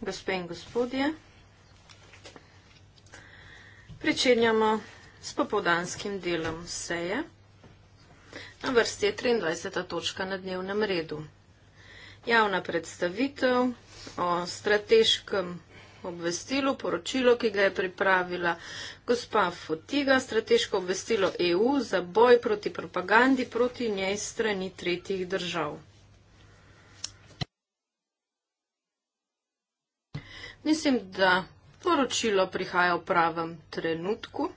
Gospe in gospodje, pričenjamo s popovdanskim delom seje. Na vrsti je 23. točka na dnevnem redu. Javna predstavitev o strateškem obvestilu, poročilo, ki ga je pripravila gospa Fotiga, strateško obvestilo EU za boj proti propagandi proti njej strani tretjih držav. Mislim, da poročilo prihaja v pravem trenutku.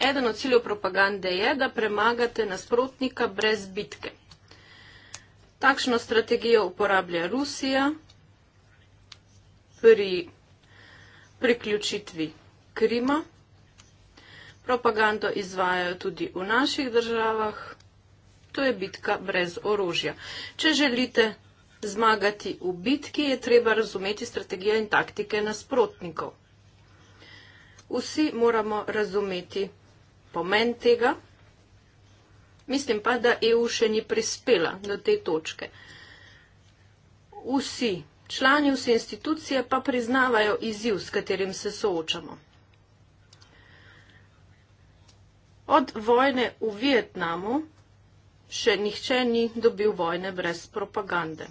Eden od ciljev propagande je, da premagate nasprotnika brez bitke. Takšno strategijo uporablja Rusija pri priključitvi Krima. Propagando izvajajo tudi v naših državah. To je bitka brez orožja. Če želite zmagati v bitki, je treba razumeti strategije in taktike nasprotnikov. Vsi moramo razumeti pomen tega. Mislim pa, da EU še ni prispela do te točke. Vsi člani, vse institucije pa priznavajo izziv, s katerim se soočamo. Od vojne v Vietnamu še nihče ni dobil vojne brez propagande.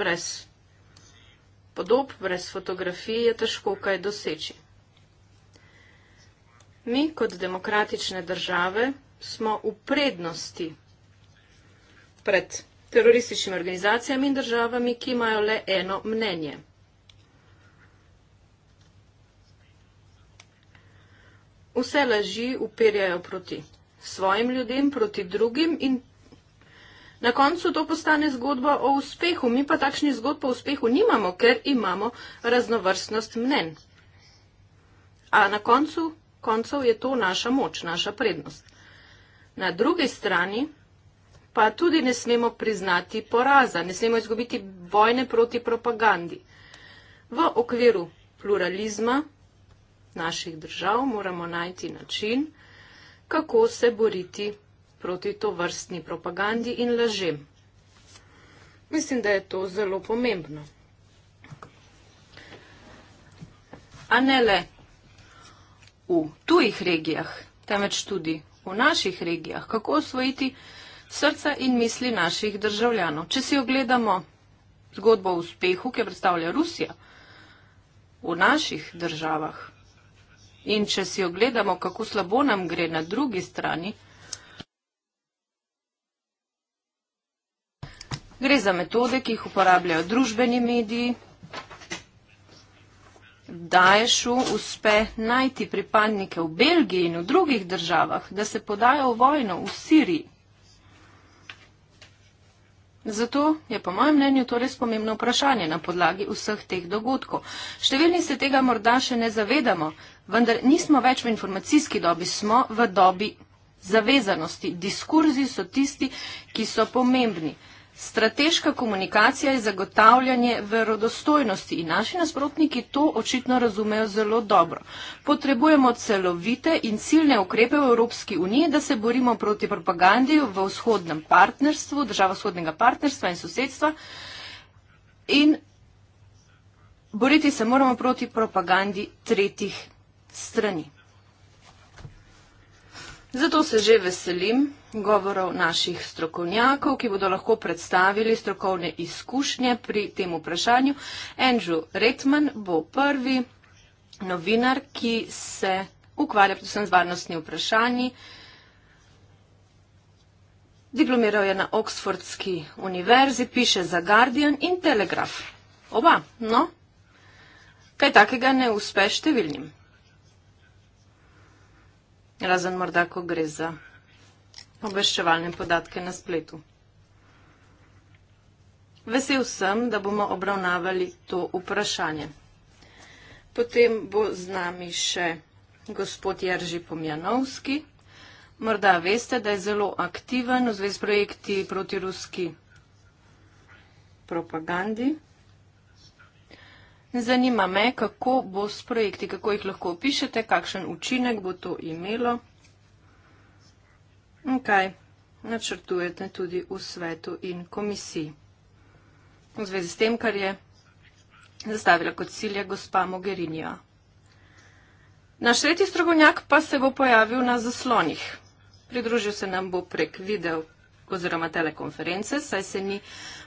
Brez podob, brez fotografij je težko kaj doseči. Mi kot demokratične države smo v prednosti pred terorističnimi organizacijami in državami, ki imajo le eno mnenje. vse laži uperjajo proti svojim ljudem, proti drugim in na koncu to postane zgodba o uspehu. Mi pa takšni zgodb o uspehu nimamo, ker imamo raznovrstnost mnen. A na koncu koncev je to naša moč, naša prednost. Na drugi strani pa tudi ne smemo priznati poraza, ne smemo izgubiti vojne proti propagandi. V okviru pluralizma naših držav, moramo najti način, kako se boriti proti to vrstni propagandi in lažem. Mislim, da je to zelo pomembno. A ne le v tujih regijah, temveč tudi v naših regijah, kako osvojiti srca in misli naših državljanov. Če si ogledamo zgodbo o uspehu, ki jo predstavlja Rusija, v naših državah In če si ogledamo, kako slabo nam gre na drugi strani, gre za metode, ki jih uporabljajo družbeni mediji, Daješu uspe najti pripadnike v Belgiji in v drugih državah, da se podajo v vojno v Siriji. Zato je po mojem mnenju to res pomembno vprašanje na podlagi vseh teh dogodkov. Številni se tega morda še ne zavedamo, vendar nismo več v informacijski dobi, smo v dobi zavezanosti. Diskurzi so tisti, ki so pomembni. Strateška komunikacija je zagotavljanje verodostojnosti in naši nasprotniki to očitno razumejo zelo dobro. Potrebujemo celovite in ciljne ukrepe v Evropski uniji, da se borimo proti propagandiju v vzhodnem partnerstvu, država vzhodnega partnerstva in sosedstva in boriti se moramo proti propagandi tretjih strani. Zato se že veselim govorov naših strokovnjakov, ki bodo lahko predstavili strokovne izkušnje pri tem vprašanju. Andrew Redman bo prvi novinar, ki se ukvarja predvsem z varnostnimi vprašanji. Diplomiral je na Oxfordski univerzi, piše za Guardian in Telegraph. Oba, no, kaj takega ne uspe številnim razen morda, ko gre za obveščevalne podatke na spletu. Vesel sem, da bomo obravnavali to vprašanje. Potem bo z nami še gospod Jerži Pomjanovski. Morda veste, da je zelo aktiven v zvezi s projekti proti ruski propagandi. Zanima me, kako bo s projekti, kako jih lahko opišete, kakšen učinek bo to imelo in kaj načrtujete tudi v svetu in komisiji. V zvezi s tem, kar je zastavila kot cilje gospa Mogherinija. Naš sveti strogonjak pa se bo pojavil na zaslonih. Pridružil se nam bo prek video oziroma telekonference, saj se ni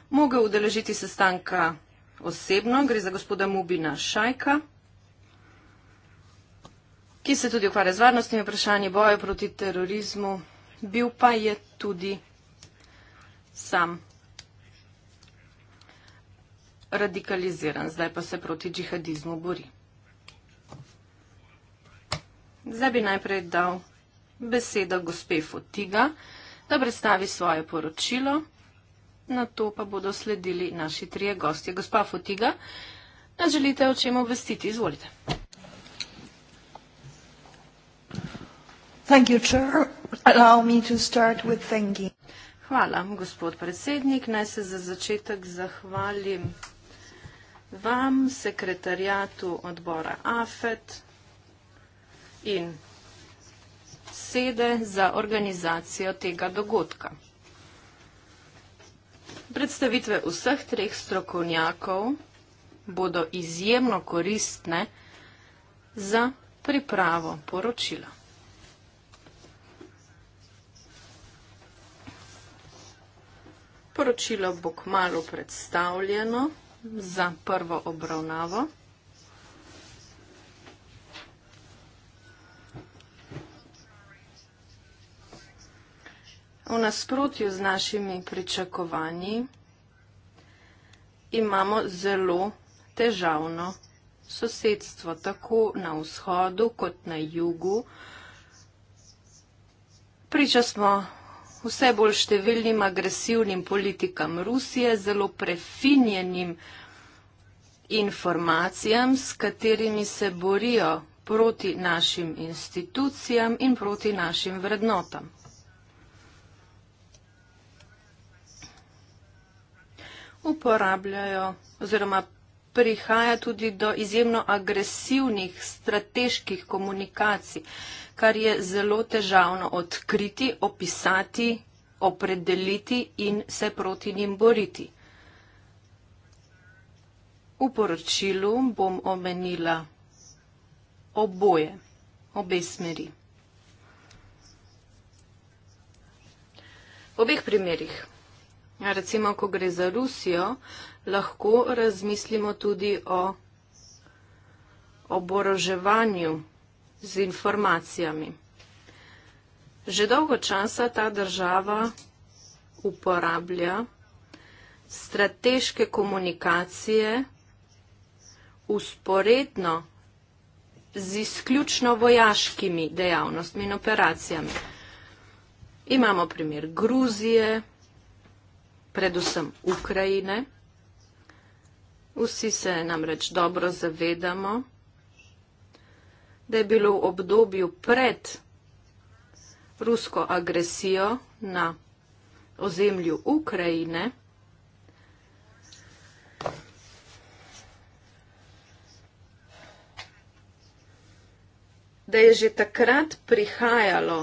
mogel udeležiti sestanka osebno, gre za gospoda Mubina Šajka, ki se tudi ukvarja z varnostnimi vprašanji boja proti terorizmu, bil pa je tudi sam radikaliziran, zdaj pa se proti džihadizmu bori. Zdaj bi najprej dal besedo gospe Fotiga, da predstavi svoje poročilo na to pa bodo sledili naši trije gostje. Gospa Fotiga, nas želite o čem obvestiti? Izvolite. Hvala, gospod predsednik. Naj se za začetek zahvalim vam, sekretarjatu odbora AFET in sede za organizacijo tega dogodka. Predstavitve vseh treh strokovnjakov bodo izjemno koristne za pripravo poročila. Poročilo bo k malu predstavljeno za prvo obravnavo. v nasprotju z našimi pričakovanji, imamo zelo težavno sosedstvo, tako na vzhodu kot na jugu. Priča smo vse bolj številnim agresivnim politikam Rusije, zelo prefinjenim informacijam, s katerimi se borijo proti našim institucijam in proti našim vrednotam. uporabljajo oziroma prihaja tudi do izjemno agresivnih strateških komunikacij, kar je zelo težavno odkriti, opisati, opredeliti in se proti njim boriti. V poročilu bom omenila oboje, obe smeri. V obeh primerih recimo, ko gre za Rusijo, lahko razmislimo tudi o oboroževanju z informacijami. Že dolgo časa ta država uporablja strateške komunikacije usporedno z izključno vojaškimi dejavnostmi in operacijami. Imamo primer Gruzije, predvsem Ukrajine. Vsi se namreč dobro zavedamo, da je bilo v obdobju pred rusko agresijo na ozemlju Ukrajine da je že takrat prihajalo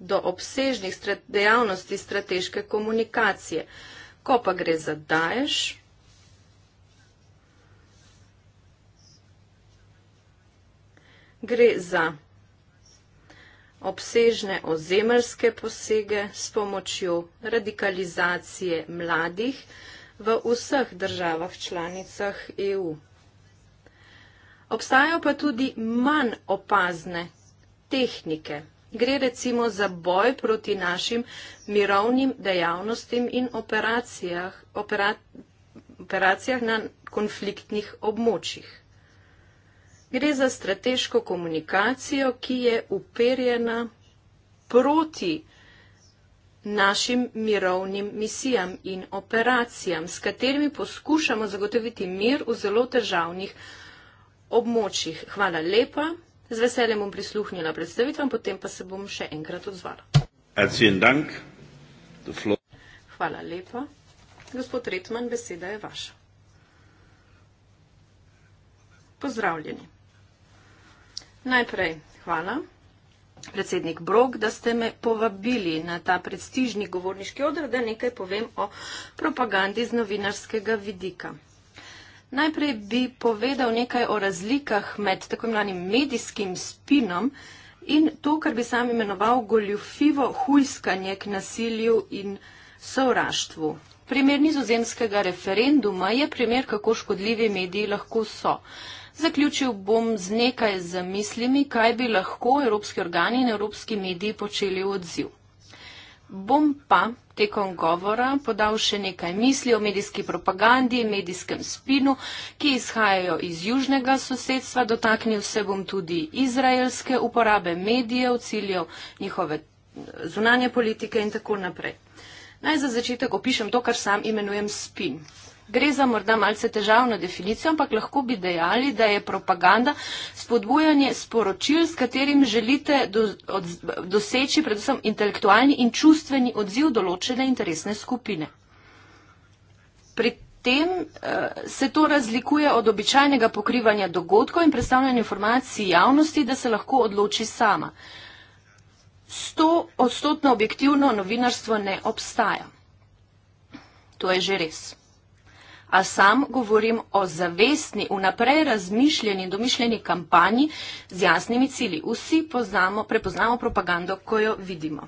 do obsežnih dejavnosti strateške komunikacije. Ko pa gre za daješ, gre za obsežne ozemelske posege s pomočjo radikalizacije mladih v vseh državah članicah EU. Obstajajo pa tudi manj opazne tehnike. Gre recimo za boj proti našim mirovnim dejavnostim in operacijah, operat, operacijah na konfliktnih območjih. Gre za strateško komunikacijo, ki je uperjena proti našim mirovnim misijam in operacijam, s katerimi poskušamo zagotoviti mir v zelo težavnih območjih. Hvala lepa. Z veseljem bom prisluhnila predstavitvam, potem pa se bom še enkrat odzvala. Hvala lepa. Gospod Retman, beseda je vaša. Pozdravljeni. Najprej hvala, predsednik Brog, da ste me povabili na ta prestižni govorniški odr, da nekaj povem o propagandi z novinarskega vidika. Najprej bi povedal nekaj o razlikah med tako imenovanim medijskim spinom in to, kar bi sam imenoval goljufivo hujskanje k nasilju in sovraštvu. Primer nizozemskega referenduma je primer, kako škodljivi mediji lahko so. Zaključil bom z nekaj zamislimi, kaj bi lahko evropski organi in evropski mediji počeli v odziv. Bom pa tekom govora podal še nekaj misli o medijski propagandi, medijskem spinu, ki izhajajo iz južnega sosedstva. Dotaknil se bom tudi izraelske uporabe medijev, ciljev njihove zunanje politike in tako naprej. Naj za začetek opišem to, kar sam imenujem spin. Gre za morda malce težavno definicijo, ampak lahko bi dejali, da je propaganda spodbujanje sporočil, s katerim želite do, od, doseči predvsem intelektualni in čustveni odziv določene interesne skupine. Pri tem eh, se to razlikuje od običajnega pokrivanja dogodkov in predstavljanja informacij javnosti, da se lahko odloči sama. Sto odstotno objektivno novinarstvo ne obstaja. To je že res a sam govorim o zavestni, vnaprej razmišljeni, domišljeni kampanji z jasnimi cili. Vsi poznamo, prepoznamo propagando, ko jo vidimo.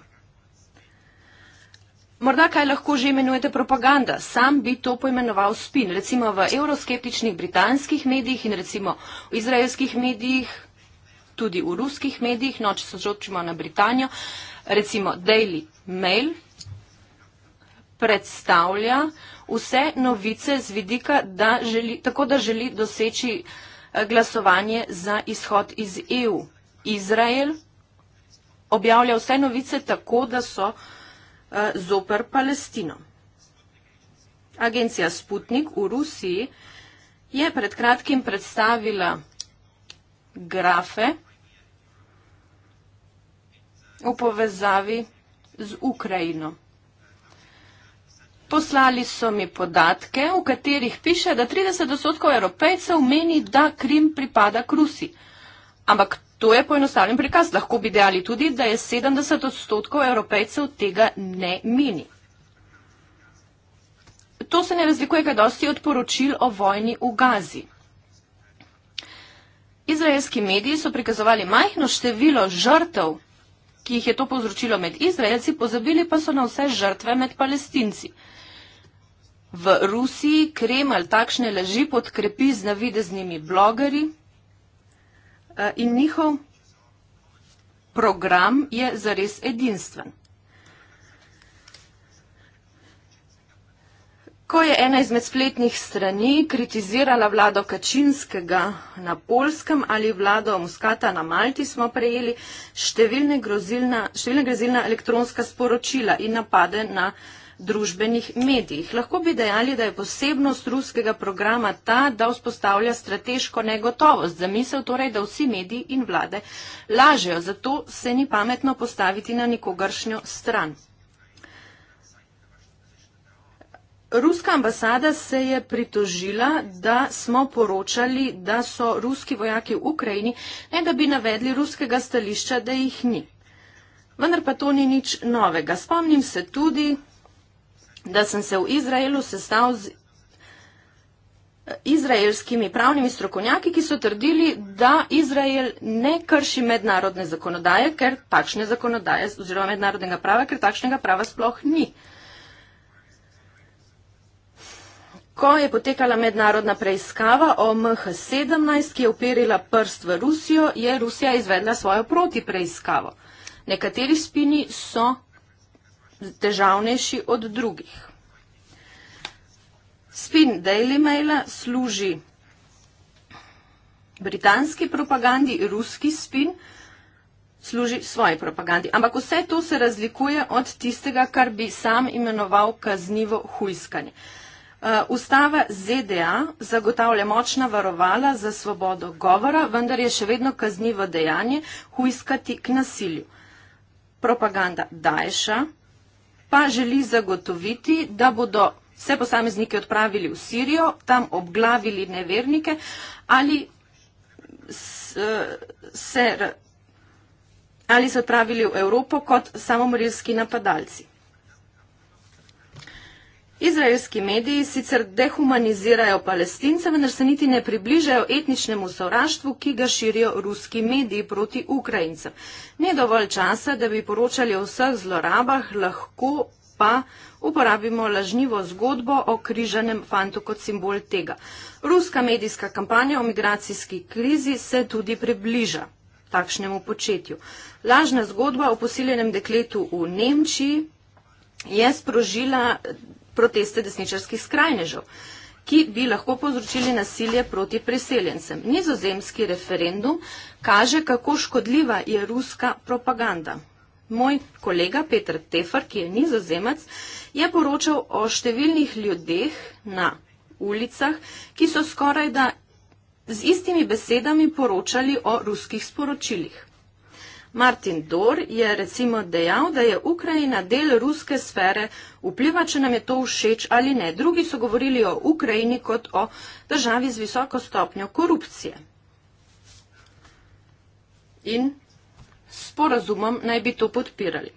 Morda kaj lahko že imenujete propaganda. Sam bi to poimenoval spin. Recimo v euroskeptičnih britanskih medijih in recimo v izraelskih medijih, tudi v ruskih medijih, no, če se odločimo na Britanijo, recimo Daily Mail predstavlja vse novice z vidika, da želi, tako da želi doseči eh, glasovanje za izhod iz EU. Izrael objavlja vse novice tako, da so eh, zoper Palestino. Agencija Sputnik v Rusiji je pred kratkim predstavila grafe v povezavi z Ukrajino. Poslali so mi podatke, v katerih piše, da 30 odstotkov evropejcev meni, da Krim pripada Krusi. Ampak to je poenostavljen prikaz. Lahko bi dejali tudi, da je 70 odstotkov evropejcev tega ne meni. To se ne razlikuje kaj dosti od poročil o vojni v Gazi. Izraelski mediji so prikazovali majhno število žrtev, ki jih je to povzročilo med Izraelci, pozabili pa so na vse žrtve med palestinci. V Rusiji Kremelj takšne laži podkrepi z navideznimi blogerji e, in njihov program je zares edinstven. Ko je ena izmed spletnih strani kritizirala vlado Kačinskega na Polskem ali vlado Muskata na Malti, smo prejeli številne grozilna, številne grozilna elektronska sporočila in napade na Polskem družbenih medijih. Lahko bi dejali, da je posebnost ruskega programa ta, da vzpostavlja strateško negotovost. Zamisel torej, da vsi mediji in vlade lažejo, zato se ni pametno postaviti na nikogaršnjo stran. Ruska ambasada se je pritožila, da smo poročali, da so ruski vojaki v Ukrajini, ne da bi navedli ruskega stališča, da jih ni. Vendar pa to ni nič novega. Spomnim se tudi, da sem se v Izraelu sestal z eh, izraelskimi pravnimi strokovnjaki, ki so trdili, da Izrael ne krši mednarodne zakonodaje, ker takšne zakonodaje oziroma mednarodnega prava, ker takšnega prava sploh ni. Ko je potekala mednarodna preiskava o MH17, ki je operila prst v Rusijo, je Rusija izvedla svojo protipreiskavo. Nekateri spini so težavnejši od drugih. Spin Daily Maila služi britanski propagandi, ruski spin služi svoji propagandi. Ampak vse to se razlikuje od tistega, kar bi sam imenoval kaznivo hujskanje. Uh, ustava ZDA zagotavlja močna varovala za svobodo govora, vendar je še vedno kaznivo dejanje hujskati k nasilju. Propaganda Daesha pa želi zagotoviti, da bodo vse posameznike odpravili v Sirijo, tam obglavili nevernike ali eh, se, ali se odpravili v Evropo kot samomorilski napadalci. Izraelski mediji sicer dehumanizirajo palestince, vendar se niti ne približajo etničnemu sovraštvu, ki ga širijo ruski mediji proti Ukrajincem. Ni dovolj časa, da bi poročali o vseh zlorabah, lahko pa uporabimo lažnivo zgodbo o križanem fantu kot simbol tega. Ruska medijska kampanja o migracijski krizi se tudi približa takšnemu početju. Lažna zgodba o posiljenem dekletu v Nemčiji je sprožila proteste desničarskih skrajnežev, ki bi lahko povzročili nasilje proti priseljencem. Nizozemski referendum kaže, kako škodljiva je ruska propaganda. Moj kolega Peter Tefer, ki je nizozemec, je poročal o številnih ljudeh na ulicah, ki so skoraj da z istimi besedami poročali o ruskih sporočilih. Martin Dor je recimo dejal, da je Ukrajina del ruske sfere, vpliva, če nam je to všeč ali ne. Drugi so govorili o Ukrajini kot o državi z visoko stopnjo korupcije. In sporazumom naj bi to podpirali.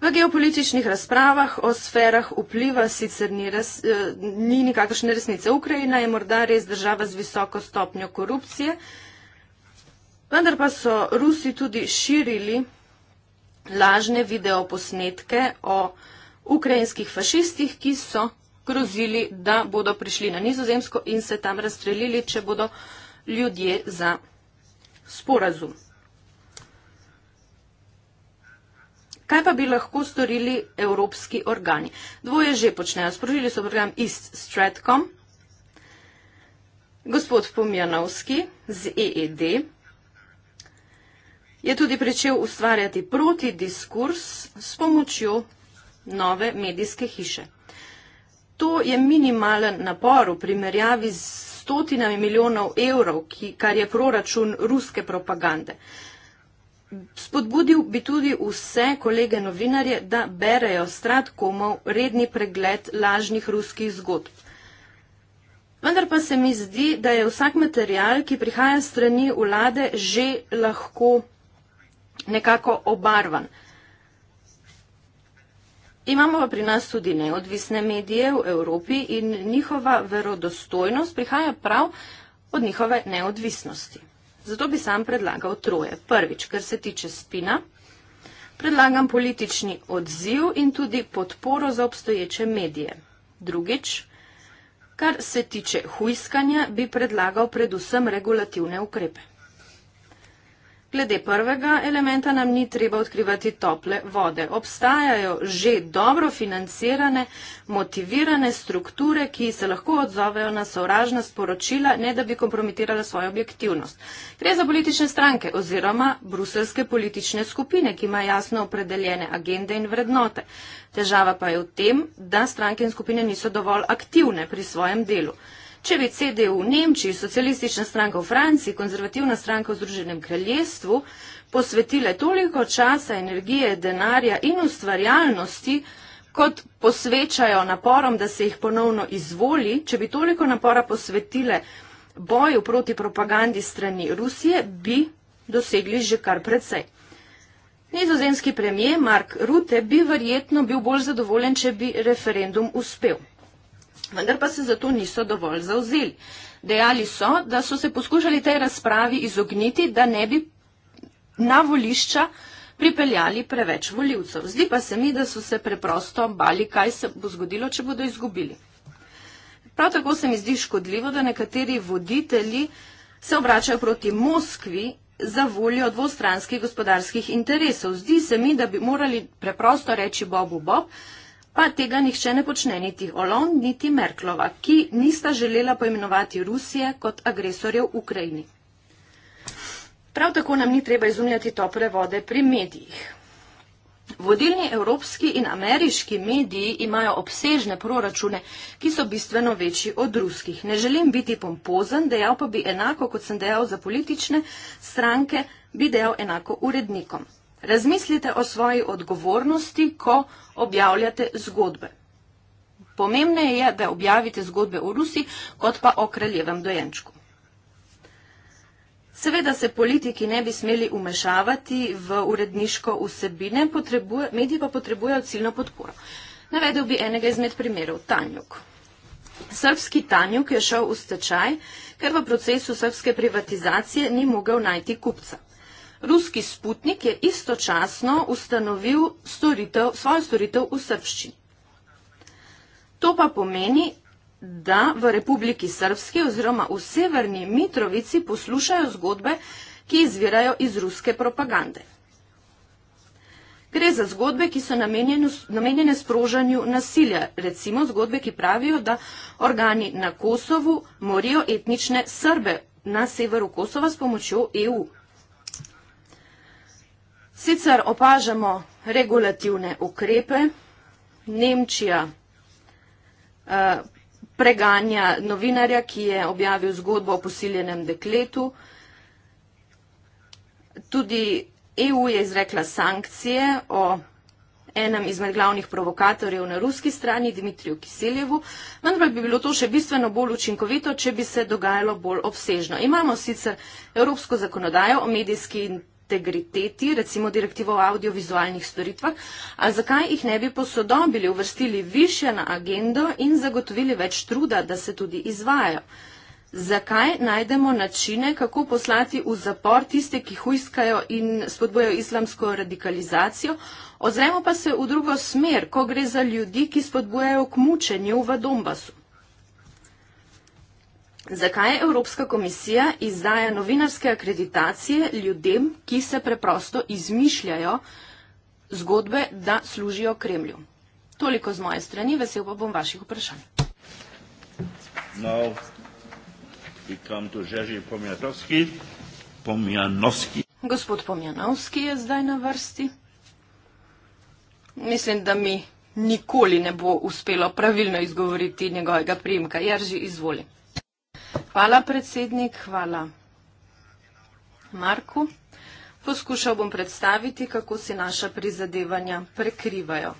V geopolitičnih razpravah o sferah vpliva sicer ni, res, eh, ni nikakršne resnice. Ukrajina je morda res država z visoko stopnjo korupcije. Vendar pa so Rusi tudi širili lažne videoposnetke o ukrajinskih fašistih, ki so grozili, da bodo prišli na nizozemsko in se tam razstrelili, če bodo ljudje za sporazum. Kaj pa bi lahko storili evropski organi? Dvoje že počnejo. Sprožili so program East Stratcom, gospod Pomjanovski z EED, je tudi pričel ustvarjati protidiskurs s pomočjo nove medijske hiše. To je minimalen napor v primerjavi z stotinami milijonov evrov, ki, kar je proračun ruske propagande. Spodbudil bi tudi vse kolege novinarje, da berejo stratkomov redni pregled lažnih ruskih zgodb. Vendar pa se mi zdi, da je vsak material, ki prihaja strani vlade, že lahko nekako obarvan. Imamo pa pri nas tudi neodvisne medije v Evropi in njihova verodostojnost prihaja prav od njihove neodvisnosti. Zato bi sam predlagal troje. Prvič, kar se tiče spina, predlagam politični odziv in tudi podporo za obstoječe medije. Drugič, kar se tiče huiskanja, bi predlagal predvsem regulativne ukrepe. Glede prvega elementa nam ni treba odkrivati tople vode. Obstajajo že dobro financirane, motivirane strukture, ki se lahko odzovejo na sovražna sporočila, ne da bi kompromitirala svojo objektivnost. Gre za politične stranke oziroma bruselske politične skupine, ki ima jasno opredeljene agende in vrednote. Težava pa je v tem, da stranke in skupine niso dovolj aktivne pri svojem delu. Če bi CDU v Nemčiji, socialistična stranka v Franciji, konzervativna stranka v Združenem kraljestvu posvetile toliko časa, energije, denarja in ustvarjalnosti, kot posvečajo naporom, da se jih ponovno izvoli, če bi toliko napora posvetile boju proti propagandi strani Rusije, bi dosegli že kar precej. Nizozemski premijer Mark Rute bi verjetno bil bolj zadovoljen, če bi referendum uspel vendar pa se zato niso dovolj zauzeli. Dejali so, da so se poskušali tej razpravi izogniti, da ne bi na volišča pripeljali preveč voljivcev. Zdi pa se mi, da so se preprosto bali, kaj se bo zgodilo, če bodo izgubili. Prav tako se mi zdi škodljivo, da nekateri voditelji se obračajo proti Moskvi za voljo dvostranskih gospodarskih interesov. Zdi se mi, da bi morali preprosto reči Bobu Bob, pa tega nihče ne počne, niti Olon, niti Merklova, ki nista želela poimenovati Rusije kot agresorjev Ukrajini. Prav tako nam ni treba izumljati tople vode pri medijih. Vodilni evropski in ameriški mediji imajo obsežne proračune, ki so bistveno večji od ruskih. Ne želim biti pompozen, dejal pa bi enako, kot sem dejal za politične stranke, bi dejal enako urednikom. Razmislite o svoji odgovornosti, ko objavljate zgodbe. Pomembneje je, da objavite zgodbe o Rusi, kot pa o kraljevem dojenčku. Seveda se politiki ne bi smeli umešavati v uredniško vsebine, mediji pa potrebujejo ciljno podporo. Navedel bi enega izmed primerov, Tanjuk. Srbski Tanjuk je šel v stečaj, ker v procesu srbske privatizacije ni mogel najti kupca. Ruski Sputnik je istočasno ustanovil storitev, svojo storitev v srbščini. To pa pomeni, da v Republiki Srbski oziroma v Severni Mitrovici poslušajo zgodbe, ki izvirajo iz ruske propagande. Gre za zgodbe, ki so namenjene sprožanju nasilja. Recimo zgodbe, ki pravijo, da organi na Kosovu morijo etnične Srbe na severu Kosova s pomočjo EU. Sicer opažamo regulativne ukrepe. Nemčija eh, preganja novinarja, ki je objavil zgodbo o posiljenem dekletu. Tudi EU je izrekla sankcije o enem izmed glavnih provokatorjev na ruski strani, Dmitriju Kiseljevu, vendar bi bilo to še bistveno bolj učinkovito, če bi se dogajalo bolj obsežno. Imamo sicer Evropsko zakonodajo o medijski in integriteti, recimo direktivo o audiovizualnih storitvah, a zakaj jih ne bi posodobili, uvrstili više na agendo in zagotovili več truda, da se tudi izvajo? Zakaj najdemo načine, kako poslati v zapor tiste, ki hujskajo in spodbujajo islamsko radikalizacijo? Ozremo pa se v drugo smer, ko gre za ljudi, ki spodbujajo k mučenju v Dombasu. Zakaj je Evropska komisija izdaja novinarske akreditacije ljudem, ki se preprosto izmišljajo zgodbe, da služijo Kremlju? Toliko z moje strani, vesel pa bom vaših vprašanj. Pomjanovski. Pomjanovski. Gospod Pomjanovski je zdaj na vrsti. Mislim, da mi nikoli ne bo uspelo pravilno izgovoriti njegovega prijemka. Jerži, izvoli. Hvala, predsednik. Hvala, Marku. Poskušal bom predstaviti, kako si naša prizadevanja prekrivajo.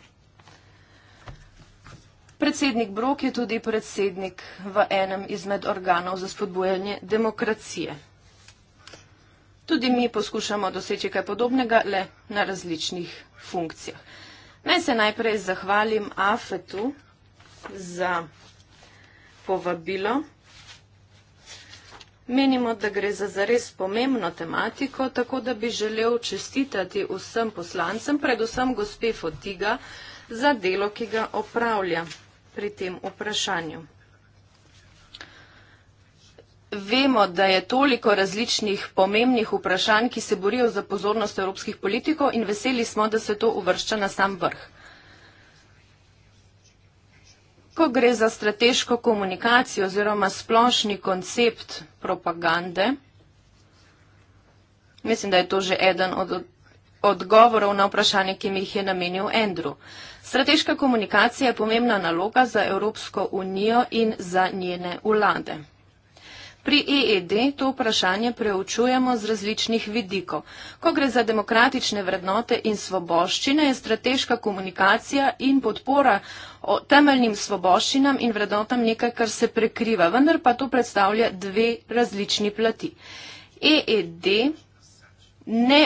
Predsednik Brok je tudi predsednik v enem izmed organov za spodbujanje demokracije. Tudi mi poskušamo doseči kaj podobnega, le na različnih funkcijah. Naj se najprej zahvalim AFET-u za povabilo. Menimo, da gre za zares pomembno tematiko, tako da bi želel čestitati vsem poslancem, predvsem gospe Fotiga, za delo, ki ga opravlja pri tem vprašanju. Vemo, da je toliko različnih pomembnih vprašanj, ki se borijo za pozornost evropskih politikov in veseli smo, da se to uvršča na sam vrh ko gre za strateško komunikacijo oziroma splošni koncept propagande, mislim, da je to že eden od odgovorov na vprašanje, ki mi jih je namenil Andrew. Strateška komunikacija je pomembna naloga za Evropsko unijo in za njene vlade. Pri EED to vprašanje preučujemo z različnih vidikov. Ko gre za demokratične vrednote in svoboščine, je strateška komunikacija in podpora o temeljnim svoboščinam in vrednotam nekaj, kar se prekriva, vendar pa to predstavlja dve različni plati. EED ne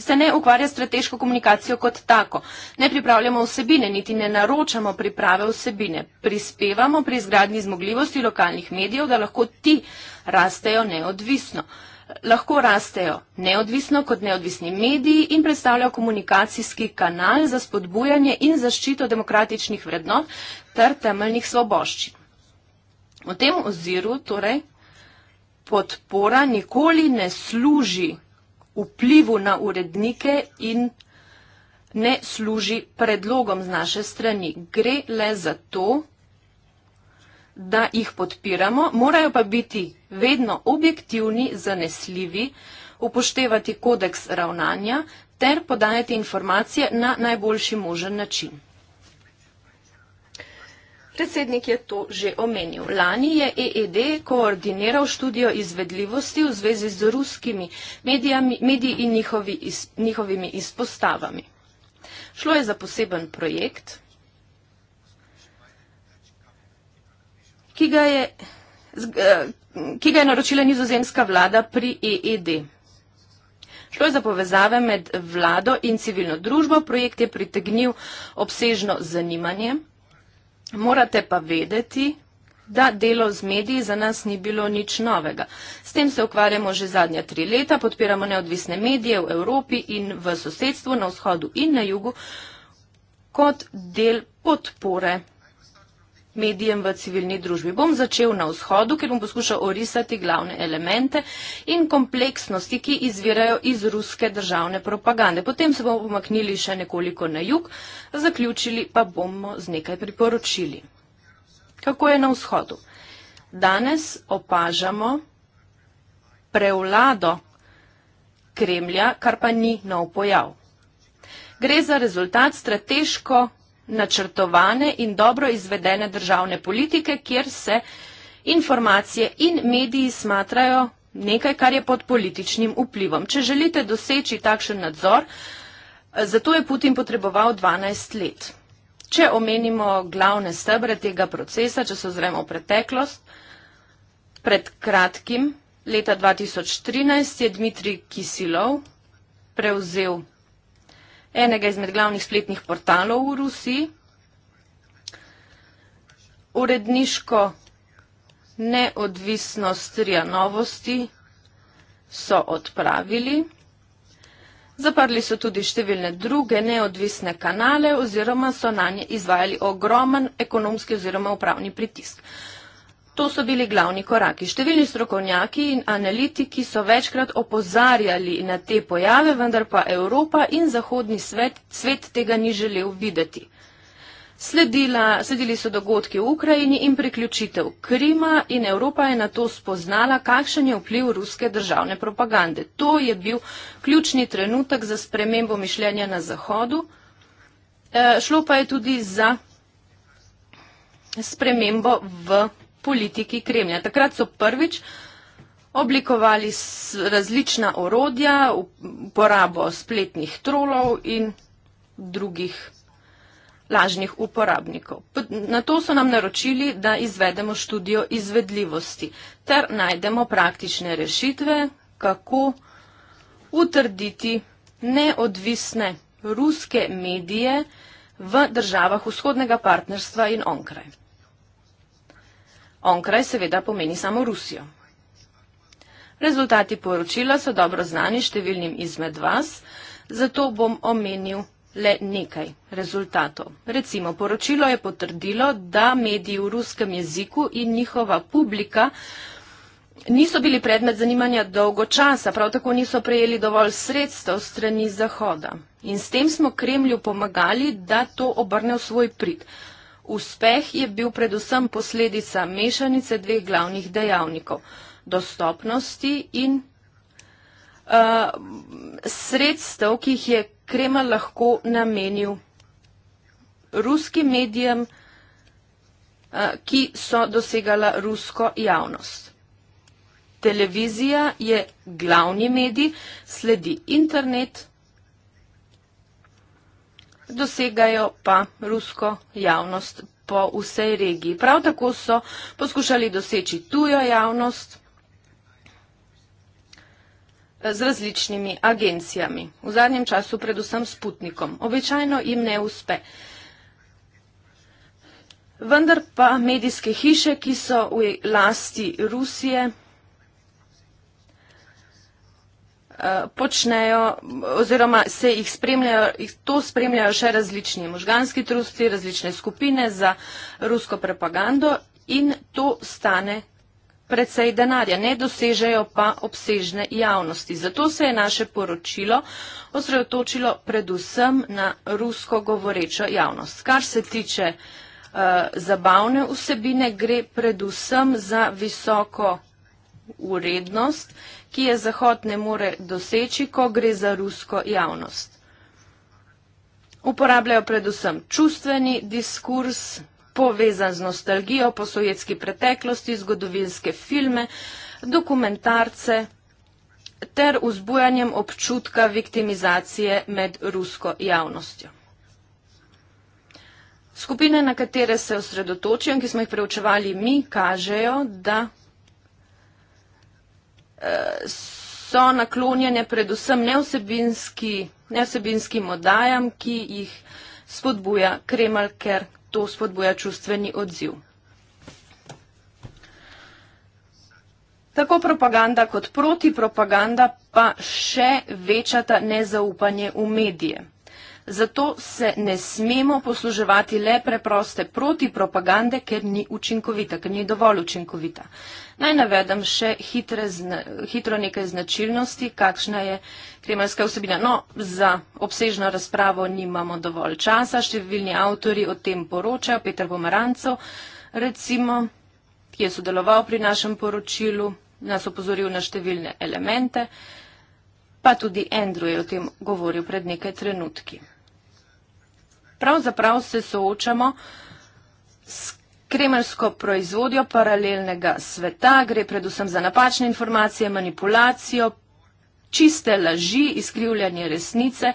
se ne ukvarja s strateško komunikacijo kot tako. Ne pripravljamo vsebine, niti ne naročamo priprave vsebine. Prispevamo pri izgradnji zmogljivosti lokalnih medijev, da lahko ti rastejo neodvisno. Lahko rastejo neodvisno kot neodvisni mediji in predstavljajo komunikacijski kanal za spodbujanje in zaščito demokratičnih vrednot ter temeljnih svoboščin. V tem oziru torej podpora nikoli ne služi vplivu na urednike in ne služi predlogom z naše strani. Gre le za to, da jih podpiramo, morajo pa biti vedno objektivni, zanesljivi, upoštevati kodeks ravnanja ter podajati informacije na najboljši možen način. Predsednik je to že omenil. Lani je EED koordiniral študijo izvedljivosti v zvezi z ruskimi medijami, mediji in njihovi iz, njihovimi izpostavami. Šlo je za poseben projekt, ki ga je, ki ga je naročila nizozemska vlada pri EED. Šlo je za povezave med vlado in civilno družbo. Projekt je pritegnil obsežno zanimanje. Morate pa vedeti, da delo z mediji za nas ni bilo nič novega. S tem se ukvarjamo že zadnja tri leta, podpiramo neodvisne medije v Evropi in v sosedstvu, na vzhodu in na jugu, kot del podpore medijem v civilni družbi. Bom začel na vzhodu, ker bom poskušal orisati glavne elemente in kompleksnosti, ki izvirajo iz ruske državne propagande. Potem se bomo pomaknili še nekoliko na jug, zaključili pa bomo z nekaj priporočili. Kako je na vzhodu? Danes opažamo prevlado Kremlja, kar pa ni nov pojav. Gre za rezultat strateško načrtovane in dobro izvedene državne politike, kjer se informacije in mediji smatrajo nekaj, kar je pod političnim vplivom. Če želite doseči takšen nadzor, zato je Putin potreboval 12 let. Če omenimo glavne stebre tega procesa, če se ozremo v preteklost, pred kratkim, leta 2013, je Dmitrij Kisilov prevzel enega izmed glavnih spletnih portalov v Rusiji. Uredniško neodvisnost trija novosti so odpravili. Zaprli so tudi številne druge neodvisne kanale oziroma so na nje izvajali ogromen ekonomski oziroma upravni pritisk. To so bili glavni koraki. Številni strokovnjaki in analitiki so večkrat opozarjali na te pojave, vendar pa Evropa in Zahodni svet, svet tega ni želel videti. Sledila, sledili so dogodki v Ukrajini in priključitev Krima in Evropa je na to spoznala, kakšen je vpliv ruske državne propagande. To je bil ključni trenutek za spremembo mišljenja na Zahodu. E, šlo pa je tudi za spremembo v politiki Kremlja. Takrat so prvič oblikovali različna orodja, uporabo spletnih trolov in drugih lažnih uporabnikov. Na to so nam naročili, da izvedemo študijo izvedljivosti ter najdemo praktične rešitve, kako utrditi neodvisne ruske medije v državah vzhodnega partnerstva in onkraj. Onkraj seveda pomeni samo Rusijo. Rezultati poročila so dobro znani številnim izmed vas, zato bom omenil le nekaj rezultatov. Recimo, poročilo je potrdilo, da mediji v ruskem jeziku in njihova publika niso bili predmet zanimanja dolgo časa, prav tako niso prejeli dovolj sredstev strani Zahoda. In s tem smo Kremlju pomagali, da to obrne v svoj prid. Uspeh je bil predvsem posledica mešanice dveh glavnih dejavnikov – dostopnosti in uh, sredstev, ki jih je Kreml lahko namenil ruskim medijem, uh, ki so dosegala rusko javnost. Televizija je glavni medij, sledi internet – dosegajo pa rusko javnost po vsej regiji. Prav tako so poskušali doseči tujo javnost z različnimi agencijami, v zadnjem času predvsem s Putnikom. Običajno jim ne uspe. Vendar pa medijske hiše, ki so v lasti Rusije, Eh, počnejo oziroma se jih spremljajo, jih to spremljajo še različni možganski trusti, različne skupine za rusko propagando in to stane predvsej denarja, ne dosežejo pa obsežne javnosti. Zato se je naše poročilo osredotočilo predvsem na rusko govorečo javnost. Kar se tiče uh, zabavne vsebine, gre predvsem za visoko vrednost, ki je Zahod ne more doseči, ko gre za rusko javnost. Uporabljajo predvsem čustveni diskurs, povezan z nostalgijo po sovjetski preteklosti, zgodovinske filme, dokumentarce ter vzbujanjem občutka viktimizacije med rusko javnostjo. Skupine, na katere se osredotočijo in ki smo jih preučevali mi, kažejo, da so naklonjene predvsem nevsebinski, nevsebinskim oddajam, ki jih spodbuja Kremlj, ker to spodbuja čustveni odziv. Tako propaganda kot protipropaganda pa še večata nezaupanje v medije zato se ne smemo posluževati le preproste protipropagande, ker ni učinkovita, ker ni dovolj učinkovita. Naj navedem še hitre, hitro nekaj značilnosti, kakšna je kremljska vsebina. No, za obsežno razpravo nimamo dovolj časa, številni avtori o tem poročajo, Petr Bomarancov recimo, ki je sodeloval pri našem poročilu, nas opozoril na številne elemente, pa tudi Andrew je o tem govoril pred nekaj trenutki. Pravzaprav se soočamo s kremljsko proizvodjo paralelnega sveta, gre predvsem za napačne informacije, manipulacijo, čiste laži, izkrivljanje resnice,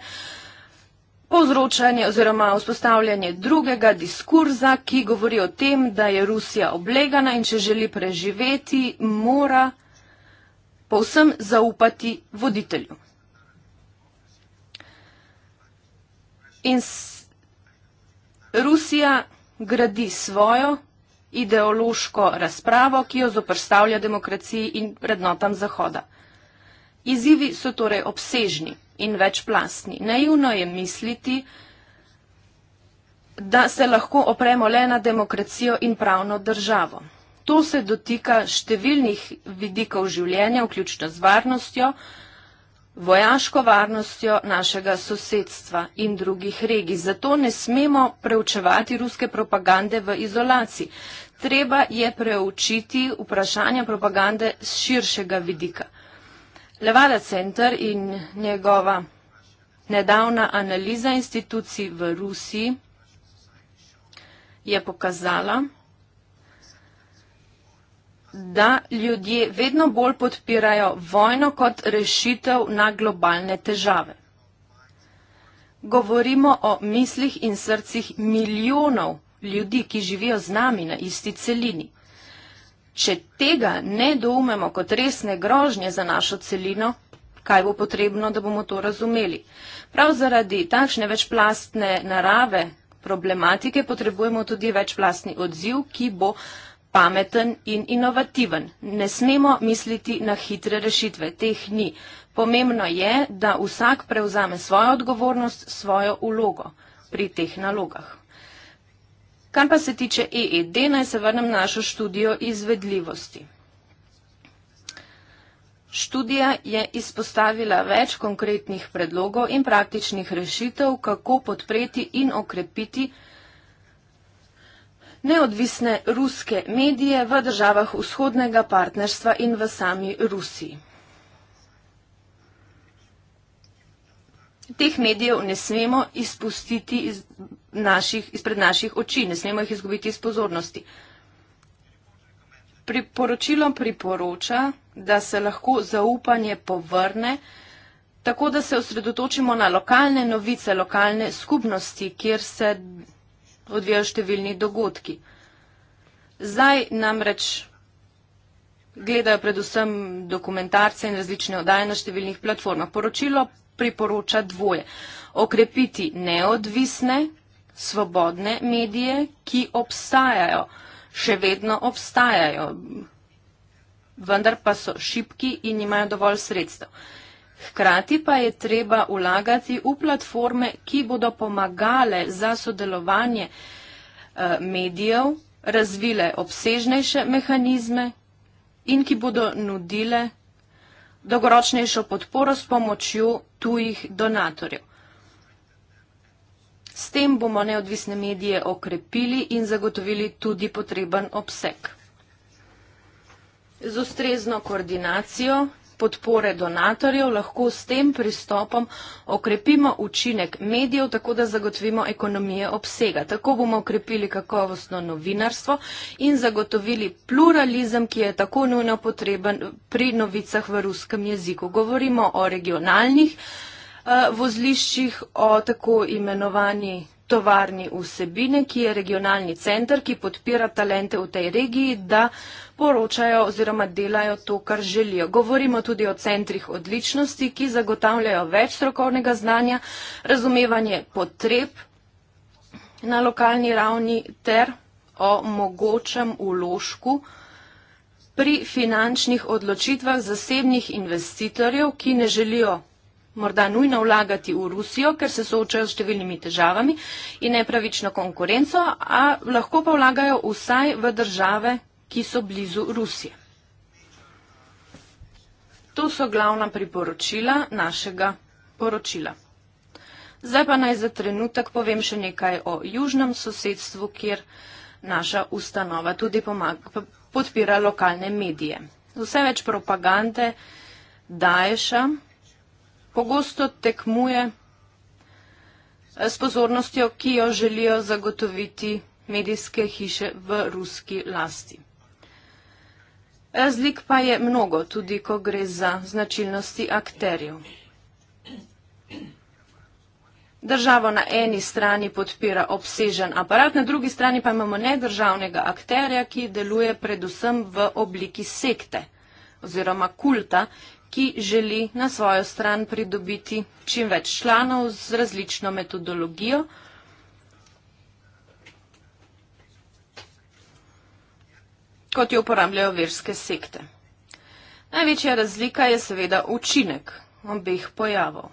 povzročanje oziroma vzpostavljanje drugega diskurza, ki govori o tem, da je Rusija oblegana in če želi preživeti, mora povsem zaupati voditelju. In Rusija gradi svojo ideološko razpravo, ki jo zoprstavlja demokraciji in prednotam Zahoda. Izzivi so torej obsežni in večplastni. Naivno je misliti, da se lahko opremo le na demokracijo in pravno državo. To se dotika številnih vidikov življenja, vključno z varnostjo, vojaško varnostjo našega sosedstva in drugih regij. Zato ne smemo preučevati ruske propagande v izolaciji. Treba je preučiti vprašanja propagande z širšega vidika. Levada center in njegova nedavna analiza institucij v Rusiji je pokazala, da ljudje vedno bolj podpirajo vojno kot rešitev na globalne težave. Govorimo o mislih in srcih milijonov ljudi, ki živijo z nami na isti celini. Če tega ne doumemo kot resne grožnje za našo celino, kaj bo potrebno, da bomo to razumeli? Prav zaradi takšne večplastne narave problematike potrebujemo tudi večplastni odziv, ki bo pameten in inovativen. Ne smemo misliti na hitre rešitve, teh ni. Pomembno je, da vsak prevzame svojo odgovornost, svojo ulogo pri teh nalogah. Kar pa se tiče EED, naj se vrnem na našo študijo izvedljivosti. Študija je izpostavila več konkretnih predlogov in praktičnih rešitev, kako podpreti in okrepiti neodvisne ruske medije v državah vzhodnega partnerstva in v sami Rusiji. Teh medijev ne smemo izpustiti iz naših, izpred naših oči, ne smemo jih izgubiti iz pozornosti. Priporočilo priporoča, da se lahko zaupanje povrne, tako da se osredotočimo na lokalne novice, lokalne skupnosti, kjer se odvijajo številni dogodki. Zdaj namreč gledajo predvsem dokumentarce in različne oddaje na številnih platformah. Poročilo priporoča dvoje. Okrepiti neodvisne, svobodne medije, ki obstajajo, še vedno obstajajo, vendar pa so šipki in imajo dovolj sredstev. Hkrati pa je treba vlagati v platforme, ki bodo pomagale za sodelovanje eh, medijev, razvile obsežnejše mehanizme in ki bodo nudile dolgoročnejšo podporo s pomočjo tujih donatorjev. S tem bomo neodvisne medije okrepili in zagotovili tudi potreben obseg. Z ustrezno koordinacijo podpore donatorjev, lahko s tem pristopom okrepimo učinek medijev, tako da zagotovimo ekonomije obsega. Tako bomo okrepili kakovostno novinarstvo in zagotovili pluralizem, ki je tako nujno potreben pri novicah v ruskem jeziku. Govorimo o regionalnih eh, vozliščih, o tako imenovani tovarni vsebine, ki je regionalni center, ki podpira talente v tej regiji, da poročajo oziroma delajo to, kar želijo. Govorimo tudi o centrih odličnosti, ki zagotavljajo več strokovnega znanja, razumevanje potreb na lokalni ravni ter o mogočem uložku pri finančnih odločitvah zasebnih investitorjev, ki ne želijo morda nujno vlagati v Rusijo, ker se soočajo s številnimi težavami in nepravično konkurenco, a lahko pa vlagajo vsaj v države, ki so blizu Rusije. To so glavna priporočila našega poročila. Zdaj pa naj za trenutek povem še nekaj o južnem sosedstvu, kjer naša ustanova tudi pomaga, podpira lokalne medije. Vse več propagande Daesha pogosto tekmuje eh, s pozornostjo, ki jo želijo zagotoviti medijske hiše v ruski lasti. Razlik pa je mnogo, tudi ko gre za značilnosti akterjev. Državo na eni strani podpira obsežen aparat, na drugi strani pa imamo nedržavnega akterja, ki deluje predvsem v obliki sekte oziroma kulta, ki želi na svojo stran pridobiti čim več članov z različno metodologijo, kot jo uporabljajo verske sekte. Največja razlika je seveda učinek obeh pojavov.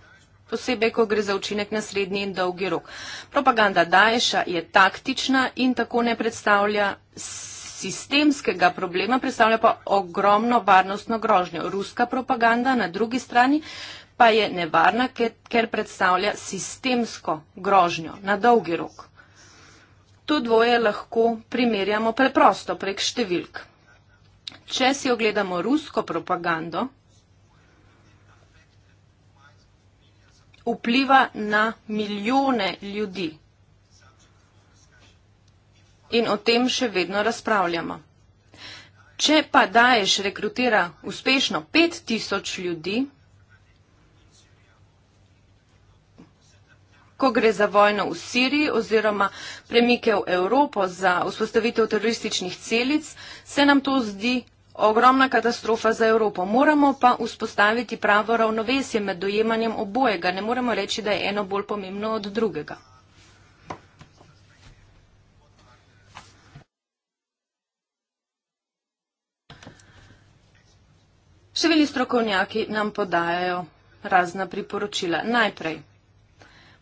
Posebej, ko gre za učinek na srednji in dolgi rok. Propaganda Daesha je taktična in tako ne predstavlja sistemskega problema, predstavlja pa ogromno varnostno grožnjo. Ruska propaganda na drugi strani pa je nevarna, ker predstavlja sistemsko grožnjo na dolgi rok. To dvoje lahko primerjamo preprosto prek številk. Če si ogledamo rusko propagando, vpliva na milijone ljudi. In o tem še vedno razpravljamo. Če pa daješ rekrutira uspešno 5000 ljudi, ko gre za vojno v Siriji oziroma premike v Evropo za vzpostavitev terorističnih celic, se nam to zdi ogromna katastrofa za Evropo. Moramo pa vzpostaviti pravo ravnovesje med dojemanjem obojega. Ne moremo reči, da je eno bolj pomembno od drugega. Številni strokovnjaki nam podajajo razna priporočila. Najprej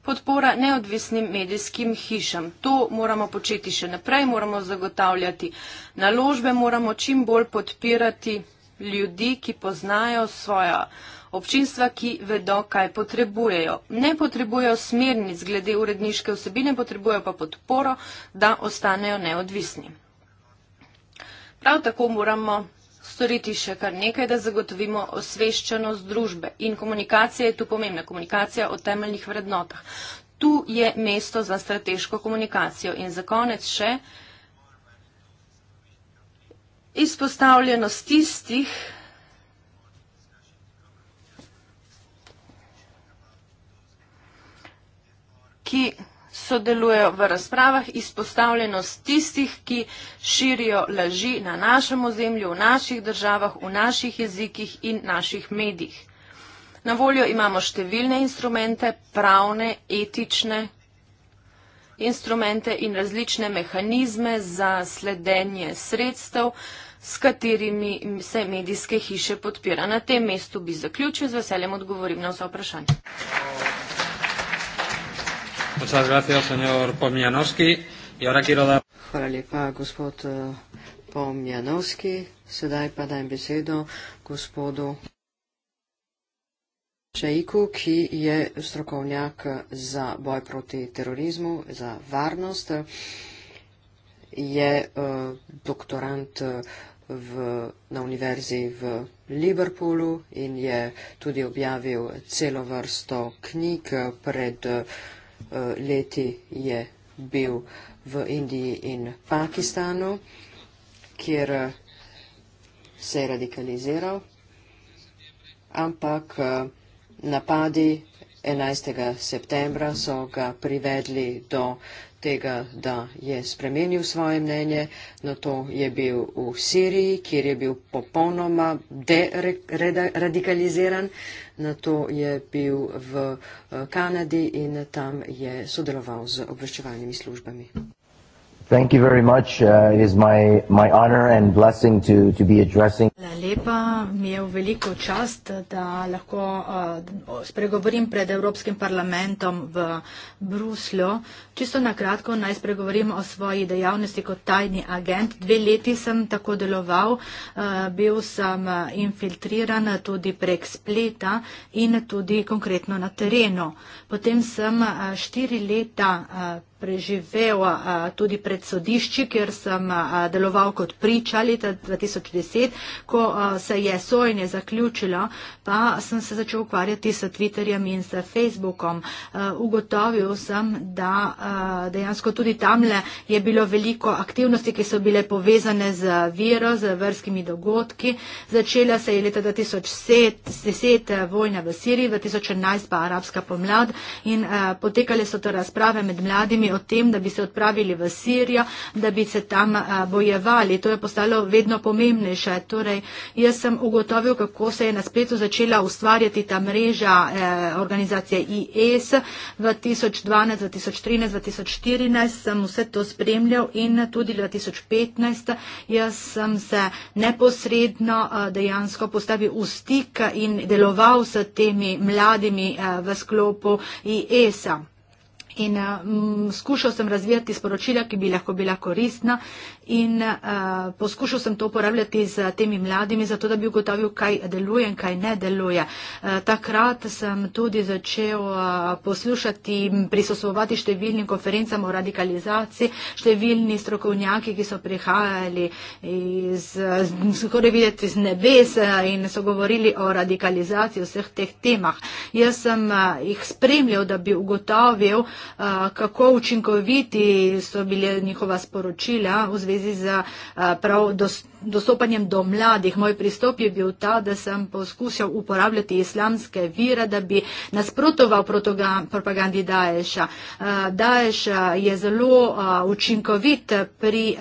podpora neodvisnim medijskim hišam. To moramo početi še naprej, moramo zagotavljati naložbe, moramo čim bolj podpirati ljudi, ki poznajo svoja občinstva, ki vedo, kaj potrebujejo. Ne potrebujejo smernic glede uredniške vsebine, potrebujejo pa podporo, da ostanejo neodvisni. Prav tako moramo storiti še kar nekaj, da zagotovimo osveščenost družbe. In komunikacija je tu pomembna, komunikacija o temeljnih vrednotah. Tu je mesto za strateško komunikacijo. In za konec še izpostavljenost tistih, ki sodelujejo v razpravah, izpostavljenost tistih, ki širijo laži na našem ozemlju, v naših državah, v naših jezikih in naših medijih. Na voljo imamo številne instrumente, pravne, etične instrumente in različne mehanizme za sledenje sredstev, s katerimi se medijske hiše podpira. Na tem mestu bi zaključil, z veseljem odgovorim na vse vprašanje. Muchas gracias, señor Pomianowski. Y ahora quiero dar. Hvala lepa, gospod uh, eh, Pomjanovski. Sedaj pa dajem besedo gospodu Čajku, ki je strokovnjak za boj proti terorizmu, za varnost. Je uh, doktorant v, na univerzi v Liverpoolu in je tudi objavil celo vrsto knjig pred. Uh, Eh, leti je bil v Indiji in Pakistanu, kjer eh, se je radikaliziral, ampak eh, napadi 11. septembra so ga privedli do tega, da je spremenil svoje mnenje, na no, to je bil v Siriji, kjer je bil popolnoma deradikaliziran, na to je bil v eh, Kanadi in tam je sodeloval z obveščevalnimi službami. Thank you very much. Uh, it is my, my honor and blessing to, to be addressing. Hvala lepa. Mi je v veliko čast, da lahko uh, spregovorim pred Evropskim parlamentom v Bruslju. Čisto na kratko naj spregovorim o svoji dejavnosti kot tajni agent. Dve leti sem tako deloval, uh, bil sem uh, infiltriran tudi prek spleta in tudi konkretno na terenu. Potem sem uh, štiri leta uh, preživel tudi pred sodišči, kjer sem deloval kot pričali 2010, ko se je sojenje zaključilo, pa sem se začel ukvarjati s Twitterjem in s Facebookom. Ugotovil sem, da dejansko tudi tamle je bilo veliko aktivnosti, ki so bile povezane z vero, z verskimi dogodki. Začela se je leta 2010 vojna v Siriji, 2011 pa arabska pomlad in potekale so to razprave med mladimi o tem, da bi se odpravili v Sirijo, da bi se tam bojevali. To je postalo vedno pomembnejše. Torej, jaz sem ugotovil, kako se je na spletu začela ustvarjati ta mreža eh, organizacije IS. E v 2012, 2013, 2014 sem vse to spremljal in tudi 2015 jaz sem se neposredno eh, dejansko postavil v stik in deloval s temi mladimi eh, v sklopu IS-a. E In um, skušal sem razvijati sporočila, ki bi lahko bila koristna, in uh, poskušal sem to uporabljati z temi mladimi, zato da bi ugotovil, kaj deluje in kaj ne deluje. Uh, takrat sem tudi začel uh, poslušati in prisosovati številnim konferencam o radikalizaciji, številni strokovnjaki, ki so prihajali iz, skoraj videti z nebes in so govorili o radikalizaciji vseh teh temah. Jaz sem uh, jih spremljal, da bi ugotovil, uh, kako učinkoviti so bile njihova sporočila v zvezi zvezi z eh, prav dostopnostjo dostopanjem do mladih. Moj pristop je bil ta, da sem poskušal uporabljati islamske vire, da bi nasprotoval propagandi Daesha. Eh, Daesh eh, je zelo eh, učinkovit pri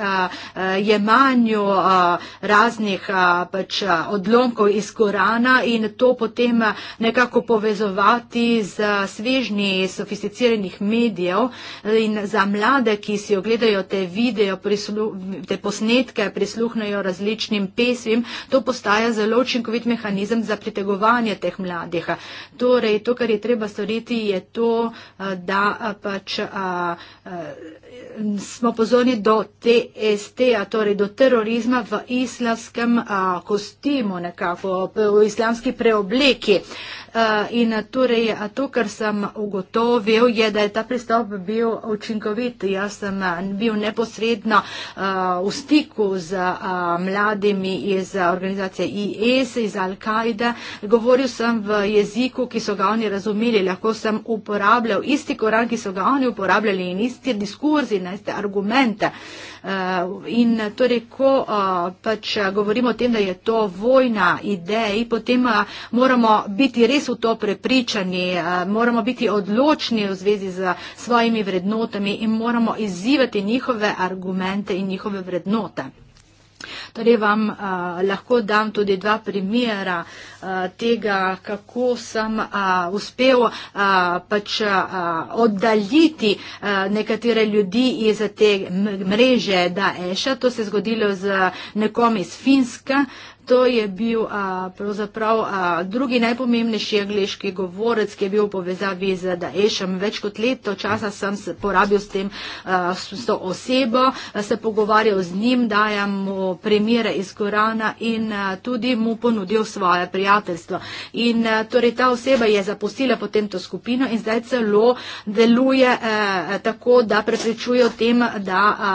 jemanju raznih pač odlomkov iz Korana in to potem nekako povezovati z svežnji sofisticiranih medijev in za mlade, ki si ogledajo te video, te posnetke, prisluhnejo različne različnim pesmim, to postaja zelo učinkovit mehanizem za pritegovanje teh mladih. Torej, to, kar je treba storiti, je to, eh, da eh, pač. A, eh, a, smo pozorni do TST-a, torej do terorizma v islamskem a, kostimu, nekako v islamski preobleki. A, in a, torej a, to, kar sem ugotovil, je, da je ta pristop bil učinkovit. Jaz sem bil neposredno a, v stiku z a, mladimi iz organizacije IS, e iz Al-Kaida. Govoril sem v jeziku, ki so ga oni razumeli. Lahko sem uporabljal isti koran, ki so ga oni uporabljali in isti diskurzi na te argumente. Eh, in torej, ko eh, pač govorimo o tem, da je to vojna idej, potem eh, moramo biti res v to prepričani, moramo biti odločni v zvezi z svojimi vrednotami in moramo izzivati njihove argumente in njihove vrednote. Torej vam a, eh, lahko dam tudi dva primera a, eh, tega, kako sem a, eh, uspel a, pač a, oddaljiti a, nekatere ljudi iz te mreže Daesha. To se je zgodilo z nekom iz Finska, To je bil a, pravzaprav a, drugi najpomembnejši angliški govorec, ki je bil v povezavi z Daešem. Več kot leto časa sem se porabil s, tem, a, s, s to osebo, a, se pogovarjal z njim, dajem mu primere iz Korana in a, tudi mu ponudil svoje prijateljstvo. In a, torej ta oseba je zapustila potem to skupino in zdaj celo deluje a, a, tako, da preprečuje o tem, da a,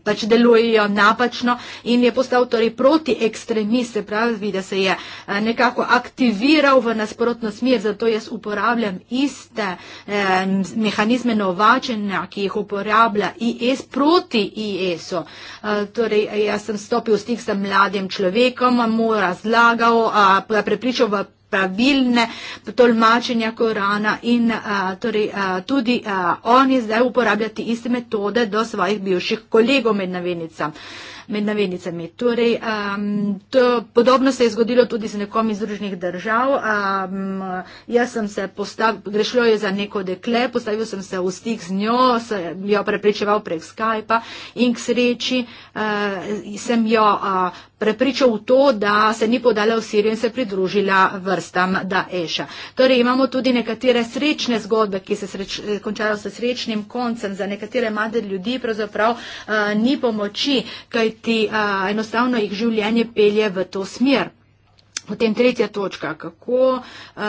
pač delujejo napačno in je postal torej proti ekstremizmu mi, se pravi, da se je eh, nekako aktiviral v nasprotno smer, zato jaz uporabljam iste eh, mehanizme novačenja, ki jih uporablja IS e proti IS-u. E eh, torej, jaz sem stopil v stik s mladim človekom, mu razlagal, prepričal v pravilne tolmačenja Korana in a, torej, a, tudi a, oni zdaj uporabljati iste metode do svojih bivših kolegov med navenicami med navednicami. Torej, um, to, podobno se je zgodilo tudi z nekom iz Združenih držav. Um, jaz sem se postavil, grešlo je za neko dekle, postavil sem se v stik z njo, sem jo prepričeval prek Skypa in k sreči uh, sem jo. Uh, prepričal v to, da se ni podala v Sirijo in se pridružila vrstam Daesha. Torej imamo tudi nekatere srečne zgodbe, ki se sreč, eh, končajo s srečnim koncem. Za nekatere mader ljudi pravzaprav uh, ni pomoči, kaj kajti uh, enostavno jih življenje pelje v to smer. Potem tretja točka, kako uh,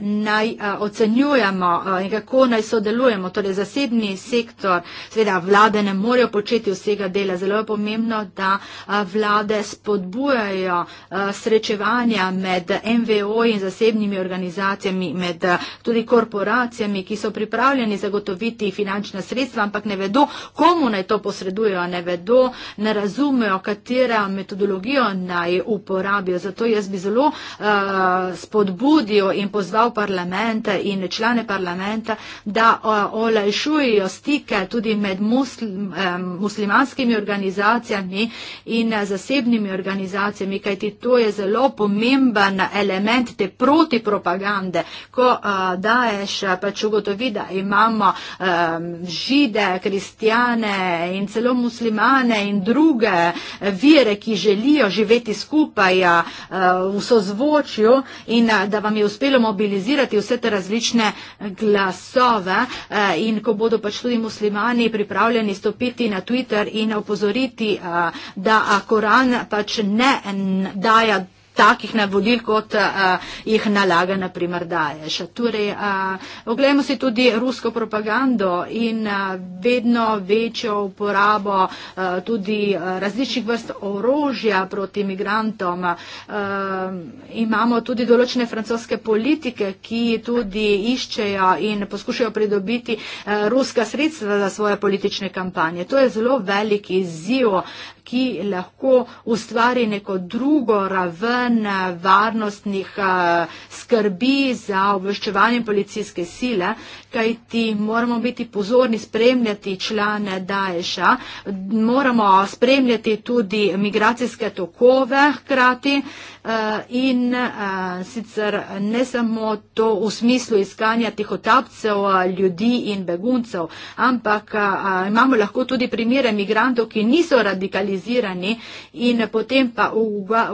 naj uh, ocenjujemo uh, in kako naj sodelujemo. Torej, zasebni sektor, seveda vlade ne morejo početi vsega dela. Zelo je pomembno, da uh, vlade spodbujajo uh, srečevanja med MVO in zasebnimi organizacijami, med uh, tudi korporacijami, ki so pripravljeni zagotoviti finančna sredstva, ampak ne vedo, komu naj to posredujejo, ne vedo, ne razumejo, katera metodologija naj uporabijo zelo uh, eh, spodbudil in pozval parlamente in člane parlamenta, da uh, olajšujejo stike tudi med muslim, um, muslimanskimi organizacijami in uh, zasebnimi organizacijami, kajti to je zelo pomemben element te protipropagande, ko uh, daješ pač ugotovi, da imamo um, žide, kristijane in celo muslimane in druge vire, ki želijo živeti skupaj uh, v sozvočju in eh, da vam je uspelo mobilizirati vse te različne eh, glasove eh, in ko bodo pač tudi muslimani pripravljeni stopiti na Twitter in opozoriti, da Koran pač ne daja takih navodil, kot uh, jih nalaga, naprimer, daješ. Torej, uh, oglejmo si tudi rusko propagando in uh, vedno večjo uporabo uh, tudi uh, različnih vrst orožja proti imigrantom. Uh, imamo tudi določene francoske politike, ki tudi iščejo in poskušajo pridobiti uh, ruska sredstva za svoje politične kampanje. To je zelo velik izziv, ki lahko ustvari neko drugo raven eh, varnostnih eh, skrbi za obveščevanje policijske sile kajti moramo biti pozorni, spremljati člane Daesha, moramo spremljati tudi migracijske tokove hkrati eh, in eh, sicer ne samo to v smislu iskanja tihotapcev, eh, ljudi in beguncev, ampak imamo lahko tudi primere migrantov, ki niso radikalizirani in potem pa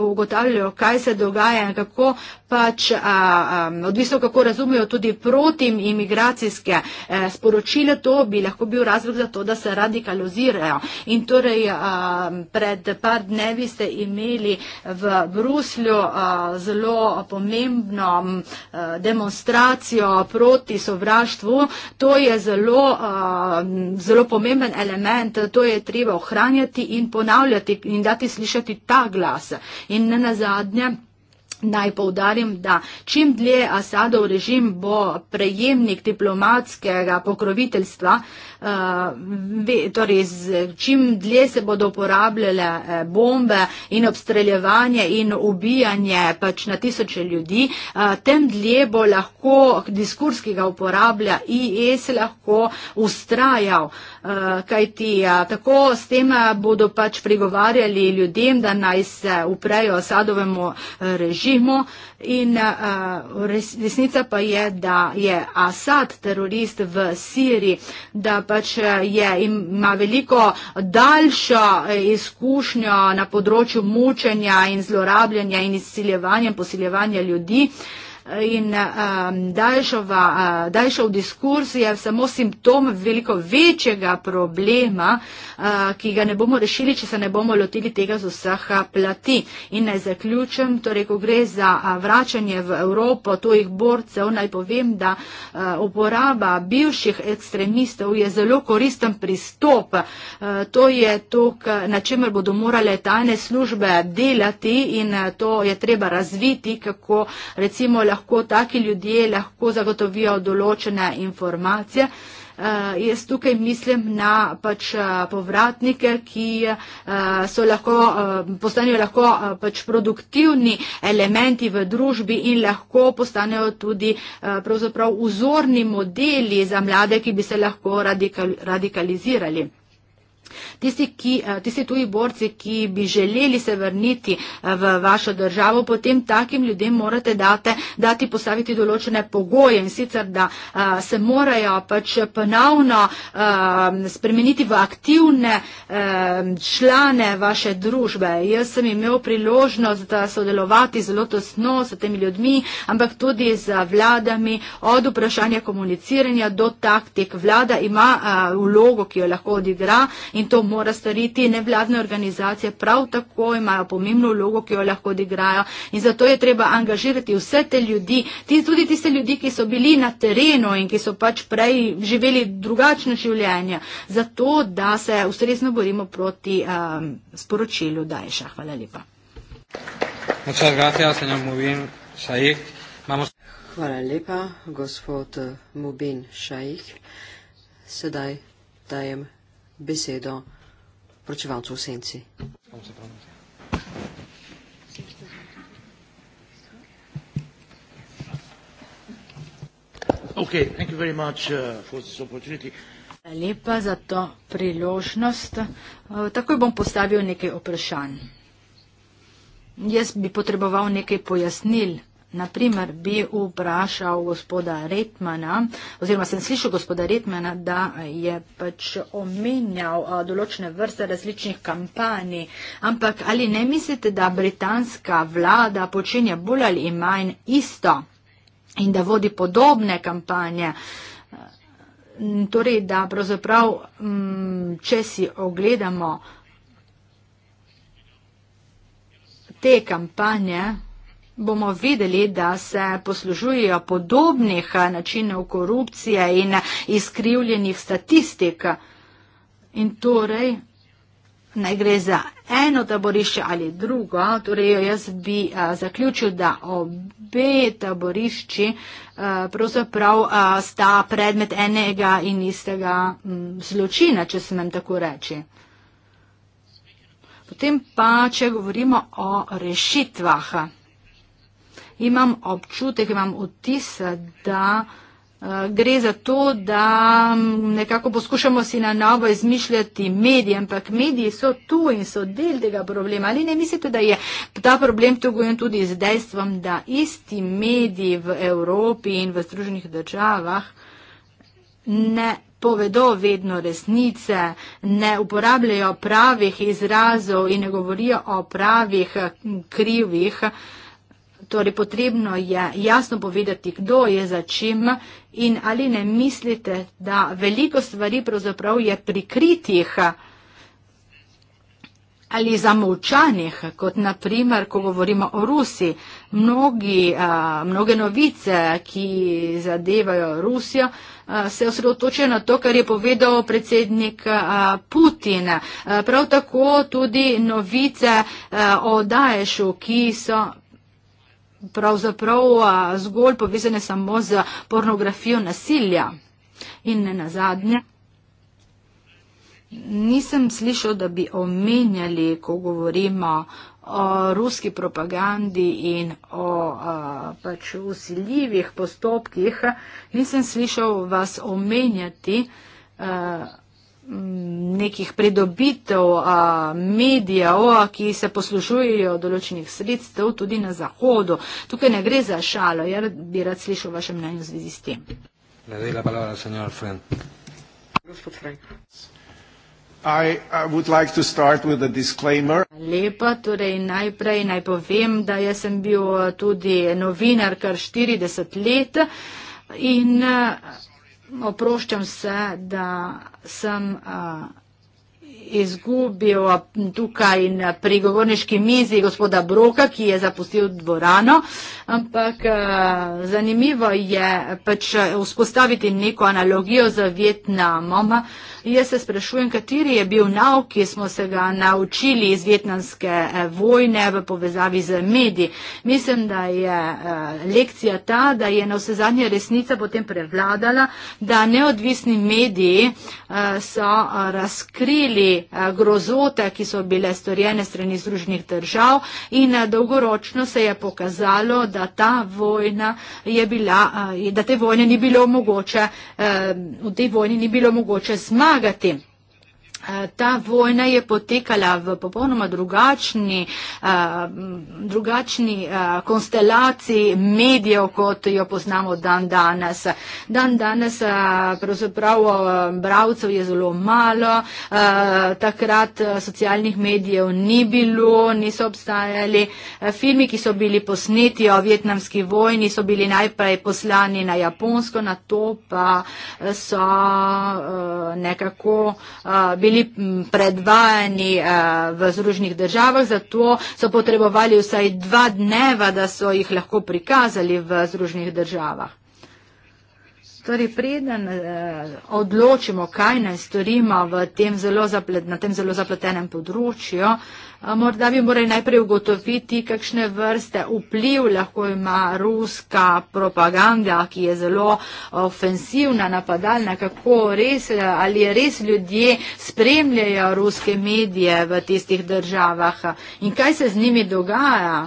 ugotavljajo, kaj se dogaja in kako pač a, a, odvisno, kako razumejo tudi protimigracijske e, sporočile, to bi lahko bil razlog za to, da se radikalizirajo. In torej a, pred par dnevi ste imeli v Bruslju a, zelo pomembno a, e, demonstracijo proti sovraštvu. To je zelo, a, zelo pomemben element, to je treba ohranjati in ponavljati in dati slišati ta glas. In na nazadnje. Naj povdarim, da čim dlje Asadov režim bo prejemnik diplomatskega pokroviteljstva, uh, torej z, čim dlje se bodo uporabljale uh, bombe in obstreljevanje in ubijanje pač na tisoče ljudi, uh, tem dlje bo lahko diskurs, ki ga uporablja IS, e lahko ustrajal. Uh, kaj ti, uh, tako s tem bodo pač prigovarjali ljudem, da naj se uprejo sadovemu režimu in uh, res, resnica pa je, da je Asad terorist v Siriji, da pač eh, je, ima veliko daljšo eh, izkušnjo na področju mučenja in zlorabljanja in izsiljevanja in posiljevanja ljudi. In um, Dajšova, uh, Dajšov diskurs je samo simptom veliko večjega problema, uh, ki ga ne bomo rešili, če se ne bomo lotili tega z vseh uh, plati. In naj zaključim, torej, ko gre za uh, vračanje v Evropo tujih borcev, naj povem, da uh, uporaba bivših ekstremistov je zelo koristen pristop. Uh, to je to, na čemer bodo morale tajne službe delati in uh, to je treba razviti, kako recimo lahko lahko taki ljudje lahko zagotovijo določene informacije. Uh, jaz tukaj mislim na pač uh, povratnike, ki uh, so lahko, uh, postanejo lahko uh, pač produktivni elementi v družbi in lahko postanejo tudi uh, pravzaprav vzorni modeli za mlade, ki bi se lahko radikal radikalizirali. Tisti, ki, eh, tisti tuji borci, ki bi želeli se vrniti eh, v vašo državo, potem takim ljudem morate date, dati postaviti določene pogoje in sicer, da eh, se morajo pač ponavno spremeniti v aktivne člane vaše družbe. Jaz sem imel priložnost sodelovati zelo tesno s temi ljudmi, ampak tudi z vladami od vprašanja komuniciranja do taktik. Vlada ima vlogo, ki jo lahko odigra. In to mora storiti nevladne organizacije, prav tako imajo pomembno vlogo, ki jo lahko odigrajo in zato je treba angažirati vse te ljudi, tudi tiste ljudi, ki so bili na terenu in ki so pač prej živeli drugačno življenje, zato da se ustrezno borimo proti um, sporočilu Dajša. Hvala lepa. Hvala lepa, gospod Mubin Šajih. Sedaj dajem besedo pročevalcu v senci. Uh, Lepa za to priložnost. Uh, takoj bom postavil nekaj vprašanj. Jaz bi potreboval nekaj pojasnil naprimer bi vprašal gospoda Retmana, oziroma sem slišal gospoda Retmana, da je pač omenjal določene vrste različnih kampanj, ampak ali ne mislite, da britanska vlada počenja bolj ali manj isto in da vodi podobne kampanje? Torej, da pravzaprav, mm, če si ogledamo te kampanje, bomo videli, da se poslužujejo podobnih eh, načinov korupcije in izkrivljenih statistik. In torej, naj gre za eno taborišče ali drugo, torej jaz bi a, eh, zaključil, da obe taborišči a, eh, pravzaprav a, sta predmet enega in istega m, mm, zločina, če smem tako reči. Potem pa, če govorimo o rešitvah imam občutek, imam otis, da eh, gre za to, da mm, nekako poskušamo si na novo izmišljati medije, ampak mediji so tu in so del tega problema. Ali ne mislite, da je ta problem tugojen tudi z dejstvom, da isti mediji v Evropi in v združenih državah ne povedo vedno resnice, ne uporabljajo pravih izrazov in ne govorijo o pravih hm, krivih, Torej, potrebno je jasno povedati, kdo je za čim in ali ne mislite, da veliko stvari pravzaprav je prikritih ali zamolčanih, kot naprimer, ko govorimo o Rusi. Mnogi, a, mnoge novice, ki zadevajo Rusijo, a, se osredotočajo na to, kar je povedal predsednik Putin. Prav tako tudi novice a, o Daješu, ki so pravzaprav zgolj povezane samo z pornografijo nasilja. In ne nazadnje, nisem slišal, da bi omenjali, ko govorimo o ruski propagandi in o a, pač usiljivih postopkih, nisem slišal vas omenjati. A, nekih pridobitev a, medijev, a, ki se poslužujejo določenih sredstev tudi na Zahodu. Tukaj ne gre za šalo. Jaz bi rad slišal vaše mnenje v zvezi s tem. Lepa, torej najprej naj povem, da jaz sem bil tudi novinar kar 40 let in oproščam se, da sem izgubil tukaj na prigovorniški mizi gospoda Broka, ki je zapustil dvorano, ampak zanimivo je pač vzpostaviti neko analogijo z Vietnamom. Jaz se sprašujem, kateri je bil nauk, ki smo se ga naučili iz vietnamske eh, vojne v povezavi z mediji. Mislim, da je eh, lekcija ta, da je na vse zadnje resnica potem prevladala, da neodvisni mediji eh, so razkrili grozote, ki so bile storjene strani združnih držav in dolgoročno se je pokazalo, da ta vojna je bila, da te vojne ni bilo mogoče, v tej vojni ni bilo mogoče zmagati pomagati. Eh, ta vojna je potekala v popolnoma drugačni, eh, drugačni eh, konstelaciji medijev, kot jo poznamo dan danes. Dan danes pravzaprav bravcev je zelo malo, takrat socialnih medijev ni bilo, niso obstajali. Filmi, ki so bili posneti o vjetnamski vojni, so bili najprej poslani na Japonsko, na to pa so nekako bili bili predvajani eh, v Združenih državah, zato so potrebovali vsaj dva dneva, da so jih lahko prikazali v Združenih državah. Torej, preden eh, odločimo, kaj naj storimo v tem zelo, zaplet, tem zelo zapletenem področju, Morda bi morali najprej ugotoviti, kakšne vrste vpliv lahko ima ruska propaganda, ki je zelo ofensivna, napadalna, kako res, ali res ljudje spremljajo ruske medije v tistih državah in kaj se z njimi dogaja.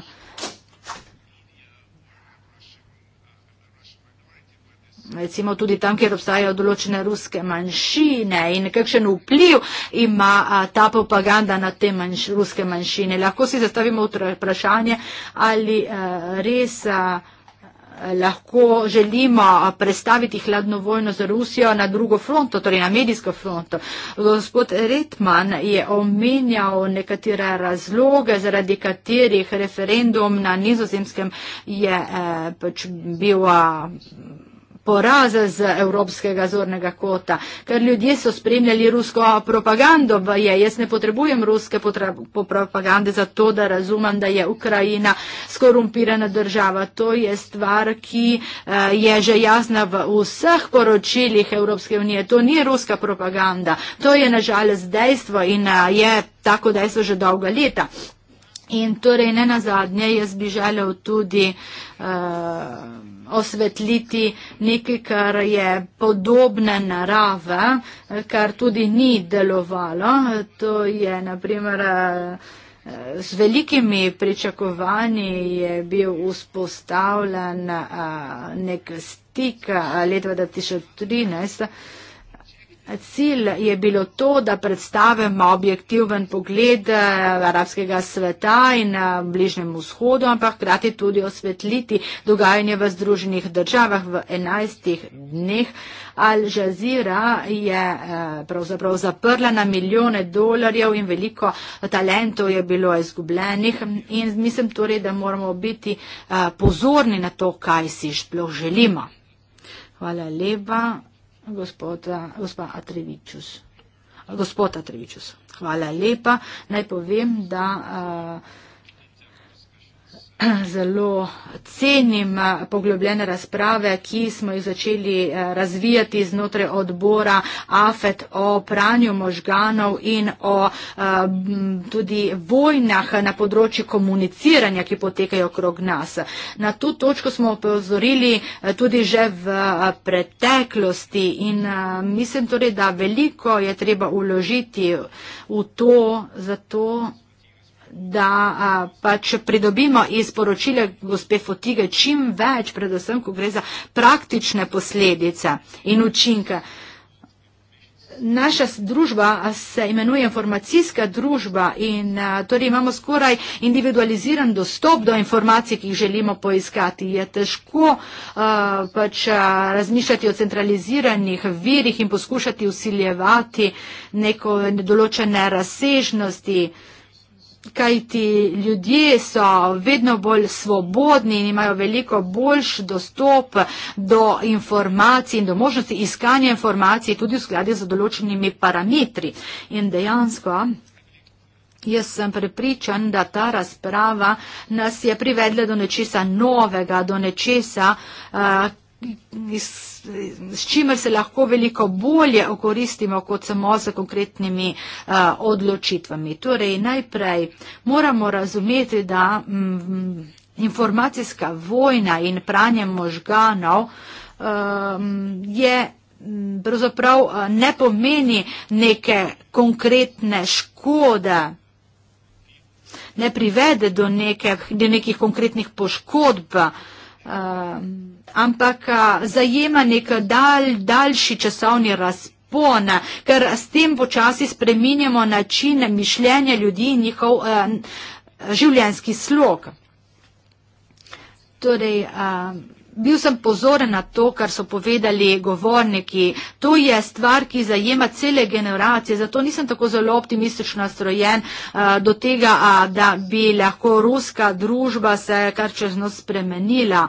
recimo tudi tam, kjer obstajajo določene ruske manjšine in kakšen vpliv ima ta propaganda na te manjš, ruske manjšine. Lahko si zastavimo vprašanje, ali res lahko želimo predstaviti hladno vojno z Rusijo na drugo fronto, torej na medijsko fronto. Gospod Retman je omenjal nekatere razloge, zaradi katerih referendum na nizozemskem je eh, pač bil. Eh, poraza z evropskega zornega kota, ker ljudje so spremljali rusko propagando, pa je, jaz ne potrebujem ruske potrebu, propagande za to, da razumem, da je Ukrajina skorumpirana država. To je stvar, ki eh, je že jasna v vseh poročilih Evropske unije. To ni ruska propaganda, to je nažalost dejstvo in eh, je tako dejstvo že dolga leta. In torej ne nazadnje, jaz bi želel tudi. Uh, osvetliti nekaj, kar je podobne narave, kar tudi ni delovalo. To je naprimer. Eh, z velikimi pričakovanji je bil vzpostavljen eh, nek stik eh, leta 2013. Cilj je bilo to, da predstavimo objektiven pogled eh, arabskega sveta in na eh, bližnjem vzhodu, ampak krati tudi osvetliti dogajanje v združenih državah v enajstih dneh. Al Jazeera je eh, pravzaprav zaprla na milijone dolarjev in veliko talentov je bilo izgubljenih in mislim torej, da moramo biti pozorni na to, kaj si sploh želimo. Hvala lepa gospoda, gospa Atrevičus. Gospod Atrevičus, hvala lepa. Naj povem, da. Uh, zelo cenim eh, poglobljene razprave, ki smo jih začeli eh, razvijati znotraj odbora AFET o pranju možganov in o eh, tudi vojnah na področju komuniciranja, ki potekajo okrog nas. Na to točko smo opozorili tudi že v preteklosti in mislim torej, da veliko je treba uložiti v to, zato da a, pač pridobimo iz poročila gospe Fotige čim več, predvsem, ko gre za praktične posledice in učinke. Naša družba se imenuje informacijska družba in torej imamo skoraj individualiziran dostop do informacij, ki jih želimo poiskati. Je težko uh, pač razmišljati o centraliziranih virih in poskušati usiljevati neko nedoločene razsežnosti. Uh, kajti ljudje so vedno bolj svobodni in imajo veliko boljš dostop do informacij in do možnosti iskanja informacij tudi v skladu z določenimi parametri. In dejansko. Jaz sem prepričan, da ta razprava nas je privedla do nečesa novega, do nečesa, eh, s čimer se lahko veliko bolje okoristimo kot samo z konkretnimi eh, odločitvami. Torej, najprej moramo razumeti, da mm, informacijska vojna in pranje možganov ehm, je mm, pravzaprav eh, ne pomeni neke konkretne škode ne privede do, neke, do nekih konkretnih poškodb uh, Ehm, ampak zajema nek dal, daljši časovni razpis. Pona, ker s tem počasi spreminjamo način mišljenja ljudi in njihov eh, življenski slog. Torej, eh, bil sem pozoren na to, kar so povedali govorniki. To je stvar, ki zajema cele generacije, zato nisem tako zelo optimistično strojen uh, do tega, uh, da bi lahko ruska družba se kar čez noč spremenila.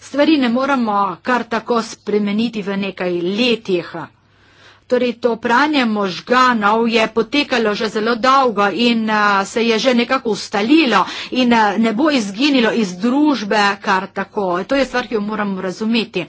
Stvari ne moramo kar tako spremeniti v nekaj letih torej to pranje možganov je potekalo že zelo dolgo in uh, se je že nekako ustalilo in uh, ne bo izginilo iz družbe kar tako. To je stvar, ki jo moramo razumeti. Uh,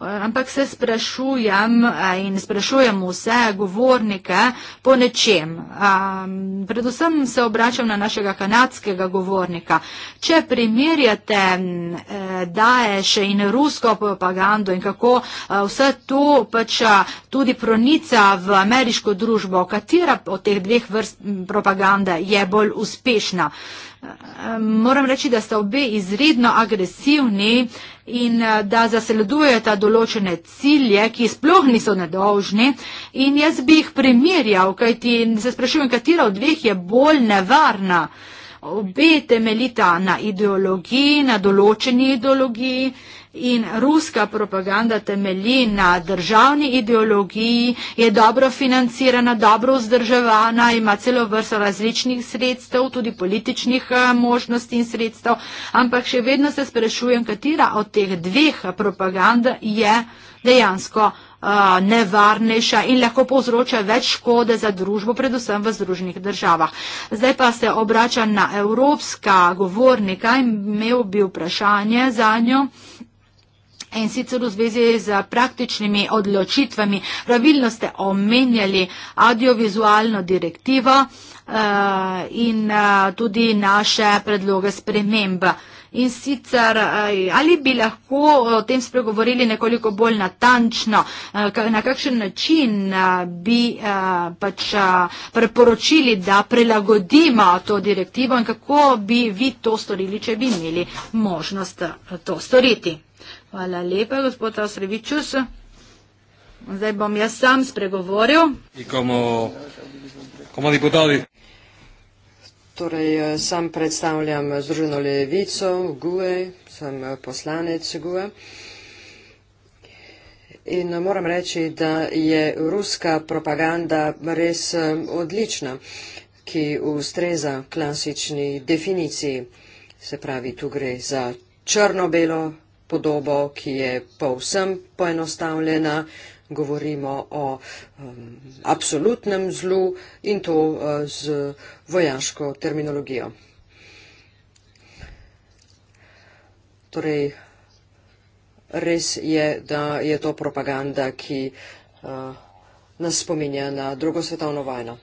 Eh, ampak se sprašujem eh, in sprašujem vse govornike po nečem. Um, predvsem se obračam na našega kanadskega govornika. Če primerjate eh, Daesh in rusko propagando in kako eh, vse to pač eh, tudi pronica v ameriško družbo, katera od teh dveh vrst propagande je bolj uspešna? Moram reči, da sta obe izredno agresivni, in eh, da zasledujeta določene cilje, ki sploh niso nedolžni. In jaz bi jih primerjal, kajti se sprašujem, katera od dveh je bolj nevarna. Obe temeljita na ideologiji, na določeni ideologiji in ruska propaganda temelji na državni ideologiji, je dobro financirana, dobro vzdrževana, ima celo vrsto različnih sredstev, tudi političnih eh, možnosti in sredstev, ampak še vedno se sprašujem, katera od teh dveh propagand je dejansko eh, nevarnejša in lahko povzroča več škode za družbo, predvsem v združnih državah. Zdaj pa se obrača na evropska govornika in imel bi vprašanje za njo in sicer v zvezi z praktičnimi odločitvami. Pravilno ste omenjali audiovizualno direktivo eh, in eh, tudi naše predloge sprememba. In sicer, eh, ali bi lahko o tem spregovorili nekoliko bolj natančno, na kakšen način bi pač preporočili, da prilagodimo to direktivo in kako bi vi to storili, če bi imeli možnost to storiti. Hvala lepa, gospod Osrevičus. Zdaj bom jaz sam spregovoril. Komo, komo torej, eh, sam predstavljam Združeno levico, GUE, sem eh, poslanec GUE. In eh, moram reči, da je ruska propaganda res odlična, ki ustreza klasični definiciji. Se pravi, tu gre za črno-belo podobo, ki je povsem poenostavljena. Govorimo o um, absolutnem zlu in to uh, z vojaško terminologijo. Torej, res je, da je to propaganda, ki uh, nas spominja na drugo svetovno vojno.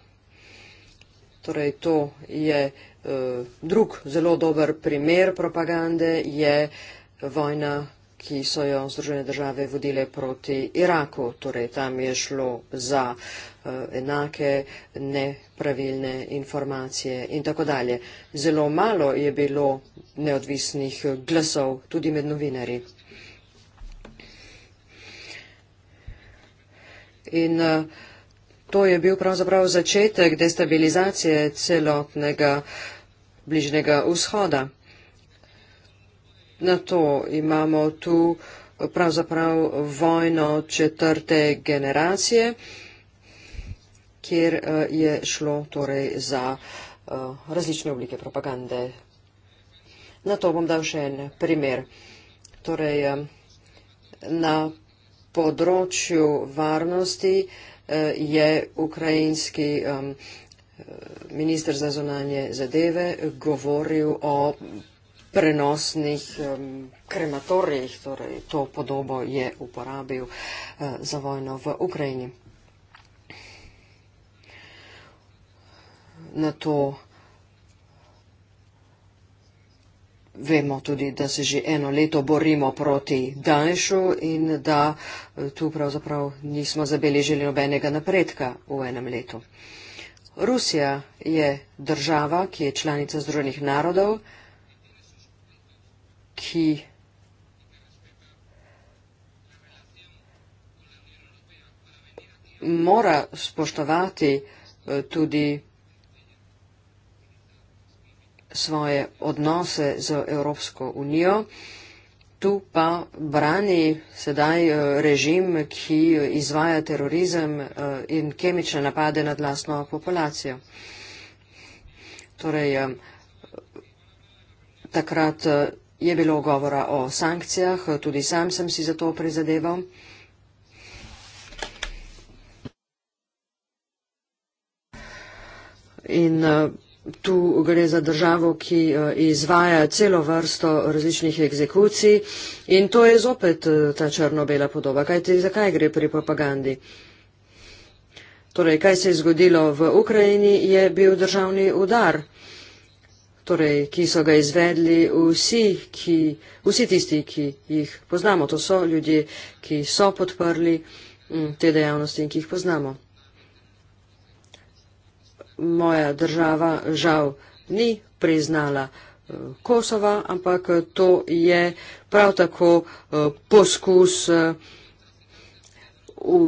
Torej, to je uh, drug zelo dober primer propagande, je uh, vojna, ki so jo Združene države vodile proti Iraku. Torej, tam je šlo za eh, enake nepravilne informacije in tako dalje. Zelo malo je bilo neodvisnih glasov tudi med novinari. In eh, to je bil pravzaprav začetek destabilizacije celotnega bližnjega vzhoda na to imamo tu pravzaprav vojno četrte generacije, kjer eh, je šlo torej za eh, različne oblike propagande. Na to bom dal še en primer. Torej, eh, na področju varnosti je ukrajinski minister za zonanje zadeve govoril o prenosnih um, krematorijih, torej to podobo je uporabil uh, za vojno v Ukrajini. Na to vemo tudi, da se že eno leto borimo proti Danšu in da eh, tu pravzaprav nismo zabeležili nobenega napredka v enem letu. Rusija je država, ki je članica Združenih narodov, que mora spoštovati eh, tudi svoje odnose z Evropsko unijo. Tu pa brani sedaj eh, režim, ki izvaja terorizem eh, in kemične napade nad lastno populacijo. Torej, takrat je bilo govora o sankcijah, tudi sam sem si za to prizadeval. In eh, tu gre za državo, ki eh, izvaja celo vrsto različnih egzekucij in to je zopet eh, ta črno-bela podoba. Kaj te, zakaj gre pri propagandi? Torej, kaj se je zgodilo v Ukrajini, je bil državni udar torej, ki so ga izvedli vsi, ki, vsi tisti, ki jih poznamo. To so ljudje, ki so podprli mm, te dejavnosti in ki jih poznamo. Moja država žal ni priznala eh, Kosova, ampak to je prav tako eh, poskus eh,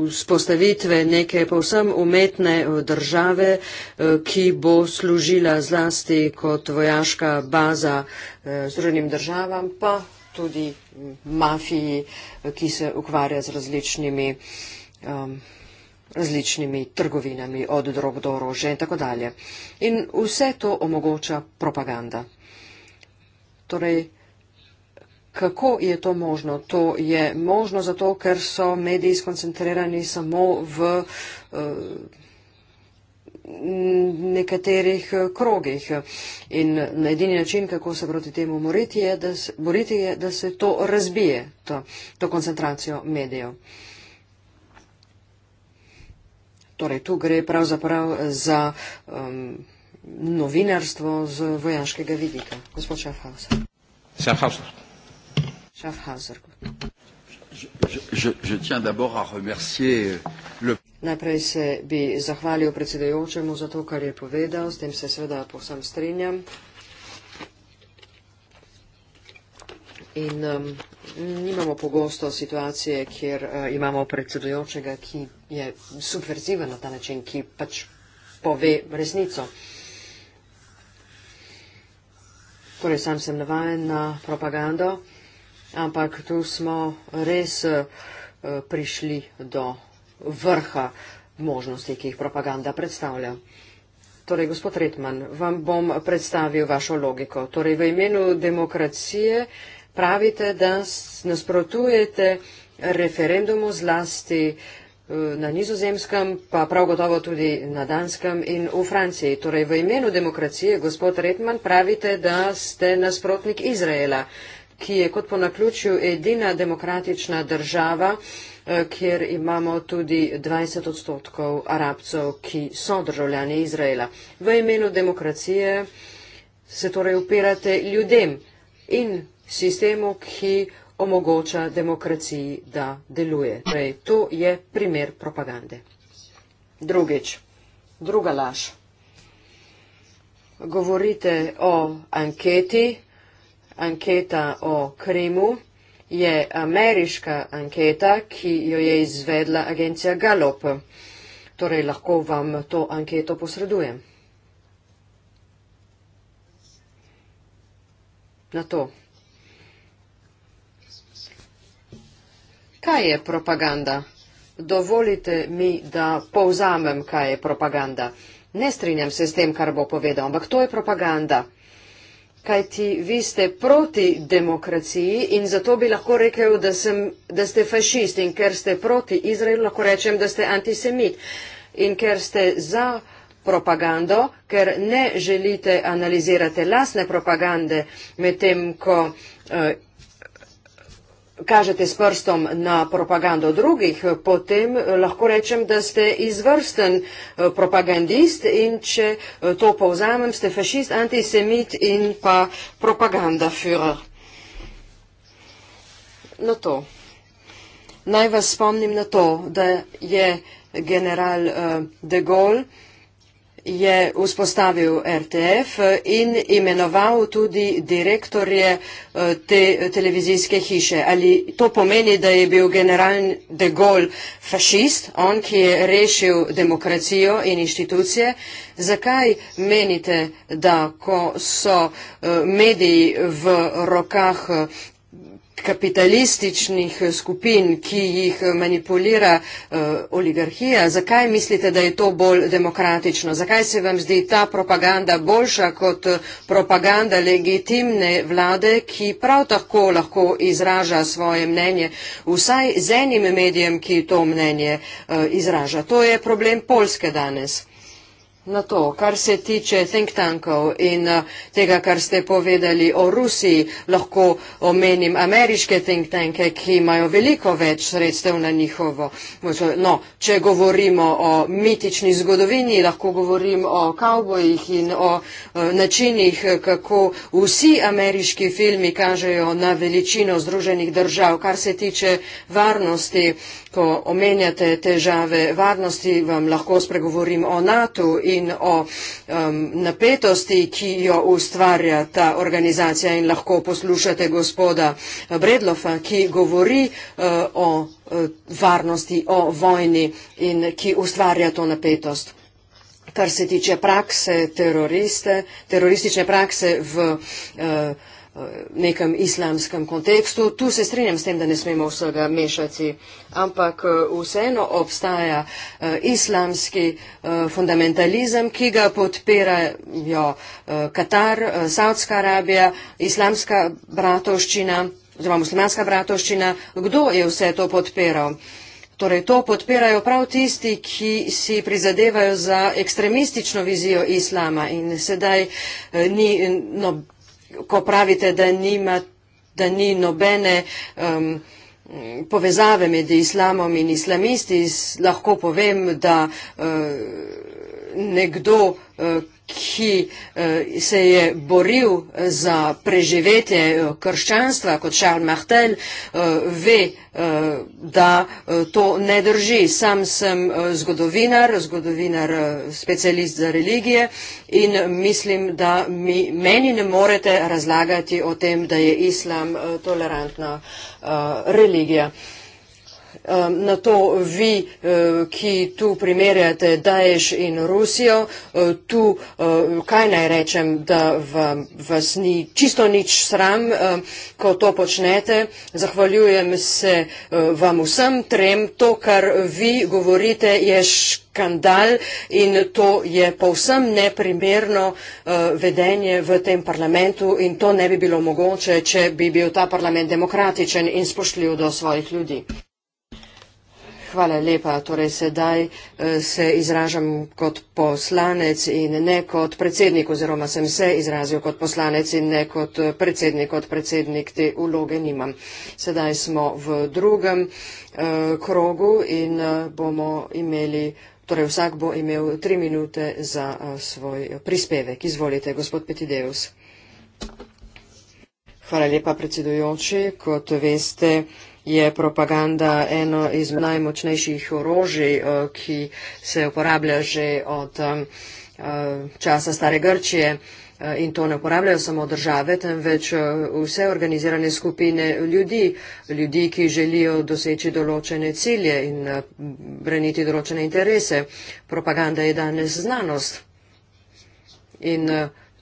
vzpostavitve neke povsem umetne eh, države, eh, ki bo služila zlasti kot vojaška baza eh, Združenim državam, pa tudi mm, mafiji, ki se ukvarja z različnimi, um, različnimi trgovinami od drog do orože in tako dalje. In vse to omogoča propaganda. Torej, Kako je to možno? To je možno zato, ker so mediji skoncentrirani samo v eh, nekaterih eh, krogih. In na edini način, kako se proti temu boriti, je, da se, boriti je, da se to razbije, to, to koncentracijo medijev. Torej, tu gre pravzaprav za um, novinarstvo z vojaškega vidika. Gospod Šafhauser. Šafhauser. Schaffhauser. Je, je, je tiens d'abord à remercier euh, le. Najprej se bi zahvalil predsedajočemu za to, kar je povedal, s tem se seveda posem strinjam. In um, nimamo pogosto situacije, kjer uh, imamo predsedajočega, ki je subverziven na ta način, ki pač pove resnico. Torej, sam sem navajen na propagando ampak tu smo res eh, prišli do vrha možnosti, ki jih propaganda predstavlja. Torej, gospod Retman, vam bom predstavil vašo logiko. Torej, v imenu demokracije pravite, da nasprotujete referendumu zlasti eh, na nizozemskem, pa prav gotovo tudi na danskem in v Franciji. Torej, v imenu demokracije, gospod Retman, pravite, da ste nasprotnik Izraela ki je kot po naključju edina demokratična država, eh, kjer imamo tudi 20 odstotkov arabcev, ki so državljani Izraela. V imenu demokracije se torej upirate ljudem in sistemu, ki omogoča demokraciji, da deluje. Torej, to je primer propagande. Drugič, druga laž. Govorite o anketi, anketa o Krimu je ameriška anketa, ki jo je izvedla agencija Galop. Torej lahko vam to anketo posredujem. Na to. Kaj je propaganda? Dovolite mi, da povzamem, kaj je propaganda. Ne strinjam se s tem, kar bo povedal, ampak to je propaganda kajti vi ste proti demokraciji in zato bi lahko rekel, da, sem, da ste fašist in ker ste proti Izraelu, lahko rečem, da ste antisemit in ker ste za propagando, ker ne želite analizirati lasne propagande med tem, ko uh, kažete s prstom na propagando drugih, potem eh, lahko rečem, da ste izvrsten eh, propagandist in če eh, to povzamem, ste fašist, antisemit in pa propaganda Führer. Na no to. Naj vas spomnim na to, da je general uh, de Gaulle je vzpostavil RTF in imenoval tudi direktorje eh, te televizijske hiše. Ali to pomeni, da je bil general de Gaulle fašist, on, ki je rešil demokracijo in inštitucije? Zakaj menite, da ko so eh, mediji v rokah eh, kapitalističnih eh, skupin, ki jih eh, manipulira uh, oligarhija, zakaj mislite, da je to bolj demokratično? Zakaj se vam zdi ta propaganda boljša kot propaganda legitimne vlade, ki prav tako lahko izraža svoje mnenje, vsaj z enim medijem, ki to mnenje uh, izraža? To je problem Polske danes na to, kar se tiče think tankov in eh, tega, kar ste povedali o Rusiji, lahko omenim ameriške think tanke, ki imajo veliko več sredstev na njihovo. No, če govorimo o mitični zgodovini, lahko govorim o kavbojih in o eh, načinih, kako vsi ameriški filmi kažejo na veličino Združenih držav, kar se tiče varnosti. Ko omenjate težave varnosti, vam lahko spregovorim o NATO in o um, napetosti, ki jo ustvarja ta organizacija in lahko poslušate gospoda Bredlofa, ki govori uh, o uh, varnosti, o vojni in ki ustvarja to napetost. Kar se tiče prakse teroriste, teroristične prakse v uh, nekem islamskem kontekstu. Tu se strinjam s tem, da ne smemo vsega mešati, ampak eh, vseeno obstaja eh, islamski eh, fundamentalizem, ki ga podpirajo Katar, Saudska Arabija, islamska bratovščina oziroma muslimanska bratovščina. Kdo je vse to podpiral? Torej, to podpirajo prav tisti, ki si prizadevajo za ekstremistično vizijo islama in sedaj ni no, ko pravite, da, nima, da ni nobene um, povezave med islamom in islamisti, lahko povem, da uh, nekdo, uh, ki eh, se je boril za preživetje eh, krščanstva kot Charles Martel, eh, ve, da to ne drži. Sam sem zgodovinar, zgodovinar specialist za religije in mislim, da mi, meni ne morete razlagati o tem, da je islam tolerantna religija. Ehm, na to vi, eh, ki tu primerjate Daješ in Rusijo, eh, tu, eh, kaj naj rečem, da vas ni čisto nič sram, ehm, ko to počnete. Zahvaljujem se vam vsem trem. To, kar vi govorite, je škandal in to je povsem neprimerno vedenje v tem parlamentu in to ne bi bilo mogoče, če bi bil ta parlament demokratičen in spoštljiv do svojih ljudi. Hvala lepa. Torej sedaj eh, se izražam kot poslanec in ne kot predsednik oziroma sem se izrazil kot poslanec in ne kot eh, predsednik. Kot predsednik te uloge nimam. Sedaj smo v drugem eh, krogu in bomo imeli, torej vsak bo imel tri minute za svoj prispevek. Izvolite, gospod Petideus. Hvala lepa, predsedujoči. Kot veste, je propaganda eno iz najmočnejših orožij, eh, ki se uporablja že od eh, časa stare Grčije. Eh, in to ne uporabljajo samo države, temveč vse organizirane skupine ljudi, ljudi, ki želijo doseči določene cilje in braniti določene interese. Propaganda je danes znanost. In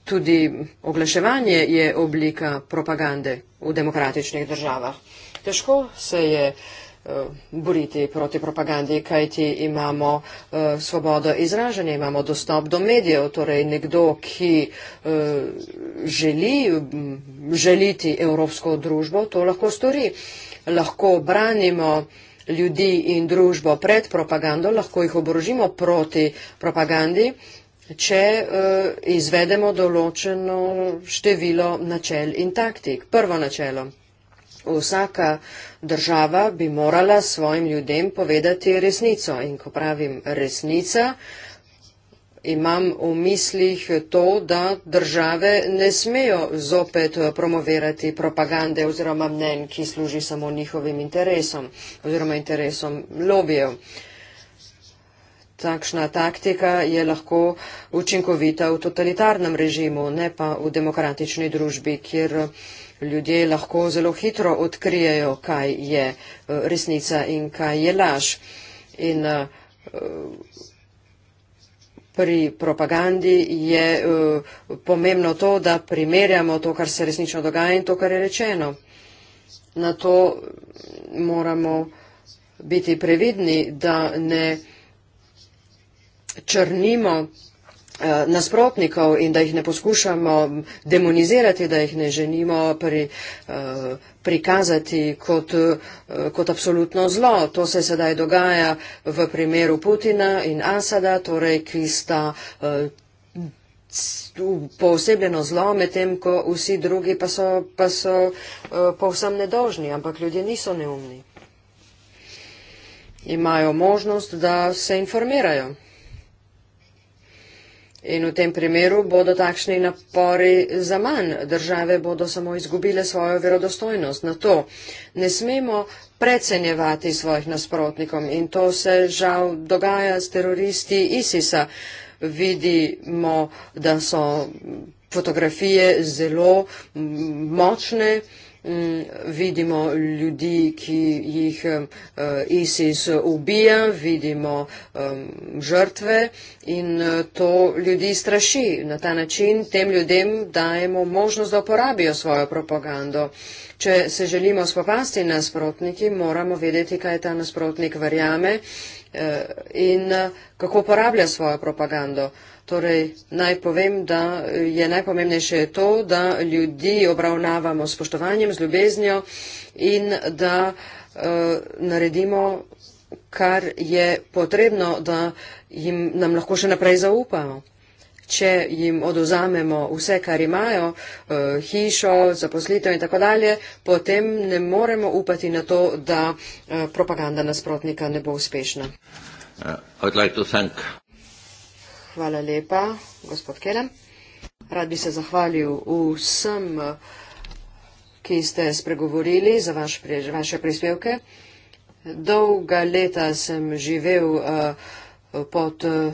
tudi oglaševanje je oblika propagande v demokratičnih državah. Težko se je eh, boriti proti propagandi, kajti imamo eh, svobodo izražanja, imamo dostop do medijev, torej nekdo, ki eh, želi mm, želiti evropsko družbo, to lahko stori. Lahko branimo ljudi in družbo pred propagando, lahko jih oborožimo proti propagandi, če izvedemo določeno število načel in taktik. Prvo načelo. Vsaka država bi morala svojim ljudem povedati resnico. In ko pravim resnica, imam v mislih to, da države ne smejo zopet promovirati propagande oziroma mnen, ki služi samo njihovim interesom oziroma interesom lobijev. Takšna taktika je lahko učinkovita v totalitarnem režimu, ne pa v demokratični družbi, kjer ljudje lahko zelo hitro odkrijejo, kaj je eh, resnica in kaj je laž. In eh, pri propagandi je eh, pomembno to, da primerjamo to, kar se resnično dogaja in to, kar je rečeno. Na to moramo biti previdni, da ne črnimo Eh, nasprotnikov in da jih ne poskušamo demonizirati, da jih ne želimo pri, eh, prikazati kot, eh, kot absolutno zlo. To se sedaj dogaja v primeru Putina in Asada, torej, ki sta posebljeno zlo, medtem ko vsi drugi pa so, pa so povsem nedožni, ampak ljudje niso neumni. Imajo možnost, da se informirajo. In v tem primeru bodo takšni napori za manj. Države bodo samo izgubile svojo verodostojnost na to. Ne smemo precenjevati svojih nasprotnikov in to se žal dogaja s teroristi ISIS-a. Vidimo, da so fotografije zelo močne. Mm, vidimo ljudi, ki jih eh, ISIS ubija, vidimo žrtve in eh, to ljudi straši. Na ta način tem ljudem dajemo možnost, da uporabijo svojo propagando. Če se želimo spopasti nasprotniki, moramo vedeti, kaj ta nasprotnik verjame eh, in kako uporablja svojo propagando. Torej, naj povem, da je najpomembnejše to, da ljudi obravnavamo spoštovanjem, z ljubeznjo in da uh, naredimo, kar je potrebno, da jim nam lahko še naprej zaupamo. Če jim oduzamemo vse, kar imajo, uh, hišo, zaposlitev in tako dalje, potem ne moremo upati na to, da uh, propaganda nasprotnika ne bo uspešna. Uh, Hvala lepa, gospod Kelem. Rad bi se zahvalil vsem, ki ste spregovorili za vaš, vaše prispevke. Dolga leta sem živel uh, pod uh,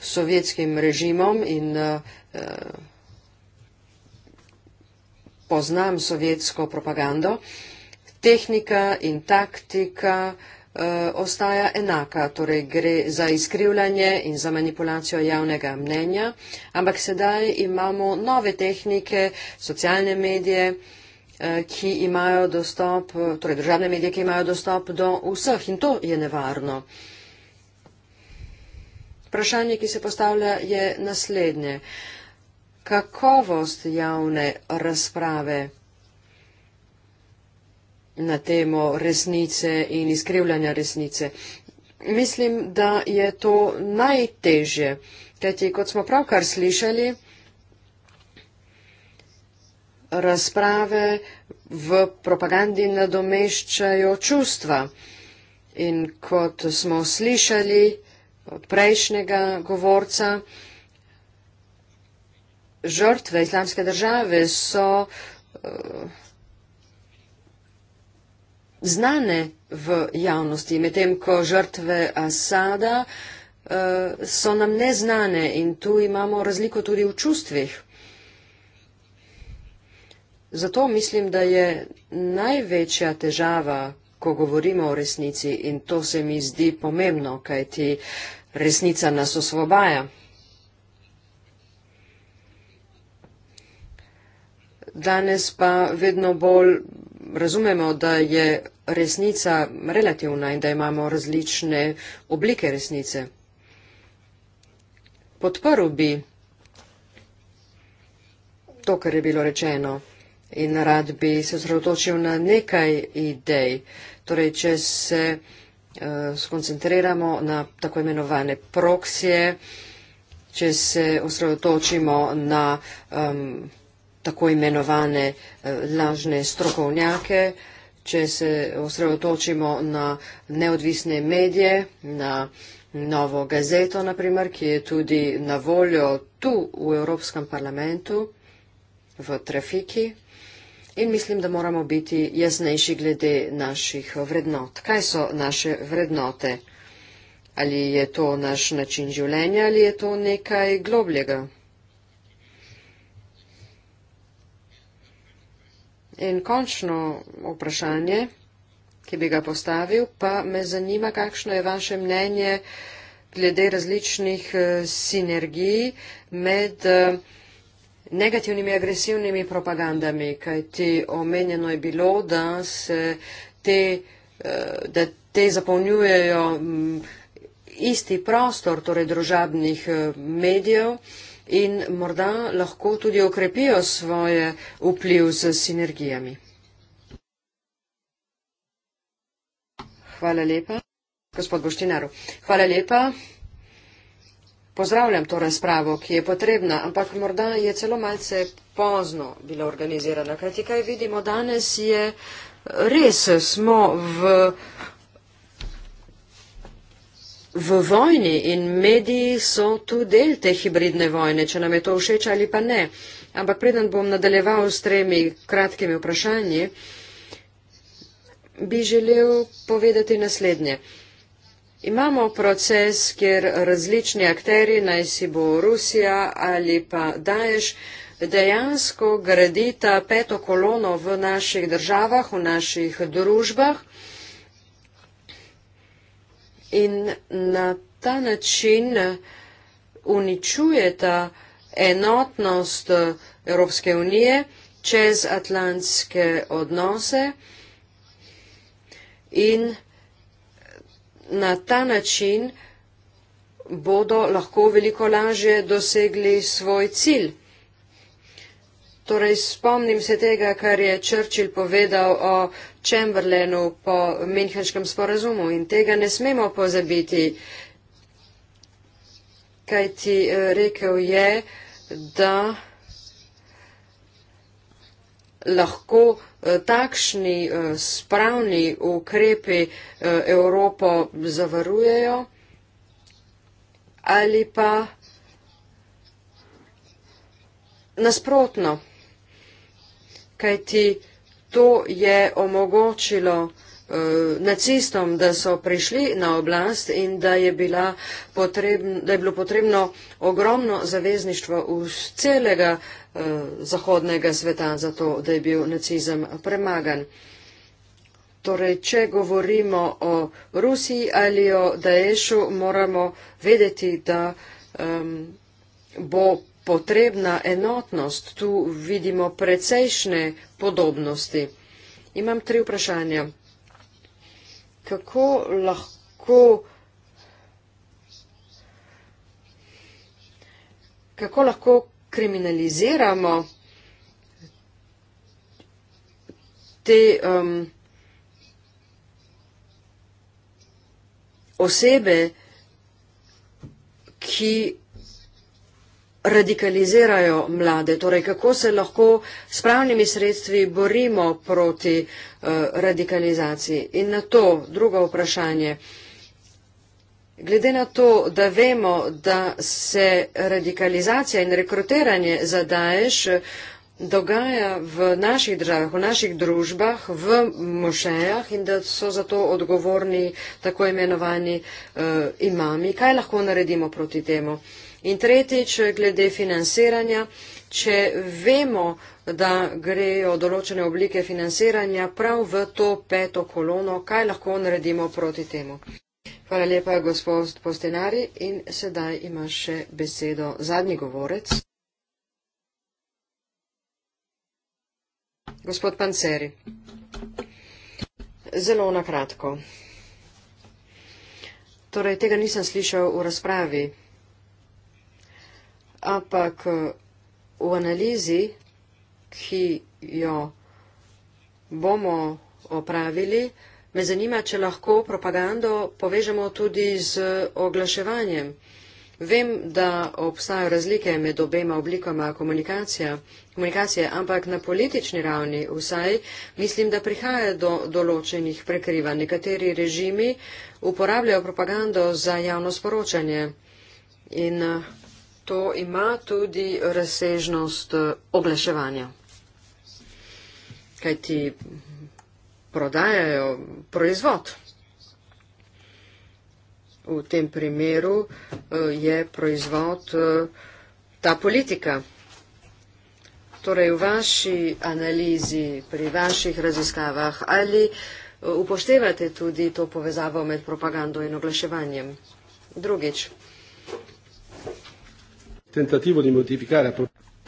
sovjetskim režimom in uh, poznam sovjetsko propagando. Tehnika in taktika. Eh, ostaja enaka, torej gre za izkrivljanje in za manipulacijo javnega mnenja, ampak sedaj imamo nove tehnike, socialne medije, eh, ki imajo dostop, torej državne medije, ki imajo dostop do vseh in to je nevarno. Vprašanje, ki se postavlja, je naslednje. Kakovost javne razprave na temo resnice in izkrivljanja resnice. Mislim, da je to najtežje, kajti kot smo pravkar slišali, razprave v propagandi nadomeščajo čustva. In kot smo slišali prejšnjega govorca, žrtve islamske države so uh, znane v javnosti, medtem ko žrtve Asada eh, so nam neznane in tu imamo razliko tudi v čustvih. Zato mislim, da je največja težava, ko govorimo o resnici in to se mi zdi pomembno, kaj ti resnica nas osvobaja. Danes pa vedno bolj razumemo, da je resnica relativna in da imamo različne oblike resnice. Podprl bi to, kar je bilo rečeno in rad bi se osredotočil na nekaj idej. Torej, če se uh, skoncentriramo na tako imenovane proksije, če se osredotočimo na um, tako imenovane eh, lažne strokovnjake, če se osredotočimo na neodvisne medije, na novo gazeto, naprimer, ki je tudi na voljo tu v Evropskem parlamentu, v trafiki. In mislim, da moramo biti jasnejši glede naših vrednot. Kaj so naše vrednote? Ali je to naš način življenja ali je to nekaj globljega? In končno vprašanje, ki bi ga postavil, pa me zanima, kakšno je vaše mnenje glede različnih eh, sinergij med eh, negativnimi agresivnimi propagandami, kajti omenjeno je bilo, da se te, eh, da te zapolnjujejo mm, isti prostor, torej družabnih medijev in morda lahko tudi okrepijo svoje vpliv z sinergijami. Hvala lepa, gospod Boštinaru. Hvala lepa. Pozdravljam to razpravo, ki je potrebna, ampak morda je celo malce pozno bila organizirana, kajti kaj vidimo danes je res, smo v V vojni in mediji so tudi del te hibridne vojne, če nam je to všeč ali pa ne. Ampak preden bom nadaljeval s tremi kratkimi vprašanji, bi želel povedati naslednje. Imamo proces, kjer različni akteri, naj si bo Rusija ali pa Daješ, dejansko gradita peto kolono v naših državah, v naših družbah in na ta način uničujeta enotnost Evropske unije čez atlantske odnose in na ta način bodo lahko veliko lažje dosegli svoj cilj. Torej, spomnim se tega, kar je Churchill povedal o Chamberlainu po Minhenskem sporazumu in tega ne smemo pozabiti, kaj ti eh, rekel je, da lahko eh, takšni eh, spravni ukrepi Evropo zavarujejo ali pa nasprotno, kaj ti rekel je, da lahko takšni spravni ukrepi Evropo zavarujejo ali pa nasprotno, kaj ti rekel je, da lahko takšni spravni ukrepi Evropo zavarujejo ali pa nasprotno, kaj ti rekel je, da lahko takšni spravni ukrepi Evropo zavarujejo ali pa nasprotno, kaj ti rekel je, da lahko takšni spravni ukrepi Evropo zavarujejo ali pa nasprotno, kaj ti rekel je, da lahko takšni spravni ukrepi Evropo zavarujejo ali pa nasprotno, kaj ti rekel je, da lahko takšni spravni ukrepi Evropo zavarujejo ali pa nasprotno, kaj ti rekel je, da lahko takšni spravni ukrepi Evropo zavarujejo ali pa nasprotno, kaj ti rekel je, da lahko takšni spravni ukrepi Evropo zavarujejo ali pa nasprotno, kaj ti rekel je, da lahko takšni sp To je omogočilo uh, nacistom, da so prišli na oblast in da je, bila potrebn, da je bilo potrebno ogromno zavezništvo iz celega uh, zahodnega sveta, zato da je bil nacizem premagan. Torej, če govorimo o Rusiji ali o Daešu, moramo vedeti, da um, bo potrebna enotnost. Tu vidimo precejšnje podobnosti. Imam tri vprašanja. Kako lahko, kako lahko kriminaliziramo te um, osebe, ki radikalizirajo mlade, torej kako se lahko s pravnimi sredstvi borimo proti uh, radikalizaciji. In na to drugo vprašanje. Glede na to, da vemo, da se radikalizacija in rekrutiranje za Daesh eh, dogaja v naših državah, v naših družbah, v mošejah in da so za to odgovorni tako imenovani uh, imami, kaj lahko naredimo proti temu? Uh, In tretjič, glede financiranja, če vemo, da grejo določene oblike financiranja prav v to peto kolono, kaj lahko naredimo proti temu? Hvala lepa, gospod Postenari. In sedaj ima še besedo zadnji govorec. Gospod Panceri. Zelo nakratko. Torej, tega nisem slišal v razpravi ampak eh, v analizi, ki jo bomo opravili, me zanima, če lahko propagando povežemo tudi z oglaševanjem. Vem, da obstajajo razlike med obema oblikama komunikacije, ampak na politični ravni vsaj mislim, da prihaja do določenih prekriva. Nekateri režimi uporabljajo propagando za javno sporočanje in eh, to ima tudi razsežnost eh, oglaševanja. Kaj ti prodajajo proizvod? V tem primeru eh, je proizvod eh, ta politika. Torej v vaši analizi, pri vaših raziskavah, ali upoštevate tudi to povezavo med propagando in oglaševanjem? Drugič, tentativo di modificare.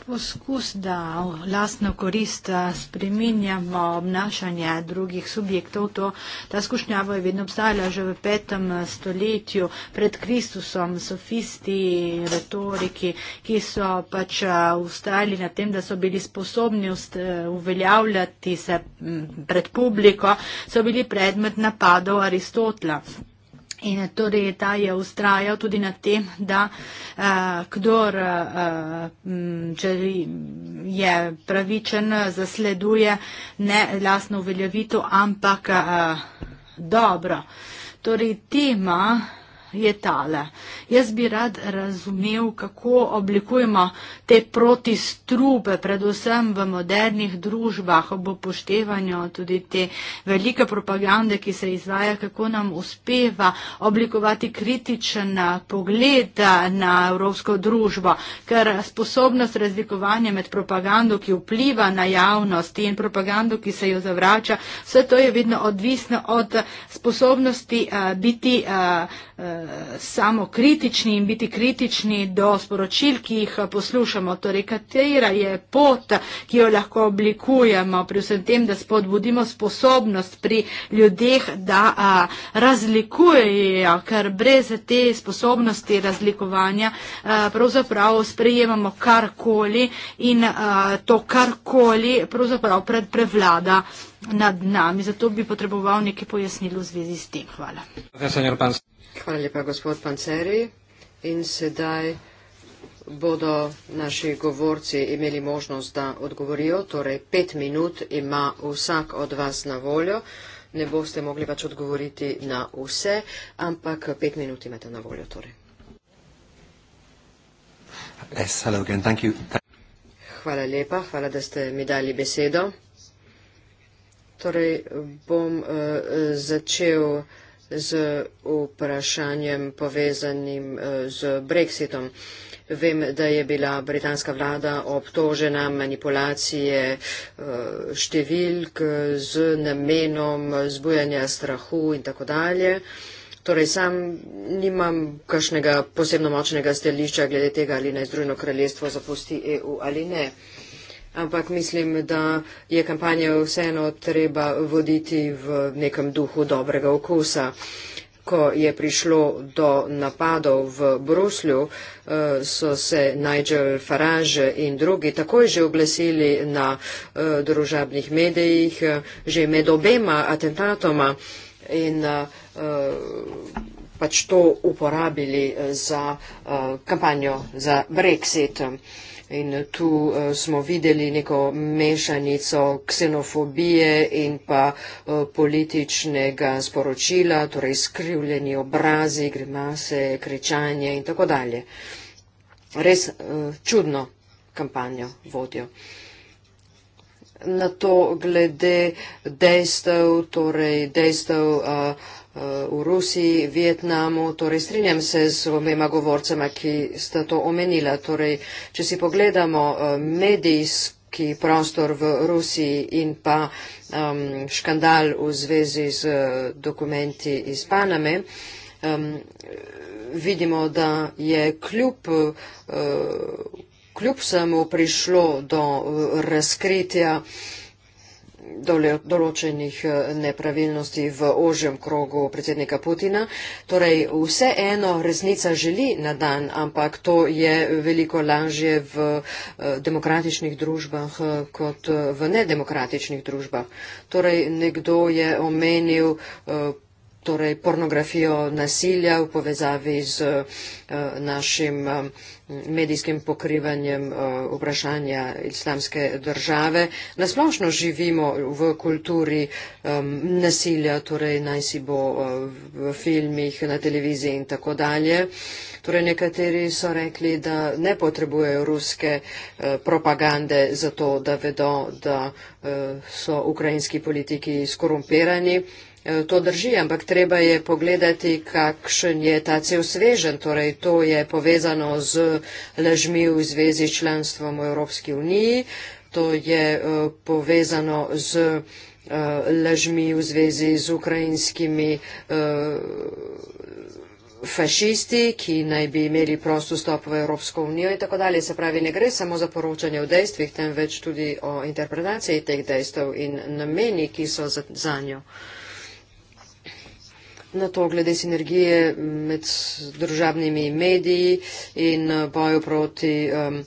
Poskus, da v lastno korist eh, spreminjamo obnašanje drugih subjektov, to, ta skušnjava je vedno obstajala že v petem eh, stoletju pred Kristusom, sofisti, retoriki, ki so pač ustajali eh, na tem, da so bili sposobni uveljavljati se pred publiko, so bili predmet napadov Aristotla. In torej ta je ustrajal tudi na tem, da uh, kdor uh, je pravičen, zasleduje ne lastno uveljavitev, ampak uh, dobro. Torej tema je tale. Jaz bi rad razumel, kako oblikujemo te protistrupe, predvsem v modernih družbah, ob upoštevanju tudi te velike propagande, ki se izvaja, kako nam uspeva oblikovati kritičen pogled na evropsko družbo, ker sposobnost razlikovanja med propagando, ki vpliva na javnost in propagando, ki se jo zavrača, vse to je vedno odvisno od sposobnosti eh, biti eh, samo kritični in biti kritični do sporočil, ki jih eh, poslušamo. Torej, katera je pot, ki jo lahko oblikujemo pri vsem tem, da spodbudimo sposobnost pri ljudeh, da a, eh, razlikujejo, ker brez te sposobnosti razlikovanja a, eh, pravzaprav sprejemamo karkoli in a, to karkoli pravzaprav pred prevlada nad nami. Zato bi potreboval nekaj pojasnilo v zvezi s tem. Hvala. Okay, Hvala lepa, gospod Panceri. In sedaj bodo naši govorci imeli možnost, da odgovorijo. Torej, pet minut ima vsak od vas na voljo. Ne boste mogli pač odgovoriti na vse, ampak pet minut imate na voljo. Torej. Yes, hello again. Thank you. Thank hvala lepa, hvala, da ste mi dali besedo. Torej, bom uh, začel z vprašanjem povezanim eh, z Brexitom. Vem, da je bila britanska vlada obtožena manipulacije eh, številk z namenom zbujanja strahu in tako dalje. Torej, sam nimam kakšnega posebno močnega stališča glede tega, ali naj Združeno kraljestvo zapusti EU ali ne ampak mislim, da je kampanjo vseeno treba voditi v nekem duhu dobrega okusa. Ko je prišlo do napadov v Bruslju, eh, so se Nigel Farage in drugi takoj že oglesili na eh, družabnih medijih, eh, že med obema atentatoma in pač to uporabili za kampanjo za Brexit. In tu uh, smo videli neko mešanico ksenofobije in pa uh, političnega sporočila, torej skrivljeni obrazi, grimase, kričanje in tako dalje. Res uh, čudno kampanjo vodijo. Na to glede dejstev, torej dejstev. Uh, v Rusiji, Vietnamu. Torej, strinjam se z obema govorcema, ki sta to omenila. Torej, če si pogledamo eh, medijski prostor v Rusiji in pa um, škandal v zvezi z eh, dokumenti iz Paname, um, vidimo, da je kljub. Uh, Kljub samo prišlo do razkritja uh, določenih eh, nepravilnosti v ožjem krogu predsednika Putina. Torej, vse eno resnica želi na dan, ampak to je veliko lažje v eh, demokratičnih družbah eh, kot v nedemokratičnih družbah. Torej, nekdo je omenil torej, pornografijo nasilja v povezavi z našim medijskim pokrivanjem eh, vprašanja islamske države. Nasplošno živimo v kulturi nasilja, torej naj si bo eh, v filmih, na televiziji in tako dalje. Torej nekateri so rekli, da ne potrebujejo ruske eh, propagande za to, da vedo, da so ukrajinski politiki skorumpirani. Eh, to drži, ampak treba je pogledati, kakšen je ta cel svežen. Torej, to je povezano z lažmi v zvezi članstvom v Evropski uniji, to je eh, povezano z eh, lažmi v zvezi z ukrajinskimi fašisti, ki naj bi imeli prost vstop v Evropsko unijo in tako dalje. Se pravi, ne gre samo za poročanje o dejstvih, temveč tudi o interpretaciji teh dejstev in nameni, ki so za, za njo na to glede sinergije med državnimi mediji in eh, boju proti um,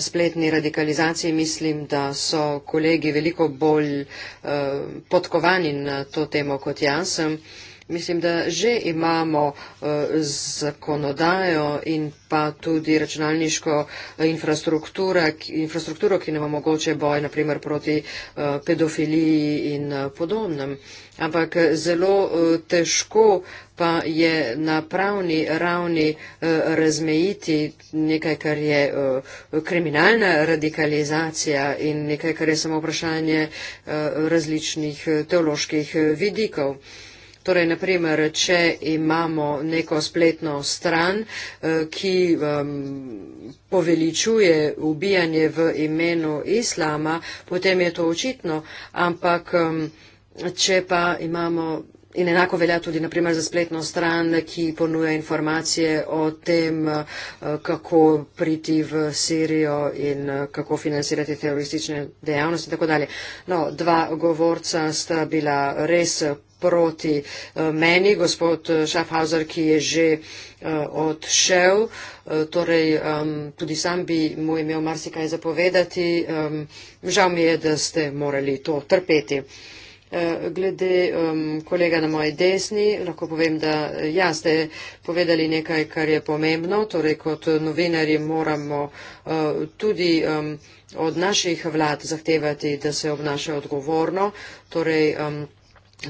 spletni radikalizaciji. Mislim, da so kolegi veliko bolj uh, podkovani na to temo kot jaz. Um, mislim, da že imamo eh, zakonodajo in pa tudi računalniško eh, infrastrukturo, ki nam omogoče boj naprimer proti eh, pedofiliji in podobnem. Ampak zelo težko pa je na pravni ravni razmejiti nekaj, kar je kriminalna radikalizacija in nekaj, kar je samo vprašanje različnih teoloških vidikov. Torej, naprimer, če imamo neko spletno stran, eh, ki um, poveličuje ubijanje v imenu islama, potem je to očitno, ampak um, če pa imamo. In enako velja tudi naprimer za spletno stran, ki ponuja informacije o tem, eh, kako priti v Sirijo in eh, kako financirati teroristične dejavnosti in tako dalje. No, dva govorca sta bila res proti eh, meni, gospod eh, Schaffhauser, ki je že eh, odšel, torej tudi sam bi mu imel marsikaj zapovedati. Žal mi je, da ste morali to trpeti. Glede um, kolega na moji desni, lahko povem, da ja, ste povedali nekaj, kar je pomembno. Torej, kot novinari moramo uh, tudi um, od naših vlad zahtevati, da se obnašajo odgovorno. Torej, um,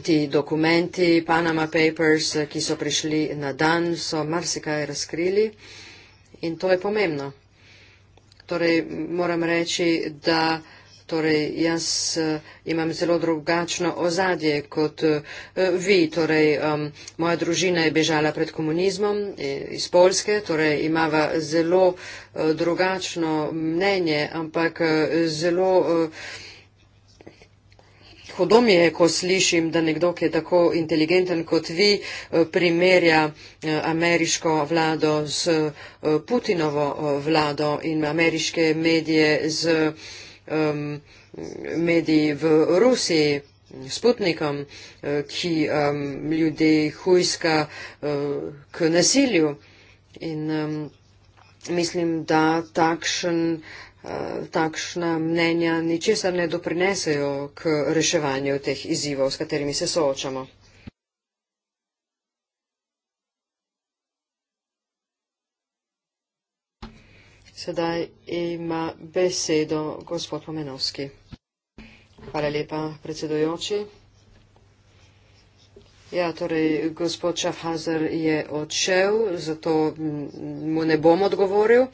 ti dokumenti, Panama Papers, ki so prišli na dan, so marsikaj razkrili in to je pomembno. Torej, moram reči, da torej, jaz eh, imam zelo drugačno ozadje kot eh, vi. Torej, um, moja družina je bežala pred komunizmom eh, iz Polske, torej imava zelo uh, drugačno mnenje, ampak zelo. Uh, hudo mi je, ko slišim, da nekdo, ki je tako inteligenten kot vi, eh, primerja eh, ameriško vlado z eh, Putinovo vlado in ameriške medije z um, mediji v Rusiji. Sputnikom, ki um, ljudi hujska uh, k nasilju. In um, mislim, da takšen uh, takšna mnenja ničesar ne doprinesejo k reševanju teh izzivov, s katerimi se soočamo. Sedaj ima besedo gospod Pomenovski. Hvala lepa, predsedujoči. Ja, torej, gospod Šafhazer je odšel, zato mu ne bom odgovoril.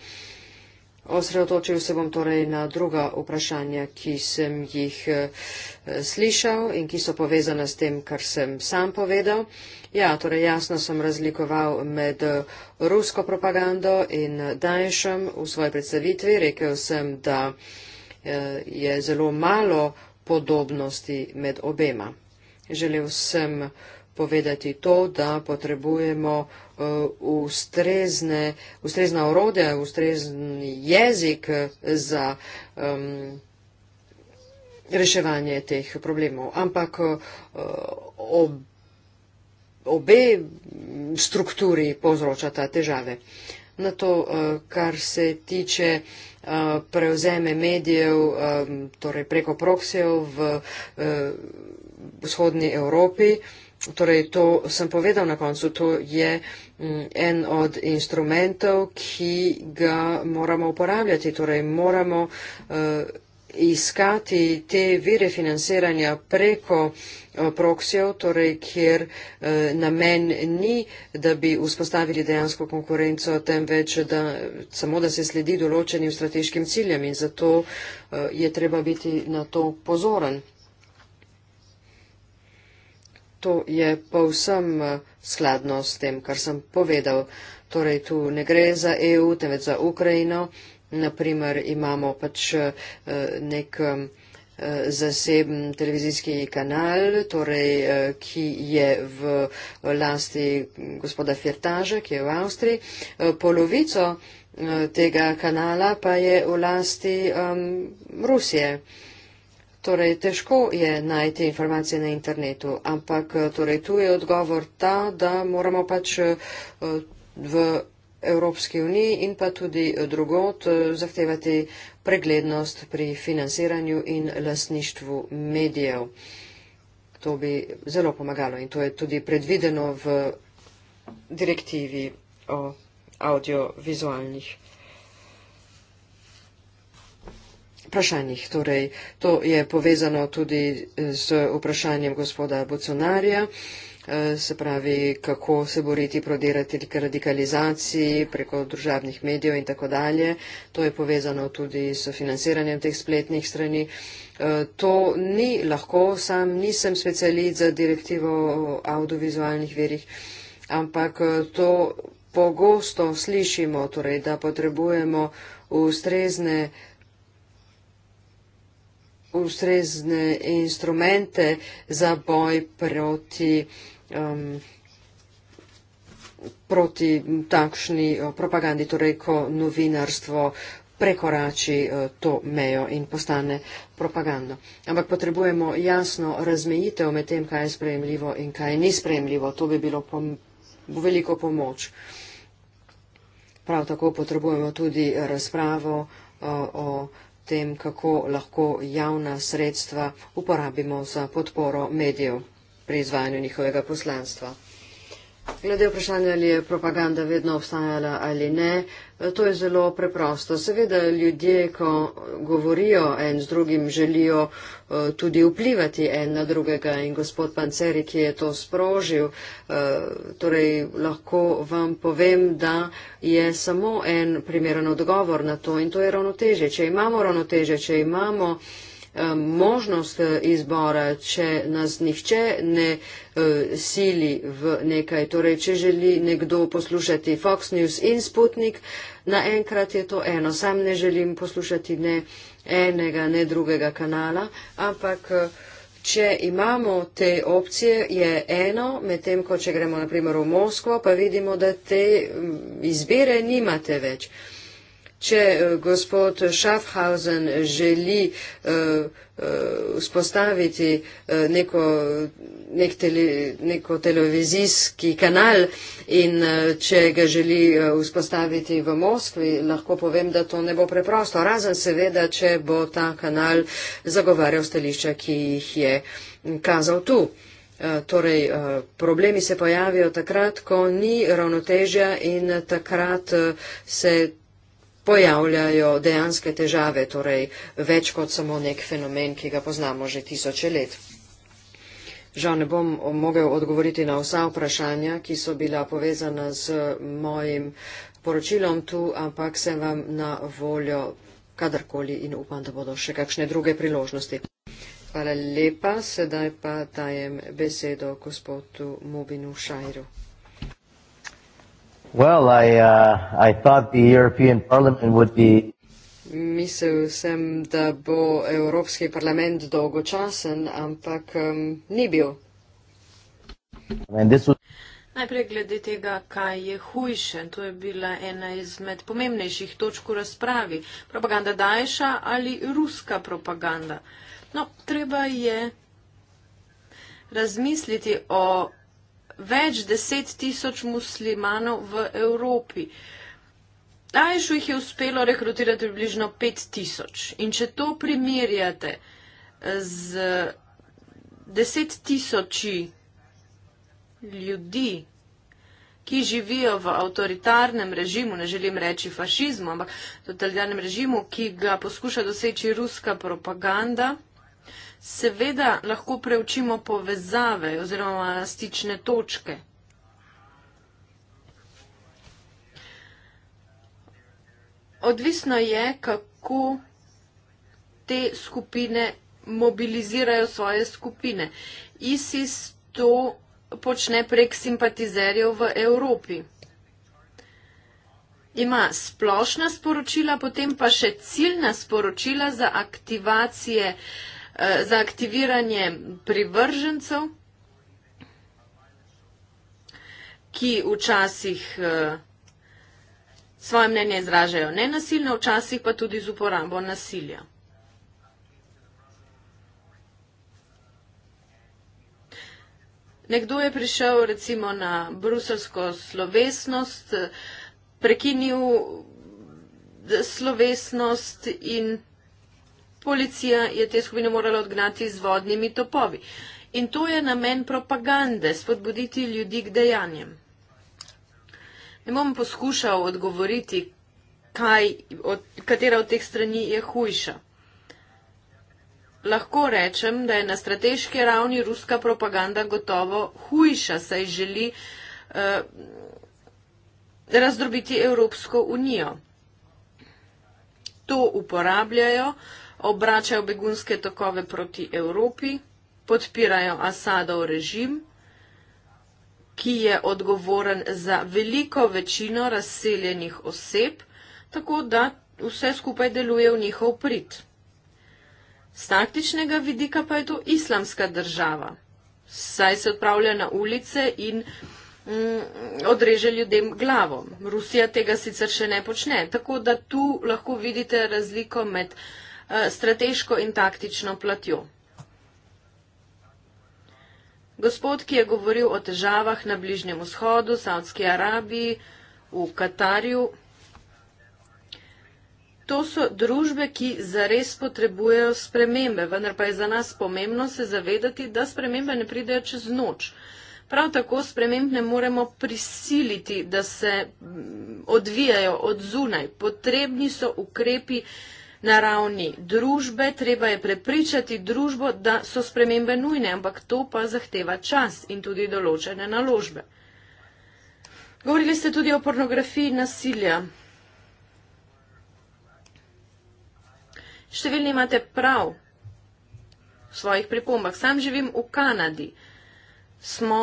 Osredotočil se bom torej na druga vprašanja, ki sem jih eh, slišal in ki so povezana s tem, kar sem sam povedal. Ja, torej jasno sem razlikoval med eh, rusko propagando in eh, Daješem v svoji predstavitvi. Rekel sem, da je zelo malo podobnosti med obema. Želel sem povedati to, da potrebujemo uh, ustrezne, ustrezna orodja, ustrezen jezik za um, reševanje teh problemov. Ampak uh, ob, obe strukturi povzročata težave. Na to, uh, kar se tiče prevzeme medijev, um, torej preko proksijev v vzhodni Evropi, Torej, to sem povedal na koncu, to je mm, en od instrumentov, ki ga moramo uporabljati. Torej, moramo uh, iskati te vire financiranja preko uh, proksijev, torej, kjer uh, namen ni, da bi vzpostavili dejansko konkurenco, temveč da, samo da se sledi določenim strateškim ciljem in zato uh, je treba biti na to pozoren to je povsem eh, skladno s tem, kar sem povedal. Torej, tu ne gre za EU, temveč za Ukrajino. Naprimer, imamo pač eh, nek eh, zaseben televizijski kanal, torej, ki je v lasti gospoda Fjertaža, ki je v Avstriji. Polovico tega kanala pa je v lasti um, Rusije. Torej, težko je najti informacije na internetu, ampak eh, torej, tu je odgovor ta, da moramo pač eh, v Evropski uniji in pa tudi eh, drugot zahtevati preglednost pri financiranju in lasništvu medijev. To bi zelo pomagalo in to je tudi predvideno v direktivi o audiovizualnih. vprašanjih. Torej, to je povezano tudi z eh, vprašanjem gospoda Bocunarja, eh, se pravi, kako se boriti prodirati k radikalizaciji preko družabnih medijev in tako dalje. To je povezano tudi s financiranjem teh spletnih strani. Eh, to ni lahko, sam nisem specialist za direktivo o audiovizualnih verih, ampak to pogosto slišimo, torej, da potrebujemo ustrezne ustrezne instrumente za boj proti, um, proti takšni uh, propagandi, torej ko novinarstvo prekorači uh, to mejo in postane propagando. Ampak potrebujemo jasno razmejitev med tem, kaj je sprejemljivo in kaj ni sprejemljivo. To bi bilo pom bo veliko pomoč. Prav tako potrebujemo tudi razpravo uh, o tem, kako lahko javna sredstva uporabimo za podporo medijev pri izvajanju njihovega poslanstva. Glede vprašanja, ali je propaganda vedno obstajala ali ne, to je zelo preprosto. Seveda ljudje, ko govorijo en z drugim, želijo eh, tudi vplivati en na drugega in gospod Panceri, ki je to sprožil, eh, torej lahko vam povem, da je samo en primeren odgovor na to in to je ravnoteže. Če imamo ravnoteže, če imamo. Eh, možnost eh, izbora, če nas nihče ne eh, sili v nekaj. Torej, če želi nekdo poslušati Fox News in Sputnik, naenkrat je to eno. Sam ne želim poslušati ne enega, ne drugega kanala, ampak če imamo te opcije, je eno, medtem ko če gremo naprimer v Moskvo, pa vidimo, da te mm, izbire nimate več. Če eh, gospod Schaffhausen želi eh, eh, vzpostaviti neko, nek tele, neko televizijski kanal in če ga želi vzpostaviti v Moskvi, lahko povem, da to ne bo preprosto. Razen seveda, če bo ta kanal zagovarjal stališča, ki jih je kazal tu. Torej, problemi se pojavijo takrat, ko ni ravnotežja in takrat se pojavljajo dejanske težave, torej več kot samo nek fenomen, ki ga poznamo že tisoče let. Žal ne bom mogel odgovoriti na vsa vprašanja, ki so bila povezana z mojim poročilom tu, ampak sem vam na voljo kadarkoli in upam, da bodo še kakšne druge priložnosti. Hvala lepa, sedaj pa dajem besedo gospodu Mubinu Šajru. Well, I, uh, I thought the European Parliament would be. Mislil sem, da bo Evropski parlament dolgočasen, ampak um, ni bil. Najprej glede tega, kaj je hujše. To je bila ena izmed pomembnejših točk v razpravi. Propaganda Daesha ali ruska propaganda. No, treba je razmisliti o več deset tisoč muslimanov v Evropi. Ajšu jih je uspelo rekrutirati približno pet tisoč. In če to primerjate eh, z deset tisoči ljudi, ki živijo v avtoritarnem režimu, ne želim reči fašizmu, ampak totalitarnem režimu, ki ga poskuša doseči ruska propaganda, seveda lahko preučimo povezave oziroma stične točke. Odvisno je, kako te skupine mobilizirajo svoje skupine. ISIS to počne prek simpatizerjev v Evropi. Ima splošna sporočila, potem pa še ciljna sporočila za aktivacije uh, Eh, za aktiviranje privržencev, ki včasih eh, svoje mnenje izražajo nenasilno, včasih pa tudi z uporabo nasilja. Nekdo je prišel recimo na bruselsko slovesnost, eh, prekinil slovesnost in policija je te skupine morala odgnati z vodnimi topovi. In to je namen propagande, spodbuditi ljudi k dejanjem. Ne bom poskušal odgovoriti, kaj, od, katera od teh strani je hujša. Lahko rečem, da je na strateški ravni ruska propaganda gotovo hujša, saj želi eh, razdrobiti Evropsko unijo. To uporabljajo obračajo begunske tokove proti Evropi, podpirajo Asadov režim, ki je odgovoren za veliko večino razseljenih oseb, tako da vse skupaj deluje v njihov prid. Z taktičnega vidika pa je to islamska država. Saj se odpravlja na ulice in mm, odreže ljudem glavo. Rusija tega sicer še ne počne. Tako da tu lahko vidite razliko med uh, Eh, strateško in taktično platjo. Gospod, ki je govoril o težavah na Bližnjem vzhodu, Saudski Arabiji, v Katarju, to so družbe, ki zares potrebujejo spremembe, vendar pa je za nas pomembno se zavedati, da spremembe ne pridejo čez noč. Prav tako sprememb ne moremo prisiliti, da se mm, odvijajo od zunaj. Potrebni so ukrepi, na ravni družbe, treba je prepričati družbo, da so spremembe nujne, ampak to pa zahteva čas in tudi določene naložbe. Govorili ste tudi o pornografiji nasilja. Številni imate prav v svojih pripombah. Sam živim v Kanadi. Smo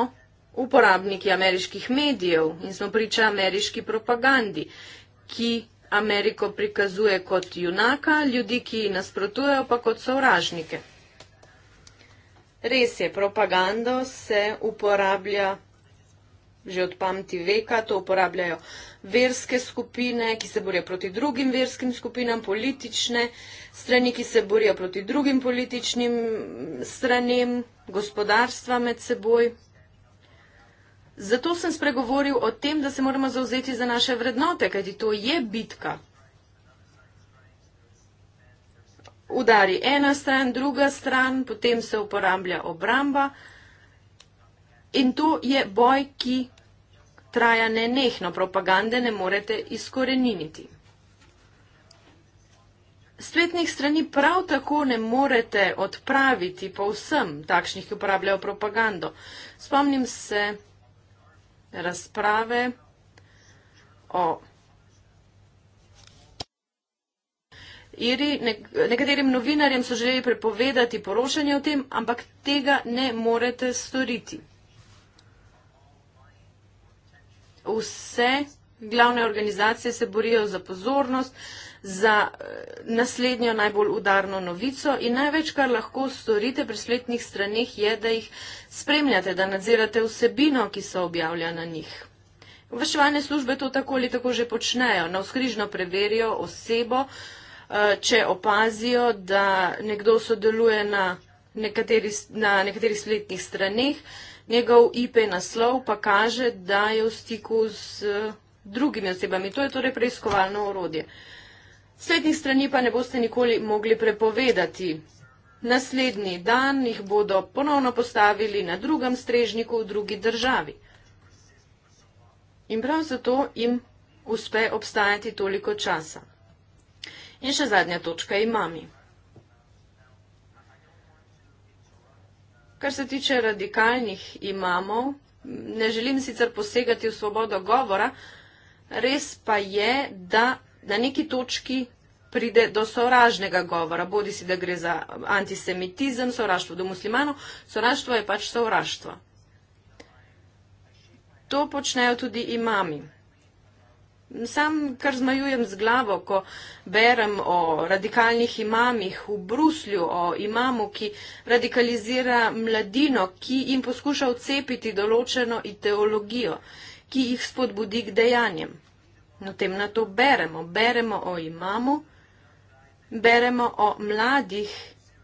uporabniki ameriških medijev in smo priča ameriški propagandi, ki Ameriko prikazuje kot junaka, ljudi, ki ji nasprotujejo, pa kot sovražnike. Res je, propagando se uporablja že od pameti veka, to uporabljajo verske skupine, ki se borijo proti drugim verskim skupinam, politične strani, ki se borijo proti drugim političnim stranem, gospodarstva med seboj. Zato sem spregovoril o tem, da se moramo zauzeti za naše vrednote, kajti to je bitka. Udari ena stran, druga stran, potem se uporablja obramba in to je boj, ki traja nenehno, propagande ne morete izkoreniniti. Spletnih strani prav tako ne morete odpraviti povsem takšnih, ki uporabljajo propagando. Spomnim se, razprave o Iri. Nekaterim novinarjem so želeli prepovedati poročanje o tem, ampak tega ne morete storiti. Vse glavne organizacije se borijo za pozornost za eh, naslednjo najbolj udarno novico in največ, kar lahko storite pri spletnih straneh, je, da jih spremljate, da nadzirate vsebino, ki se objavlja na njih. Vrševalne službe to tako ali tako že počnejo. Na vzkrižno preverijo osebo, eh, če opazijo, da nekdo sodeluje na nekaterih nekateri spletnih straneh, njegov IP naslov pa kaže, da je v stiku z eh, drugimi osebami. To je torej preiskovalno orodje. Spletnih strani pa ne boste nikoli mogli prepovedati. Naslednji dan jih bodo ponovno postavili na drugem strežniku v drugi državi. In prav zato jim uspe obstajati toliko časa. In še zadnja točka imami. Kar se tiče radikalnih imamov, ne želim sicer posegati v svobodo govora, res pa je, da na neki točki pride do sovražnega govora, bodi si, da gre za antisemitizem, sovraštvo do muslimanov, sovraštvo je pač sovraštvo. To počnejo tudi imami. Sam kar zmajujem z glavo, ko berem o radikalnih imamih v Bruslju, o imamu, ki radikalizira mladino, ki jim poskuša vcepiti določeno ideologijo, ki jih spodbudi k dejanjem. No, tem na to beremo. Beremo o imamu, beremo o mladih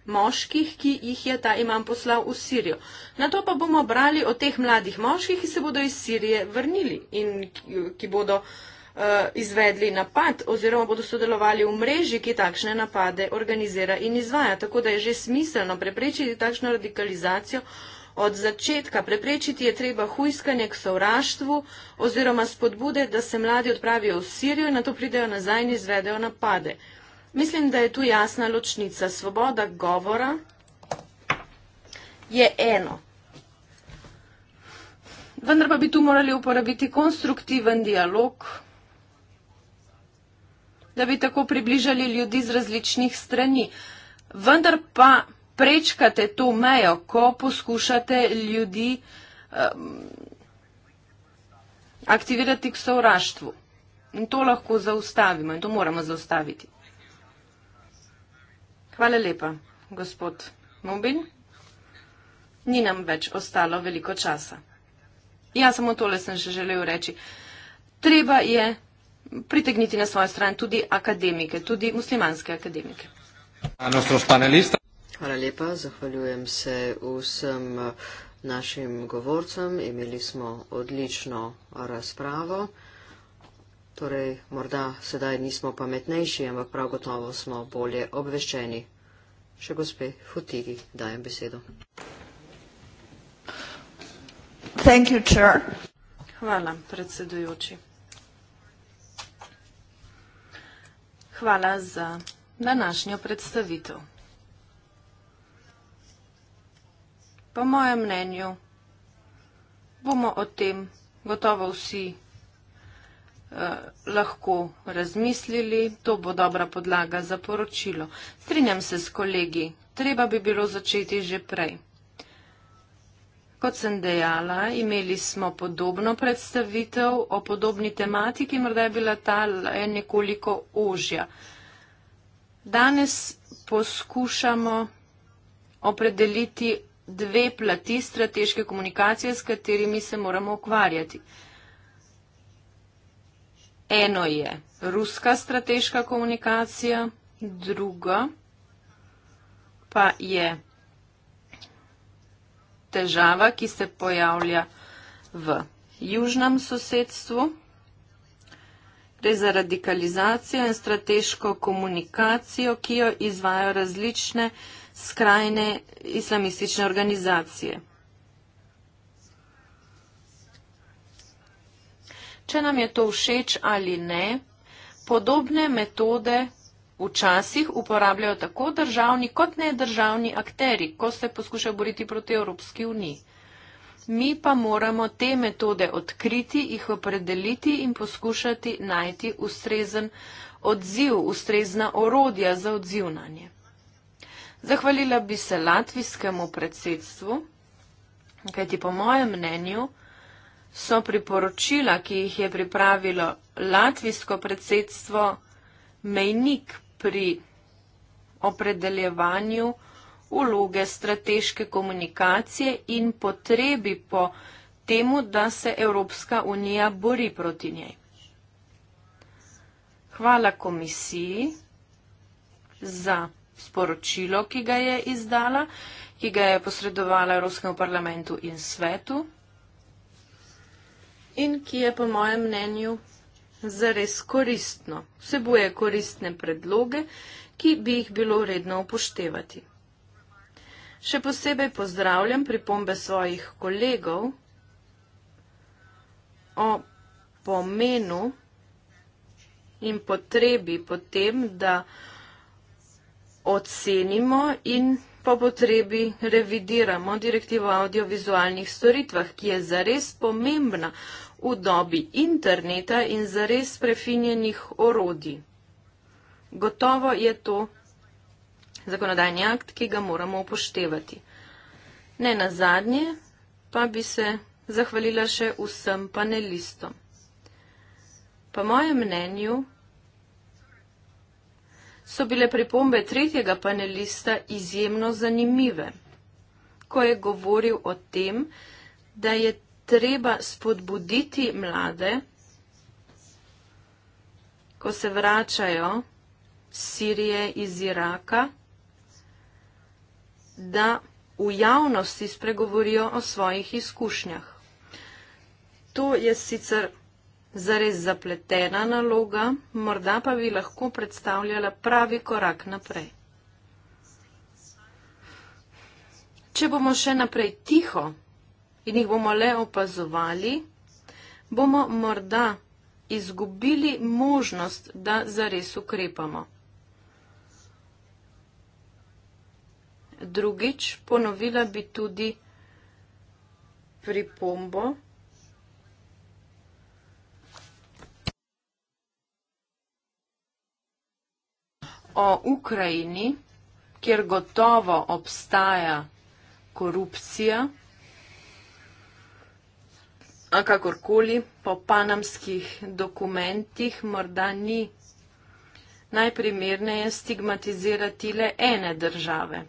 moških, ki jih je ta imam poslal v Sirijo. Na to pa bomo brali o teh mladih moških, ki se bodo iz Sirije vrnili in ki bodo uh, izvedli napad oziroma bodo sodelovali v mreži, ki takšne napade organizira in izvaja. Tako da je že smiselno preprečiti takšno radikalizacijo od začetka preprečiti je treba hujskanje k sovraštvu oziroma spodbude, da se mladi odpravijo v Sirijo in na to pridejo nazaj in izvedejo napade. Mislim, da je tu jasna ločnica. Svoboda govora je eno. Vendar pa bi tu morali uporabiti konstruktiven dialog, da bi tako približali ljudi z različnih strani. Vendar pa prečkate to mejo, ko poskušate ljudi um, aktivirati k sovraštvu. In to lahko zaustavimo in to moramo zaustaviti. Hvala lepa, gospod Mobin. Ni nam več ostalo veliko časa. Ja, samo tole sem še želel reči. Treba je pritegniti na svojo stran tudi akademike, tudi muslimanske akademike. A Hvala lepa, zahvaljujem se vsem eh, našim govorcem. Imeli smo odlično razpravo. Torej, morda sedaj nismo pametnejši, ampak prav gotovo smo bolje obveščeni. Še gospe Futigi dajem besedo. Thank you, chair. Hvala, predsedujoči. Hvala za današnjo predstavitev. Po mojem mnenju bomo o tem gotovo vsi eh, lahko razmislili, to bo dobra podlaga za poročilo. Strinjam se s kolegi, treba bi bilo začeti že prej. Kot sem dejala, imeli smo podobno predstavitev o podobni tematiki, morda je bila ta nekoliko ožja. Danes poskušamo opredeliti dve plati strateške komunikacije, s katerimi se moramo ukvarjati. Eno je ruska strateška komunikacija, drugo pa je težava, ki se pojavlja v južnem sosedstvu. Gre za radikalizacijo in strateško komunikacijo, ki jo izvajo različne skrajne islamistične organizacije. Če nam je to všeč ali ne, podobne metode včasih uporabljajo tako državni kot ne državni akteri, ko se poskušajo boriti proti Evropski uniji. Mi pa moramo te metode odkriti, jih opredeliti in poskušati najti ustrezen odziv, ustrezna orodja za odziv na nje. Zahvalila bi se latvijskemu predsedstvu, kajti po mojem mnenju so priporočila, ki jih je pripravilo latvijsko predsedstvo, mejnik pri opredeljevanju uloge strateške komunikacije in potrebi po temu, da se Evropska unija bori proti njej. Hvala komisiji za sporočilo, ki ga je izdala, ki ga je posredovala Evropskemu parlamentu in svetu in ki je po mojem mnenju zares koristno. Vsebuje koristne predloge, ki bi jih bilo redno upoštevati. Še posebej pozdravljam pripombe svojih kolegov o pomenu in potrebi potem, da ocenimo in po potrebi revidiramo direktivo o audiovizualnih storitvah, ki je zares pomembna v dobi interneta in zares prefinjenih orodij. Gotovo je to zakonodajni akt, ki ga moramo upoštevati. Ne na zadnje, pa bi se zahvalila še vsem panelistom. Po mojem mnenju so bile pripombe tretjega panelista izjemno zanimive, ko je govoril o tem, da je treba spodbuditi mlade, ko se vračajo z Sirije iz Iraka, da v javnosti spregovorijo o svojih izkušnjah. To je sicer zares zapletena naloga, morda pa bi lahko predstavljala pravi korak naprej. Če bomo še naprej tiho in jih bomo le opazovali, bomo morda izgubili možnost, da zares ukrepamo. Drugič, ponovila bi tudi pripombo, o Ukrajini, kjer gotovo obstaja korupcija, a kakorkoli po panamskih dokumentih morda ni najprimerneje stigmatizirati le ene države,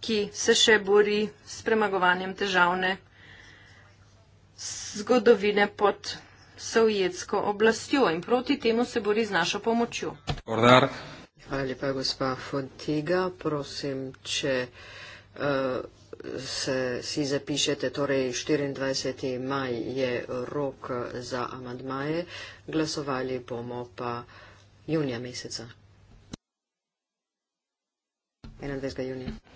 ki se še bori s premagovanjem težavne zgodovine pod sovjetsko oblastjo in proti temu se bori z našo pomočjo. Ordar. Hvala lepa, gospa Fontiga. Prosim, če uh, se, si zapišete, torej 24. maj je rok za amadmaje, glasovali bomo pa junija meseca. 21. junija.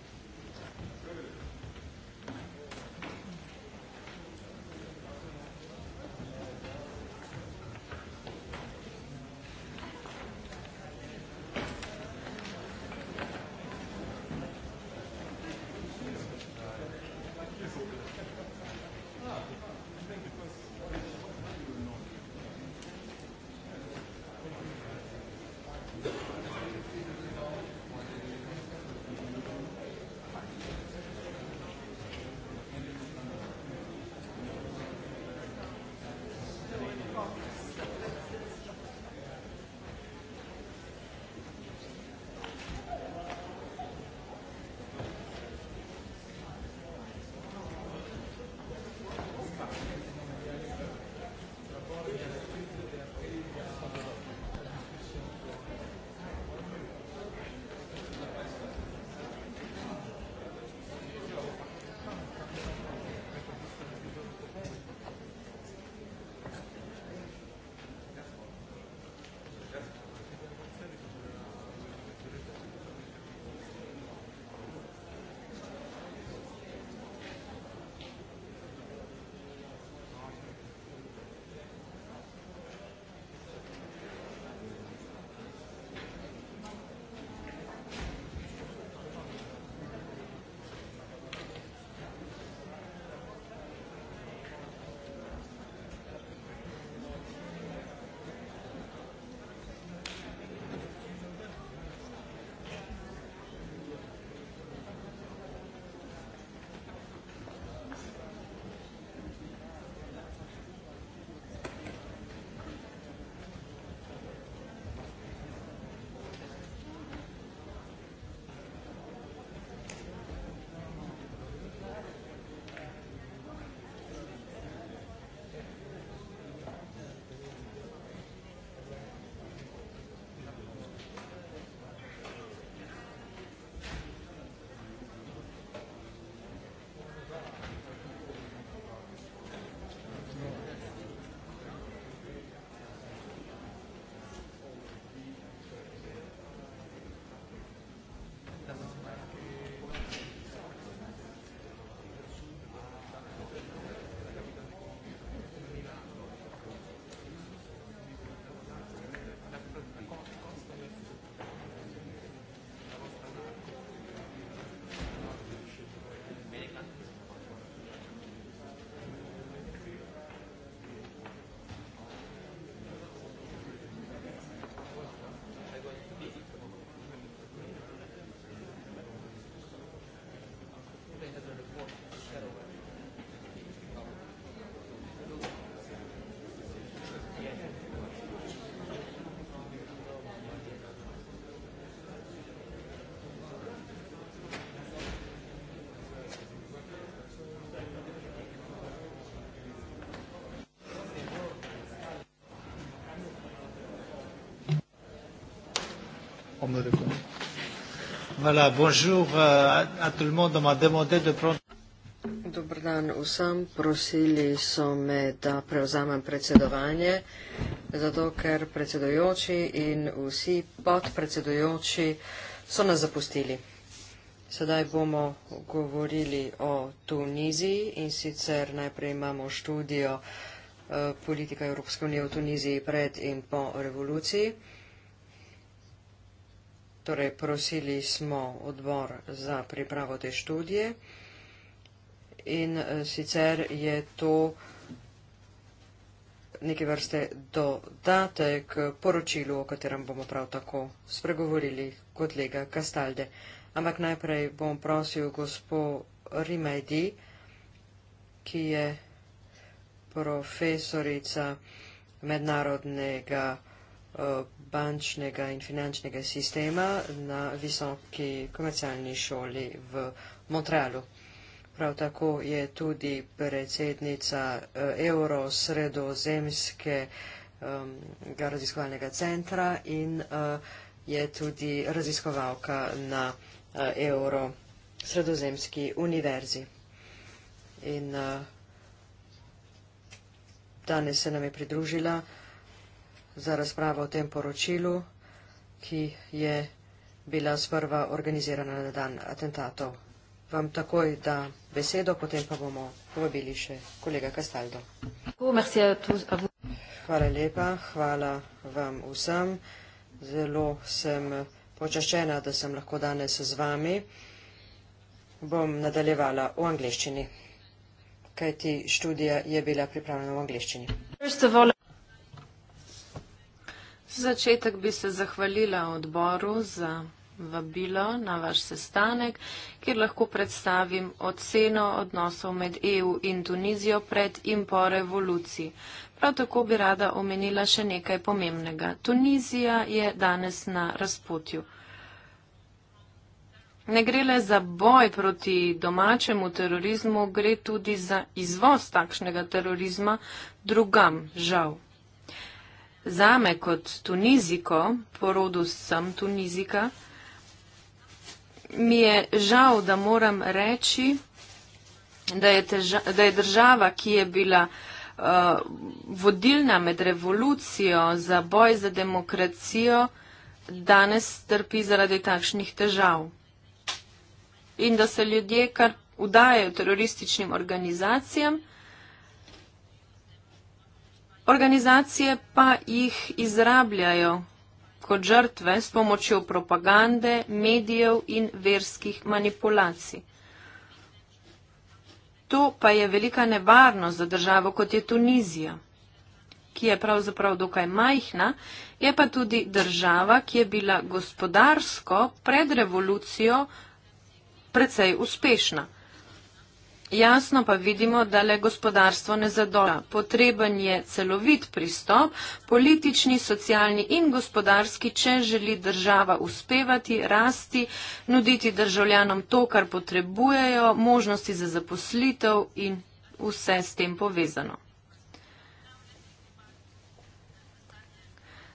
on me répond. Voilà, bonjour euh, à, à tout le monde. On m'a demandé de prendre. Dobar dan vsem, prosili so me, da prevzamem predsedovanje, zato ker predsedojoči in vsi podpredsedojoči so nas zapustili. Sedaj bomo govorili o Tuniziji in sicer najprej imamo študijo eh, politika Evropske unije v Tuniziji pred in po revoluciji. Eh, Torej, prosili smo odbor za pripravo te študije in eh, sicer je to neke vrste dodatek poročilu, o katerem bomo prav tako spregovorili kot Lega Kastalde. Ampak najprej bom prosil gospo Rimajdi, ki je profesorica mednarodnega uh, bančnega in finančnega sistema na visoki komercialni šoli v Montrealu. Prav tako je tudi predsednica eh, Euro sredozemske um, raziskovalnega centra in uh, je tudi raziskovalka na uh, Euro sredozemski univerzi. In uh, danes se nam je pridružila uh, za razpravo o tem poročilu, ki je bila sprva organizirana na dan atentatov. Vam takoj da besedo, potem pa bomo povabili še kolega Kastaldo. Hvala lepa, hvala vam vsem. Zelo sem počaščena, da sem lahko danes z vami. Bom nadaljevala v angliščini, kajti študija je bila pripravljena v angliščini. First of all, Za začetek bi se zahvalila odboru za vabilo na vaš sestanek, kjer lahko predstavim oceno odnosov med EU in Tunizijo pred in po revoluciji. Prav tako bi rada omenila še nekaj pomembnega. Tunizija je danes na razpotju. Ne gre le za boj proti domačemu terorizmu, gre tudi za izvoz takšnega terorizma drugam, žal za me kot tuniziko, po rodu sem tunizika, mi je žal, da moram reči, da je, teža, da je država, ki je bila uh, vodilna med revolucijo za boj za demokracijo, danes trpi zaradi takšnih težav. In da se ljudje kar udajajo terorističnim organizacijam, organizacije pa jih izrabljajo kot žrtve s pomočjo propagande, medijev in verskih manipulacij. To pa je velika nevarnost za državo, kot je Tunizija, ki je pravzaprav dokaj majhna, je pa tudi država, ki je bila gospodarsko pred revolucijo precej uspešna. Jasno pa vidimo, da le gospodarstvo ne zadoja. Potreben je celovit pristop, politični, socialni in gospodarski, če želi država uspevati, rasti, nuditi državljanom to, kar potrebujejo, možnosti za zaposlitev in vse s tem povezano.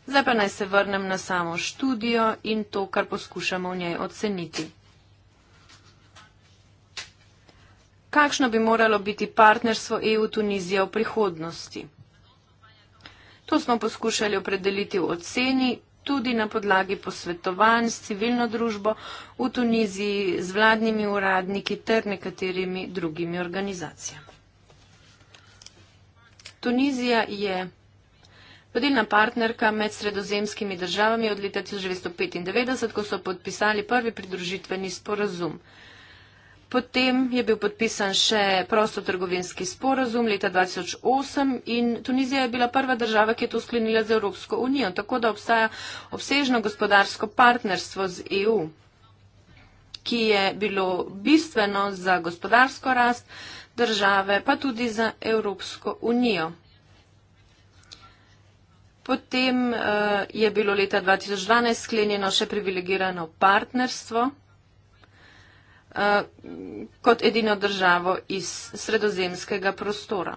Zdaj pa naj se vrnem na samo študijo in to, kar poskušamo v njej oceniti. kakšno bi moralo biti partnerstvo EU-Tunizija v prihodnosti. To smo poskušali opredeliti v oceni tudi na podlagi posvetovanj s civilno družbo v Tuniziji, z vladnimi uradniki ter nekaterimi drugimi organizacijami. Tunizija je vodilna partnerka med sredozemskimi državami od leta 1995, ko so podpisali prvi pridružitveni sporazum. Potem je bil podpisan še prostotrgovinski sporozum leta 2008 in Tunizija je bila prva država, ki je to sklenila z Evropsko unijo, tako da obstaja obsežno gospodarsko partnerstvo z EU ki je bilo bistveno za gospodarsko rast države, pa tudi za Evropsko unijo. Potem uh, je bilo leta 2012 sklenjeno še privilegirano partnerstvo Eh, kot edino državo iz sredozemskega prostora.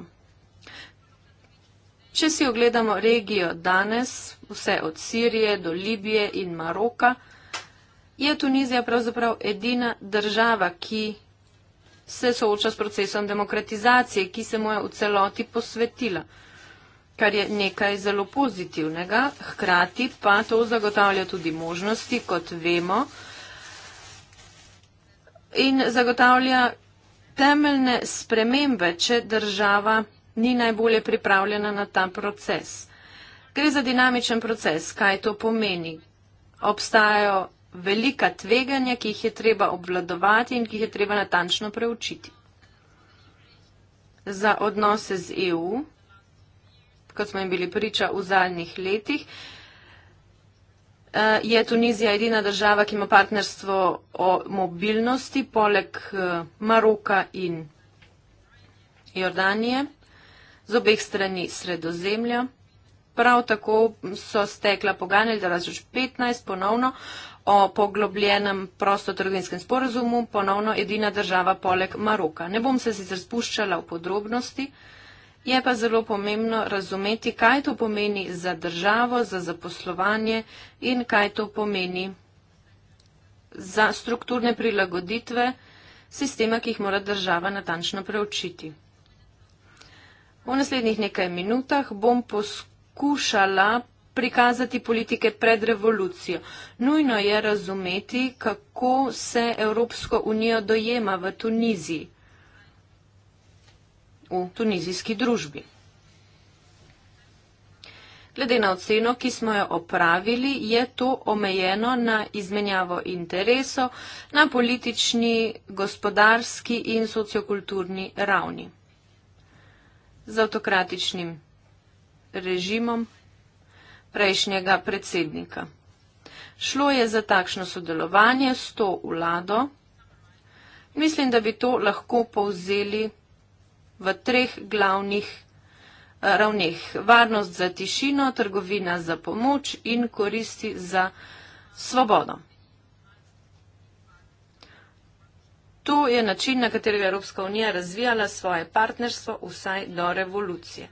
Če si ogledamo regijo danes, vse od Sirije do Libije in Maroka, je Tunizija pravzaprav edina država, ki se sooča s procesom demokratizacije, ki se mu je v celoti posvetila, kar je nekaj zelo pozitivnega, hkrati pa to zagotavlja tudi možnosti, kot vemo, uh, in zagotavlja temeljne spremembe, če država ni najbolje pripravljena na ta proces. Gre za dinamičen proces. Kaj to pomeni? Obstajajo velika tveganja, ki jih je treba obvladovati in ki jih je treba natančno preučiti. Za odnose z EU, kot smo jim bili priča v zadnjih letih, Eh, je Tunizija edina država, ki ima partnerstvo o mobilnosti, poleg eh, Maroka in Jordanije, z obeh strani sredozemlja. Prav tako so stekla pogajanja 2015 ponovno o poglobljenem prostotrgovinskem sporazumu, ponovno edina država poleg Maroka. Ne bom se sicer spuščala v podrobnosti, uh, Je pa zelo pomembno razumeti, kaj to pomeni za državo, za zaposlovanje in kaj to pomeni za strukturne prilagoditve sistema, ki jih mora država natančno preučiti. V naslednjih nekaj minutah bom poskušala prikazati politike pred revolucijo. Nujno je razumeti, kako se Evropsko unijo dojema v Tuniziji v tunizijski družbi. Glede na oceno, ki smo jo opravili, je to omejeno na izmenjavo interesov na politični, gospodarski in sociokulturni ravni. Z avtokratičnim režimom prejšnjega predsednika. Šlo je za takšno sodelovanje s to vlado. Mislim, da bi to lahko povzeli v treh glavnih eh, ravneh. Varnost za tišino, trgovina za pomoč in koristi za svobodo. To je način, na katerega je Evropska unija razvijala svoje partnerstvo vsaj do revolucije.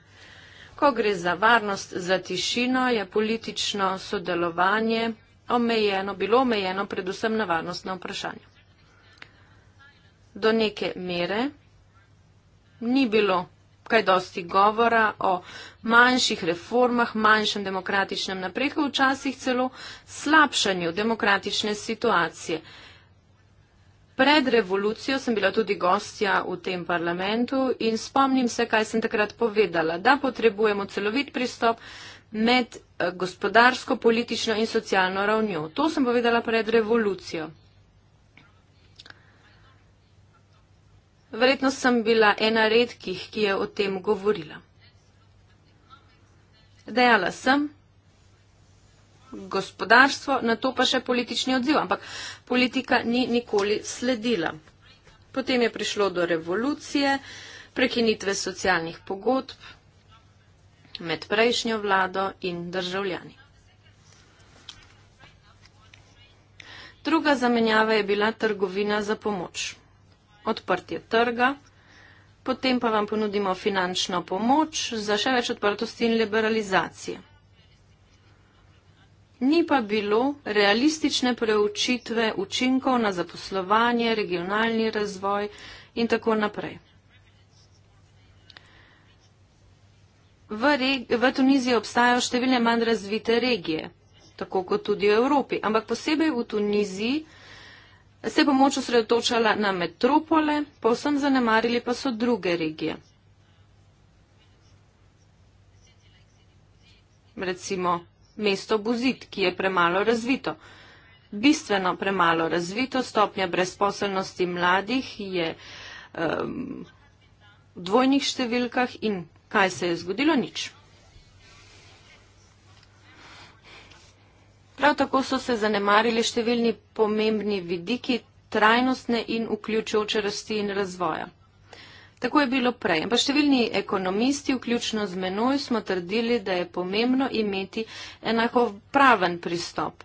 Ko gre za varnost za tišino, je politično sodelovanje omejeno, bilo omejeno predvsem na varnostno vprašanje. Do neke mere ni bilo kaj dosti govora o manjših reformah, manjšem demokratičnem napredku, včasih celo slabšanju demokratične situacije. Pred revolucijo sem bila tudi gostja v tem parlamentu in spomnim se, kaj sem takrat povedala, da potrebujemo celovit pristop med eh, gospodarsko, politično in socialno ravnjo. To sem povedala pred revolucijo. Verjetno sem bila ena redkih, ki je o tem govorila. Dejala sem gospodarstvo, na to pa še politični odziv, ampak politika ni nikoli sledila. Potem je prišlo do revolucije, prekinitve socialnih pogodb med prejšnjo vlado in državljani. Druga zamenjava je bila trgovina za pomoč odprtje trga, potem pa vam ponudimo finančno pomoč za še več odprtosti in liberalizacije. Ni pa bilo realistične preučitve učinkov na zaposlovanje, regionalni razvoj in tako naprej. V, v Tuniziji obstajajo številne manj razvite regije, tako kot tudi v Evropi, ampak posebej v Tuniziji se je pomoč osredotočala na metropole, povsem zanemarili pa so druge regije. Recimo mesto Buzit, ki je premalo razvito. Bistveno premalo razvito, stopnja brezposelnosti mladih je um, v dvojnih številkah in kaj se je zgodilo? Nič. Prav tako so se zanemarili številni pomembni vidiki trajnostne in vključujoče rasti in razvoja. Tako je bilo prej. Pa številni ekonomisti, vključno z menoj, smo trdili, da je pomembno imeti enako praven pristop.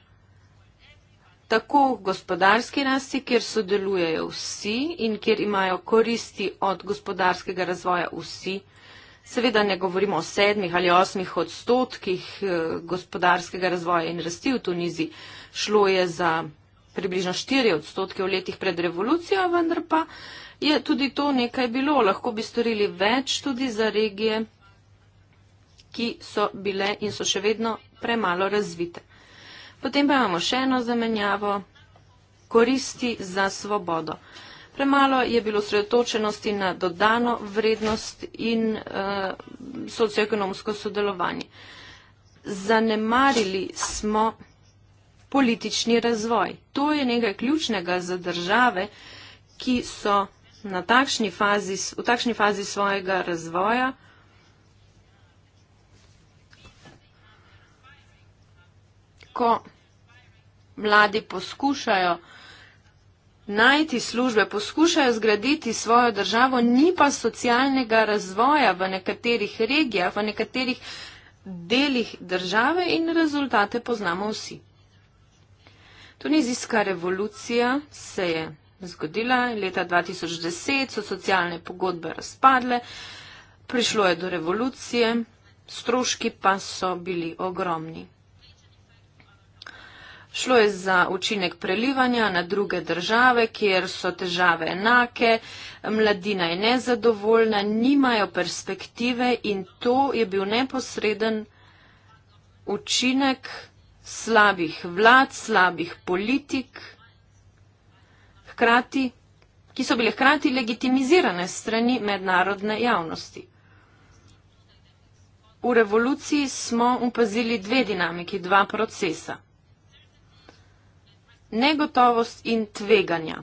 Tako v gospodarski rasti, kjer sodelujejo vsi in kjer imajo koristi od gospodarskega razvoja vsi, Seveda ne govorimo o sedmih ali osmih odstotkih eh, gospodarskega razvoja in rasti v Tuniziji. Šlo je za približno štiri odstotke v letih pred revolucijo, vendar pa je tudi to nekaj bilo. Lahko bi storili več tudi za regije, ki so bile in so še vedno premalo razvite. Potem pa imamo še eno zamenjavo. Koristi za svobodo. Uh, premalo je bilo sredotočenosti na dodano vrednost in uh, socioekonomsko sodelovanje. Zanemarili smo politični razvoj. To je nekaj ključnega za države, ki so na takšni fazi, v takšni fazi svojega razvoja. Ko mladi poskušajo uh, najti službe, poskušajo zgraditi svojo državo, ni pa socialnega razvoja v nekaterih regijah, v nekaterih delih države in rezultate poznamo vsi. Tunizijska revolucija se je zgodila leta 2010, so socialne pogodbe razpadle, prišlo je do revolucije, stroški pa so bili ogromni. Šlo je za učinek prelivanja na druge države, kjer so težave enake, mladina je nezadovoljna, nimajo perspektive in to je bil neposreden učinek slabih vlad, slabih politik, hkrati, ki so bile hkrati legitimizirane strani mednarodne javnosti. V revoluciji smo upazili dve dinamiki, dva procesa negotovost in tveganja.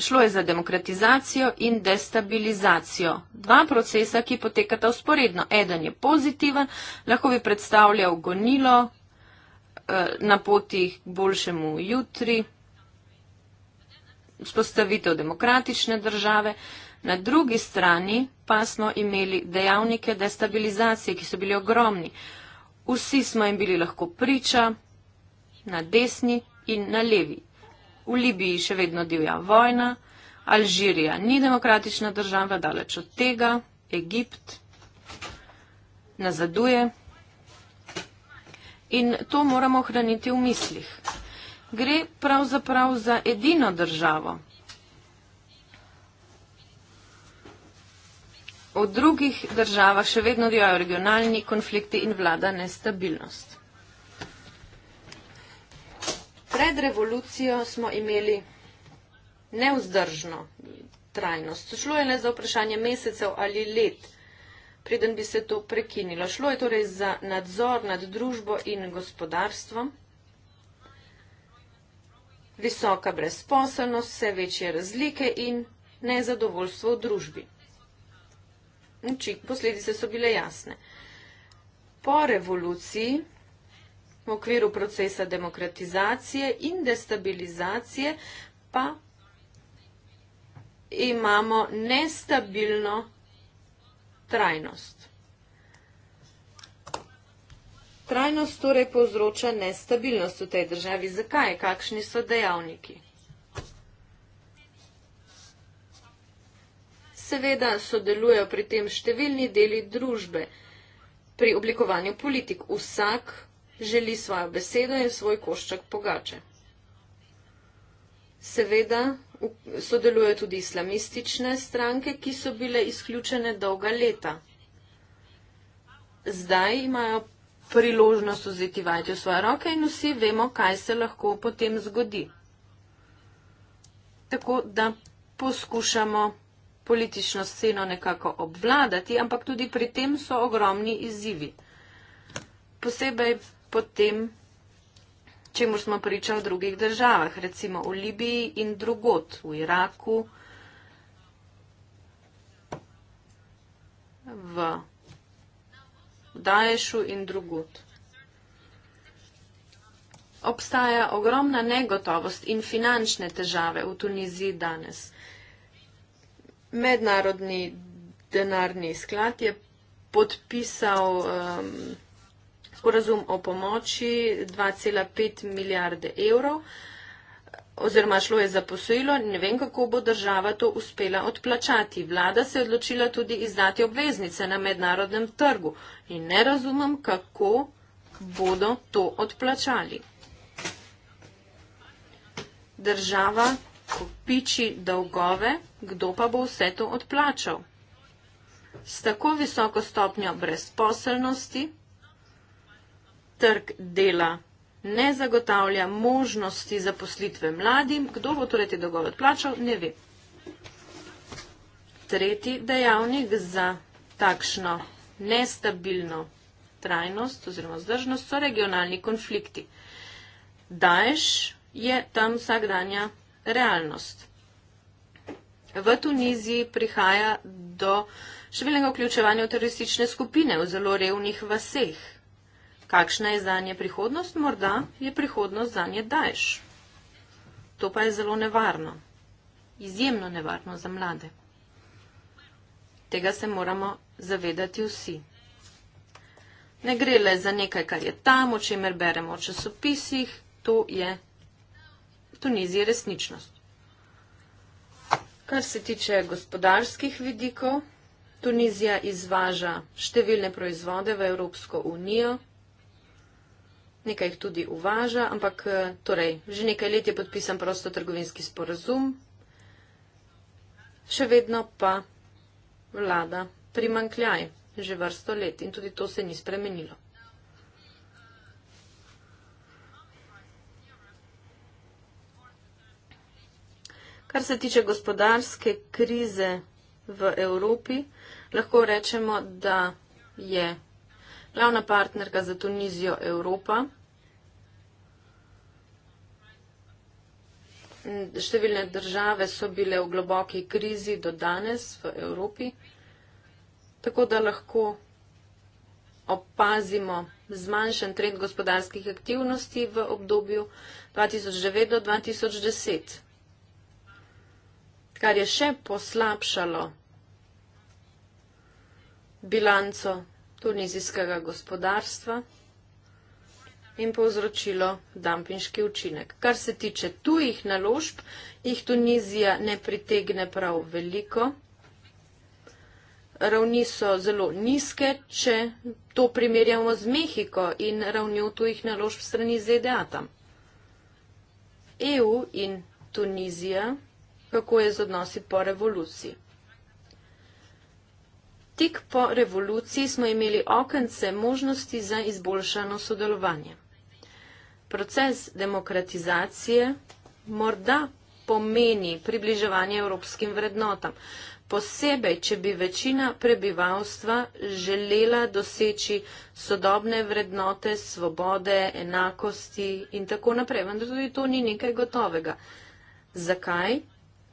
Šlo je za demokratizacijo in destabilizacijo. Dva procesa, ki potekata usporedno. Eden je pozitiven, lahko bi predstavljal gonilo eh, na poti k boljšemu jutri, spostavitev demokratične države. Na drugi strani pa smo imeli dejavnike destabilizacije, ki so bili ogromni. Vsi smo jim bili lahko priča, na desni in na levi. V Libiji še vedno divja vojna, Alžirija ni demokratična država, daleč od tega, Egipt nazaduje. In to moramo hraniti v mislih. Gre pravzaprav za edino državo, v drugih državah še vedno dijajo regionalni konflikti in vlada nestabilnost. Pred revolucijo smo imeli neuzdržno trajnost. Šlo je le za vprašanje mesecev ali let, preden bi se to prekinilo. Šlo je torej za nadzor nad družbo in gospodarstvom. Visoka brezposelnost, vse večje razlike in nezadovoljstvo v družbi učinki, posledice so bile jasne. Po revoluciji v okviru procesa demokratizacije in destabilizacije pa imamo nestabilno trajnost. Trajnost torej povzroča nestabilnost v tej državi. Zakaj? Kakšni so dejavniki? seveda sodelujejo pri tem številni deli družbe pri oblikovanju politik. Vsak želi svojo besedo in svoj košček pogače. Seveda sodelujejo tudi islamistične stranke, ki so bile izključene dolga leta. Zdaj imajo priložnost vzeti vajte v svoje roke in vsi vemo, kaj se lahko potem zgodi. Tako da poskušamo politično sceno nekako obvladati, ampak tudi pri tem so ogromni izzivi. Posebej potem, če mu smo pričali v drugih državah, recimo v Libiji in drugot, v Iraku, v Daješu in drugot. Obstaja ogromna negotovost in finančne težave v Tuniziji danes mednarodni denarni sklad je podpisal um, sporazum o pomoči 2,5 milijarde evrov, oziroma šlo je za posojilo, ne vem, kako bo država to uspela odplačati. Vlada se je odločila tudi izdati obveznice na mednarodnem trgu in ne razumem, kako bodo to odplačali. Država kopiči dolgove, kdo pa bo vse to odplačal? S tako visoko stopnjo brezposelnosti trg dela ne zagotavlja možnosti zaposlitve mladim, kdo bo torej te dolgove odplačal, ne ve. Tretji dejavnik za takšno nestabilno trajnost oziroma zdržnost so regionalni konflikti. Daješ je tam vsakdanja realnost. V Tuniziji prihaja do številnega vključevanja v teroristične skupine v zelo revnih vaseh. Kakšna je za nje prihodnost? Morda je prihodnost za nje daješ. To pa je zelo nevarno. Izjemno nevarno za mlade. Tega se moramo zavedati vsi. Ne gre le za nekaj, kar je tam, o čemer beremo v časopisih, to je kriptonizije resničnost. Kar se tiče gospodarskih vidikov, Tunizija izvaža številne proizvode v Evropsko unijo, nekaj jih tudi uvaža, ampak eh, torej, že nekaj let je podpisan prosto trgovinski sporazum, še vedno pa vlada primankljaj že vrsto let in tudi to se ni spremenilo. Kar se tiče gospodarske krize v Evropi, lahko rečemo, da je glavna partnerka za Tunizijo Evropa. Številne države so bile v globoki krizi do danes v Evropi, tako da lahko opazimo zmanjšen trend gospodarskih aktivnosti v obdobju 2009-2010 kar je še poslabšalo bilanco tunizijskega gospodarstva in povzročilo dampinški učinek. Kar se tiče tujih naložb, jih Tunizija ne pritegne prav veliko. Ravni so zelo nizke, če to primerjamo z Mehiko in ravnjo tujih naložb strani ZDA tam. EU in Tunizija kako je z odnosi po revoluciji. Tik po revoluciji smo imeli okence možnosti za izboljšano sodelovanje. Proces demokratizacije morda pomeni približevanje evropskim vrednotam, posebej, če bi večina prebivalstva želela doseči sodobne vrednote, svobode, enakosti in tako naprej. Vendar tudi to ni nekaj gotovega. Zakaj?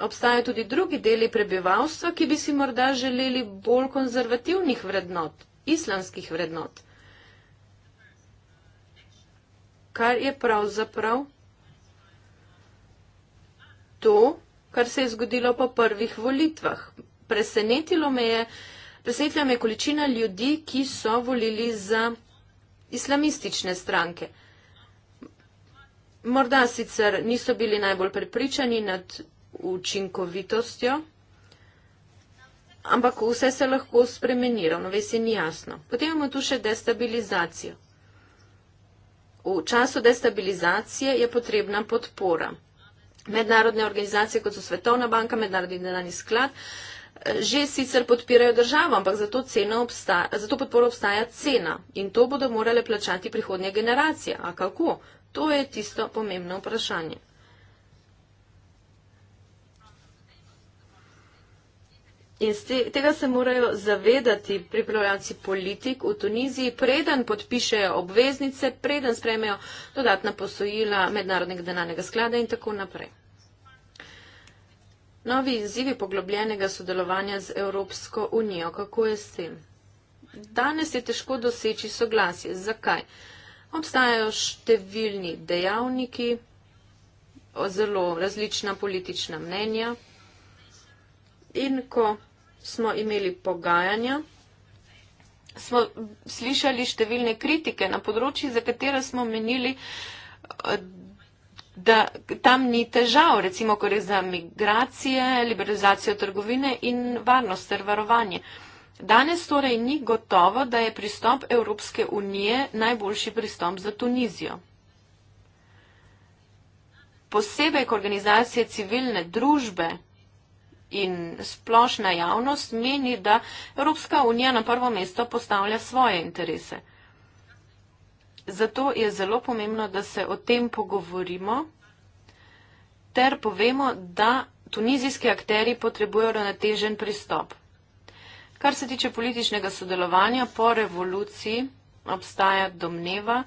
obstajajo tudi drugi deli prebivalstva, ki bi si morda želeli bolj konzervativnih vrednot, islamskih vrednot. Kar je pravzaprav to, kar se je zgodilo po prvih volitvah. Presenetilo me je, presenetila me je količina ljudi, ki so volili za islamistične stranke. Morda sicer niso bili najbolj prepričani nad učinkovitostjo, ampak vse se lahko spremeni, ravnovesje ni jasno. Potem imamo tu še destabilizacijo. V času destabilizacije je potrebna podpora. Mednarodne organizacije, kot so Svetovna banka, Mednarodni denarni sklad, že sicer podpirajo državo, ampak za to, obstaja, za to podporo obstaja cena in to bodo morale plačati prihodnje generacije. A kako? To je tisto pomembno vprašanje. In te, tega se morajo zavedati pripravljalci politik v Tuniziji, preden podpišejo obveznice, preden sprejmejo dodatna posojila Mednarodnega denarnega sklada in tako naprej. Novi izzivi poglobljenega sodelovanja z Evropsko unijo. Kako je s tem? Danes je težko doseči soglasje. Zakaj? Obstajajo številni dejavniki, zelo različna politična mnenja. In ko smo imeli pogajanja, smo slišali številne kritike na področji, za katera smo menili, eh, da tam ni težav, recimo, ko je za migracije, liberalizacijo trgovine in varnost ter varovanje. Danes torej ni gotovo, da je pristop Evropske unije najboljši pristop za Tunizijo. Posebej, ko organizacije civilne družbe in splošna javnost meni, da Evropska unija na prvo mesto postavlja svoje interese. Zato je zelo pomembno, da se o tem pogovorimo ter povemo, da tunizijski akteri potrebujejo natežen pristop. Kar se tiče političnega sodelovanja po revoluciji, obstaja domneva,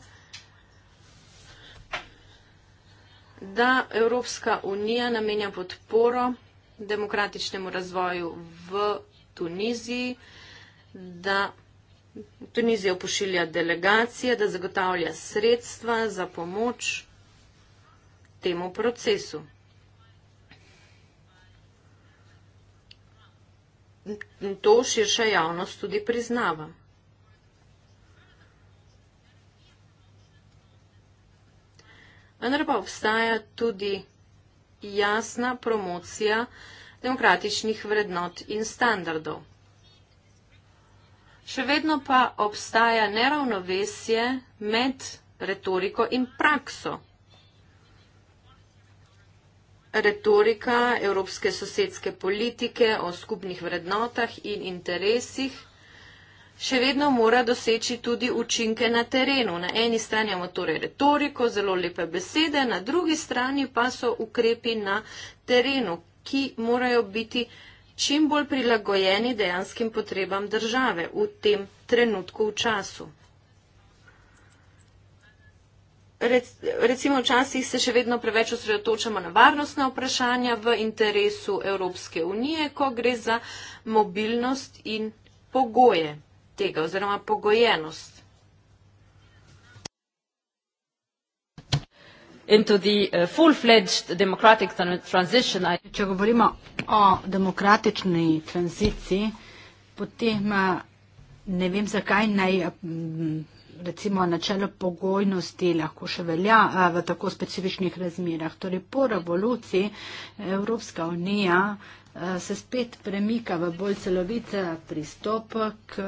da Evropska unija namenja podporo demokratičnemu razvoju v Tuniziji, da Tunizijo pošilja delegacije, da zagotavlja sredstva za pomoč temu procesu. In to širša javnost tudi priznava. Vendar pa obstaja tudi jasna promocija demokratičnih vrednot in standardov. Še vedno pa obstaja neravnovesje med retoriko in prakso. Retorika evropske sosedske politike o skupnih vrednotah in interesih še vedno mora doseči tudi učinke na terenu. Na eni strani imamo torej retoriko, zelo lepe besede, na drugi strani pa so ukrepi na terenu, ki morajo biti čim bolj prilagojeni dejanskim potrebam države v tem trenutku v času. Recimo včasih se še vedno preveč osredotočamo na varnostna vprašanja v interesu Evropske unije, ko gre za mobilnost in pogoje tega oziroma pogojenost. Uh, Če govorimo o demokratični tranziciji, potem uh, ne vem, zakaj naj uh, recimo načelo pogojnosti lahko še velja v tako specifičnih razmerah. Torej po revoluciji Evropska unija Eh, se spet premika v bolj celovite eh, pristop k,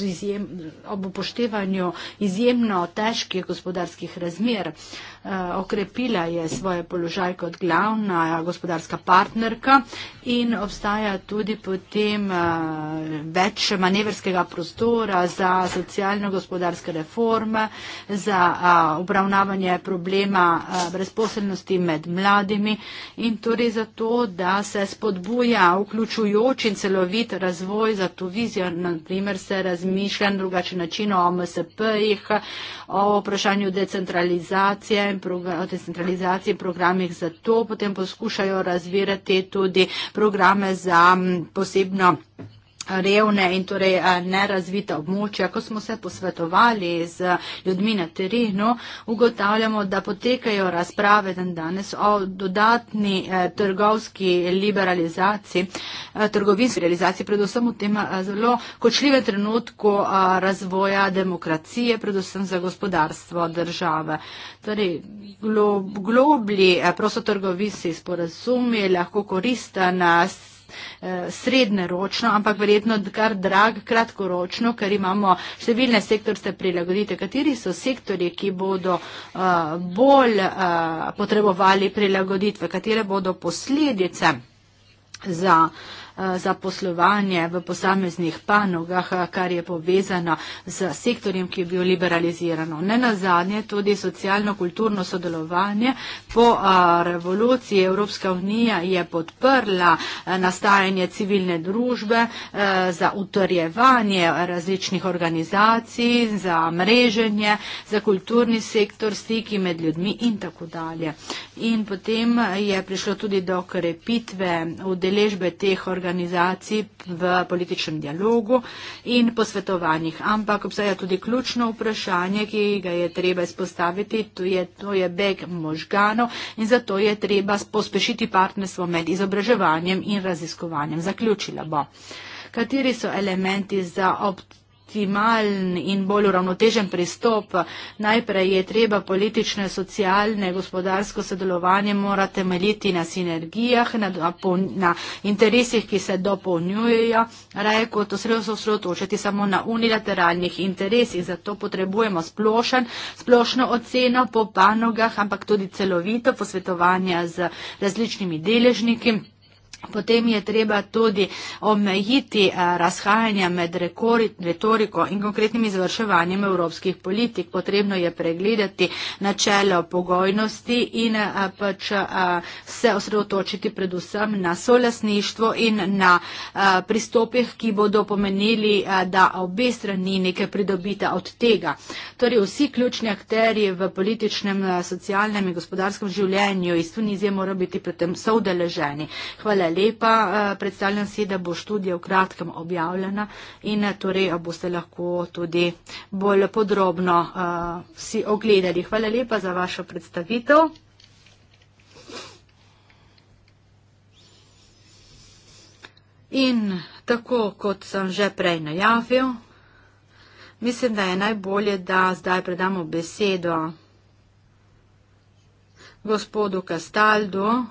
izjem, ob upoštevanju izjemno težkih gospodarskih razmer. Eh, okrepila je svoje položaj kot glavna gospodarska partnerka in obstaja tudi potem več manevrskega prostora za socialno-gospodarske reforme, za obravnavanje problema brezposelnosti med mladimi in torej zato, da se spodbojajo spodbuja vključujoč in celovit razvoj za to vizijo. Naprimer se razmišlja na drugačen način o MSP-jih, o vprašanju decentralizacije in, pro, decentralizacije in programih za to. Potem poskušajo razvirati tudi programe za posebno revne in torej eh, nerazvita območja. Ko smo se posvetovali z ljudmi na terenu, ugotavljamo, da potekajo razprave dan danes o dodatni eh, trgovski liberalizaciji, eh, trgovinski realizaciji, predvsem v tem zelo kočljivem trenutku razvoja demokracije, predvsem za gospodarstvo države. Torej, glo, globli prostotrgovinski sporazum je lahko koristen Eh, srednjeročno, ampak verjetno kar drag kratkoročno, ker imamo številne sektorske prilagoditve. Kateri so sektori, ki bodo eh, bolj eh, potrebovali prilagoditve? Katere bodo posledice za za poslovanje v posameznih panogah, kar je povezano z sektorjem, ki je bil liberaliziran. Ne na zadnje, tudi socialno-kulturno sodelovanje po revoluciji Evropska unija je podprla nastajanje civilne družbe za utrjevanje različnih organizacij, za mreženje, za kulturni sektor, stiki med ljudmi in tako dalje. In potem je prišlo tudi do krepitve udeležbe teh organizacij organizacij v političnem dialogu in posvetovanjih. Ampak obstaja tudi ključno vprašanje, ki ga je treba izpostaviti, to je, to je beg možganov in zato je treba pospešiti partnerstvo med izobraževanjem in raziskovanjem. Zaključila bo. Kateri so elementi za optimizacijo? optimalen in bolj uravnotežen pristop. Najprej je treba politično, socialno, gospodarsko sodelovanje mora temeljiti na sinergijah, na, na interesih, ki se dopolnjujejo, raje kot osredotočiti samo na unilateralnih interesih. Zato potrebujemo splošen, splošno oceno po panogah, ampak tudi celovito posvetovanje z različnimi deležniki. Potem je treba tudi omejiti eh, razhajanja med retoriko in konkretnim izvrševanjem evropskih politik. Potrebno je pregledati načelo pogojnosti in eh, pač eh, se osredotočiti predvsem na solasništvo in na pristopih, ki bodo pomenili, da obe strani nekaj pridobita od tega. Torej, vsi ključni akteri v političnem, socialnem in gospodarskem življenju iz Tunizije morajo biti predtem soudeleženi. Hvala lepa. Eh, predstavljam si, da bo študija v kratkem objavljena in eh, torej boste lahko tudi bolj podrobno eh, si ogledali. Hvala lepa za vašo predstavitev. In tako, kot sem že prej najavil, mislim, da je najbolje, da zdaj predamo besedo gospodu Kastaldu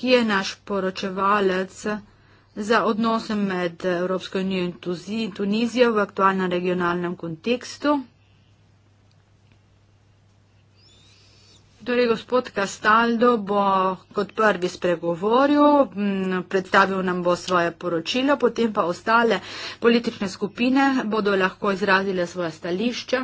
ki je naš poročevalec za odnose med Evropsko unijo in Tunizijo v aktualnem regionalnem kontekstu. Torej, gospod Castaldo bo kot prvi spregovoril, predstavil nam bo svoje poročilo, potem pa ostale politične skupine bodo lahko izrazile svoje stališče.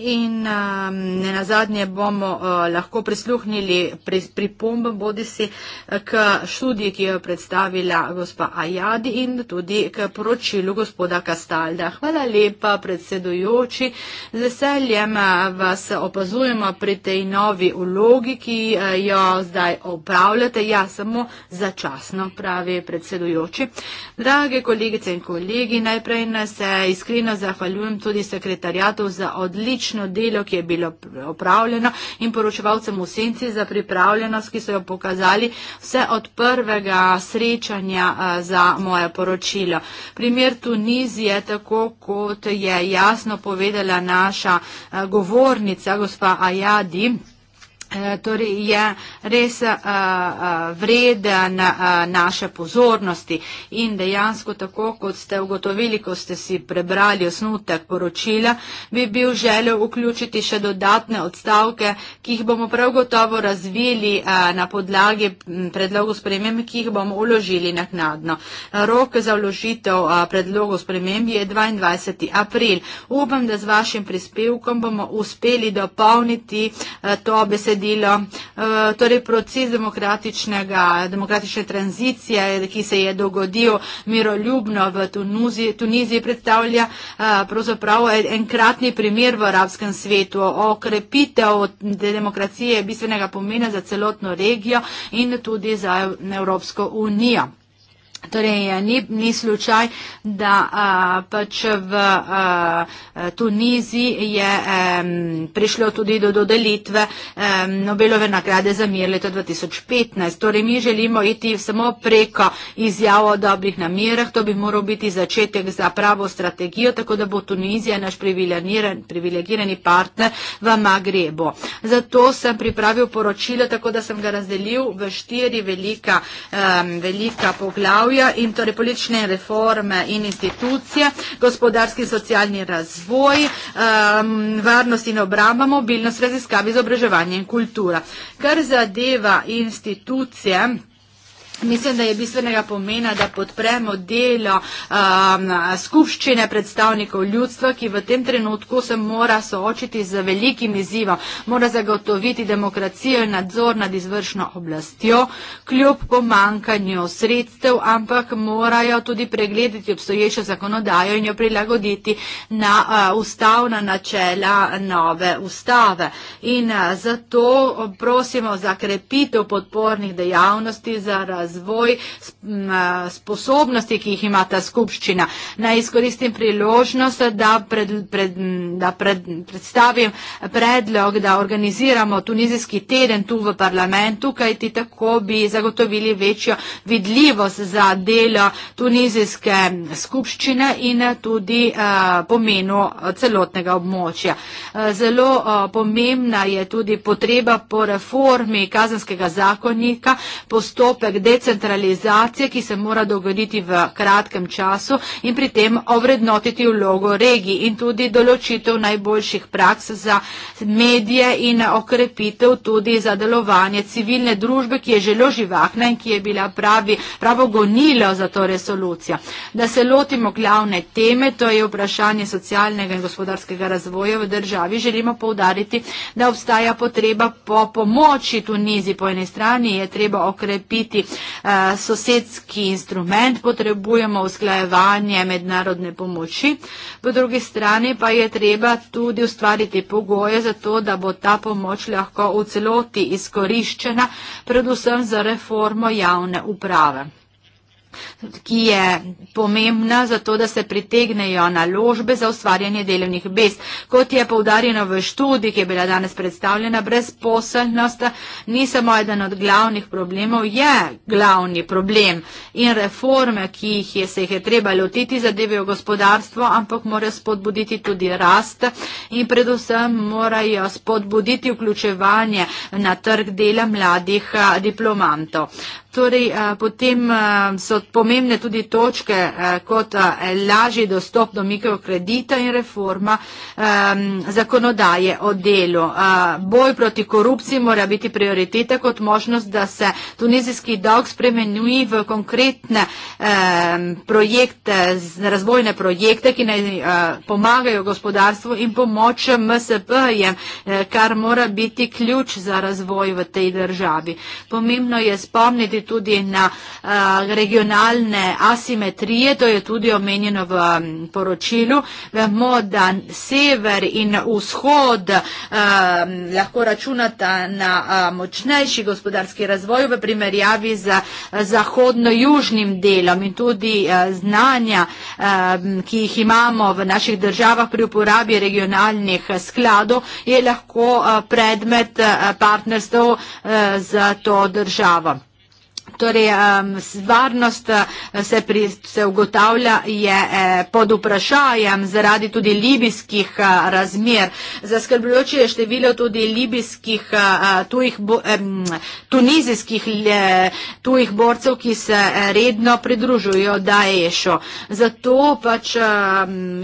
In um, ne nazadnje bomo uh, lahko prisluhnili pripombam pri bodi si uh, k študiji, ki jo je predstavila gospa Ajadi in tudi k poročilu gospoda Kastalda. Hvala lepa, predsedujoči. Z veseljem uh, vas opazujemo pri tej novi ulogi, ki uh, jo zdaj opravljate. Ja, samo začasno, pravi predsedujoči. Drage kolegice in kolegi, najprej se iskreno zahvaljujem tudi sekretarjatu za odlično odlično delo, ki je bilo opravljeno in poročevalcem v senci za pripravljenost, ki so jo pokazali vse od prvega srečanja eh, za moje poročilo. Primer Tunizije, tako kot je jasno povedala naša eh, govornica, gospa Ajadi. Eh, torej je res a, eh, a, eh, vreden a, naše pozornosti in dejansko tako, kot ste ugotovili, ko ste si prebrali osnutek poročila, bi bil želel vključiti še dodatne odstavke, ki jih bomo prav gotovo razvili a, na podlagi predlogu spremem, ki jih bomo uložili naknadno. Rok za vložitev predlogu spremem je 22. april. Upam, da z vašim prispevkom bomo uspeli dopolniti a, to besedilo sledilo. Eh, torej proces demokratične tranzicije, ki se je dogodil miroljubno v Tuniziji, Tuniziji predstavlja eh, pravzaprav enkratni primer v arabskem svetu. Okrepitev demokracije je bistvenega pomena za celotno regijo in tudi za Evropsko unijo. Torej, eh, ni, ni slučaj, da a, eh, pač v a, eh, Tuniziji je a, prišlo tudi do dodelitve a, Nobelove nagrade za mir leta 2015. Torej, mi želimo iti samo preko izjav o dobrih namerah, to bi moral biti začetek za pravo strategijo, tako da bo Tunizija naš privilegirani partner v Magrebu. Zato sem pripravil poročilo, tako da sem ga razdelil v štiri velika, a, velika poglavja zdravja in torej politične reforme in institucije, gospodarski in socialni razvoj, um, varnost in obramba, mobilnost, raziskave, izobraževanje in kultura. Kar zadeva institucije, Mislim, da je bistvenega pomena, da podpremo delo um, skupščine predstavnikov ljudstva, ki v tem trenutku se mora soočiti z velikim izzivom, mora zagotoviti demokracijo in nadzor nad izvršno oblastjo, kljub pomankanju sredstev, ampak morajo tudi pregledati obstoječo zakonodajo in jo prilagoditi na uh, ustavna načela nove ustave. In uh, zato prosimo za krepitev podpornih dejavnosti, za razvoj razvoj sposobnosti, ki jih ima ta skupščina. Naj izkoristim priložnost, da, pred, pred, da pred, predstavim predlog, da organiziramo tunizijski teden tu v parlamentu, kajti tako bi zagotovili večjo vidljivost za delo tunizijske skupščine in tudi pomenu celotnega območja. Zelo pomembna je tudi potreba po reformi kazanskega zakonika, postopek delovanja decentralizacije, ki se mora dogoditi v kratkem času in pri tem ovrednotiti vlogo regij in tudi določitev najboljših praks za medije in okrepitev tudi za delovanje civilne družbe, ki je želo živahna in ki je bila pravi, pravo gonilo za to resolucijo. Da se lotimo glavne teme, to je vprašanje socialnega in gospodarskega razvoja v državi, želimo povdariti, da obstaja potreba po pomoči Tunizi po eni strani, je treba okrepiti sosedski instrument, potrebujemo usklajevanje mednarodne pomoči, po drugi strani pa je treba tudi ustvariti pogoje za to, da bo ta pomoč lahko v celoti izkoriščena, predvsem za reformo javne uprave ki je pomembna za to, da se pritegnejo naložbe za ustvarjanje delovnih mest. Kot je povdarjeno v študiji, ki je bila danes predstavljena, brezposelnost ni samo eden od glavnih problemov, je glavni problem in reforme, ki jih je, se jih je treba lotiti, zadevajo gospodarstvo, ampak morajo spodbuditi tudi rast in predvsem morajo spodbuditi vključevanje na trg dela mladih eh, diplomantov. Torej, eh, potem eh, so pomembne tudi točke eh, kot lažji dostop do mikrokredita in reforma ehm, zakonodaje o delu. Boj proti korupciji mora biti prioriteta kot možnost, da se tunizijski dolg spremenjuje v konkretne ehm, projekte, razvojne projekte, ki naj pomagajo gospodarstvu in pomoč MSP-jem, kar mora biti ključ za razvoj v tej državi. Pomembno je spomniti, vplivati tudi na eh, regionalne asimetrije, to je tudi omenjeno v poročilu. Vemo, da sever in vzhod eh, lahko računata na eh, močnejši gospodarski razvoj v primerjavi z zahodno-južnim delom in tudi znanja, ki jih imamo v naših državah pri uporabi regionalnih skladov, je lahko predmet partnerstv za to državo. Torej, varnost eh, se, pri, se ugotavlja je eh, pod vprašajem zaradi tudi libijskih eh, razmer. Zaskrbljujoče je število tudi libijskih, tujih, tunizijskih tujih borcev, ki se redno pridružujo Daešu. Zato pač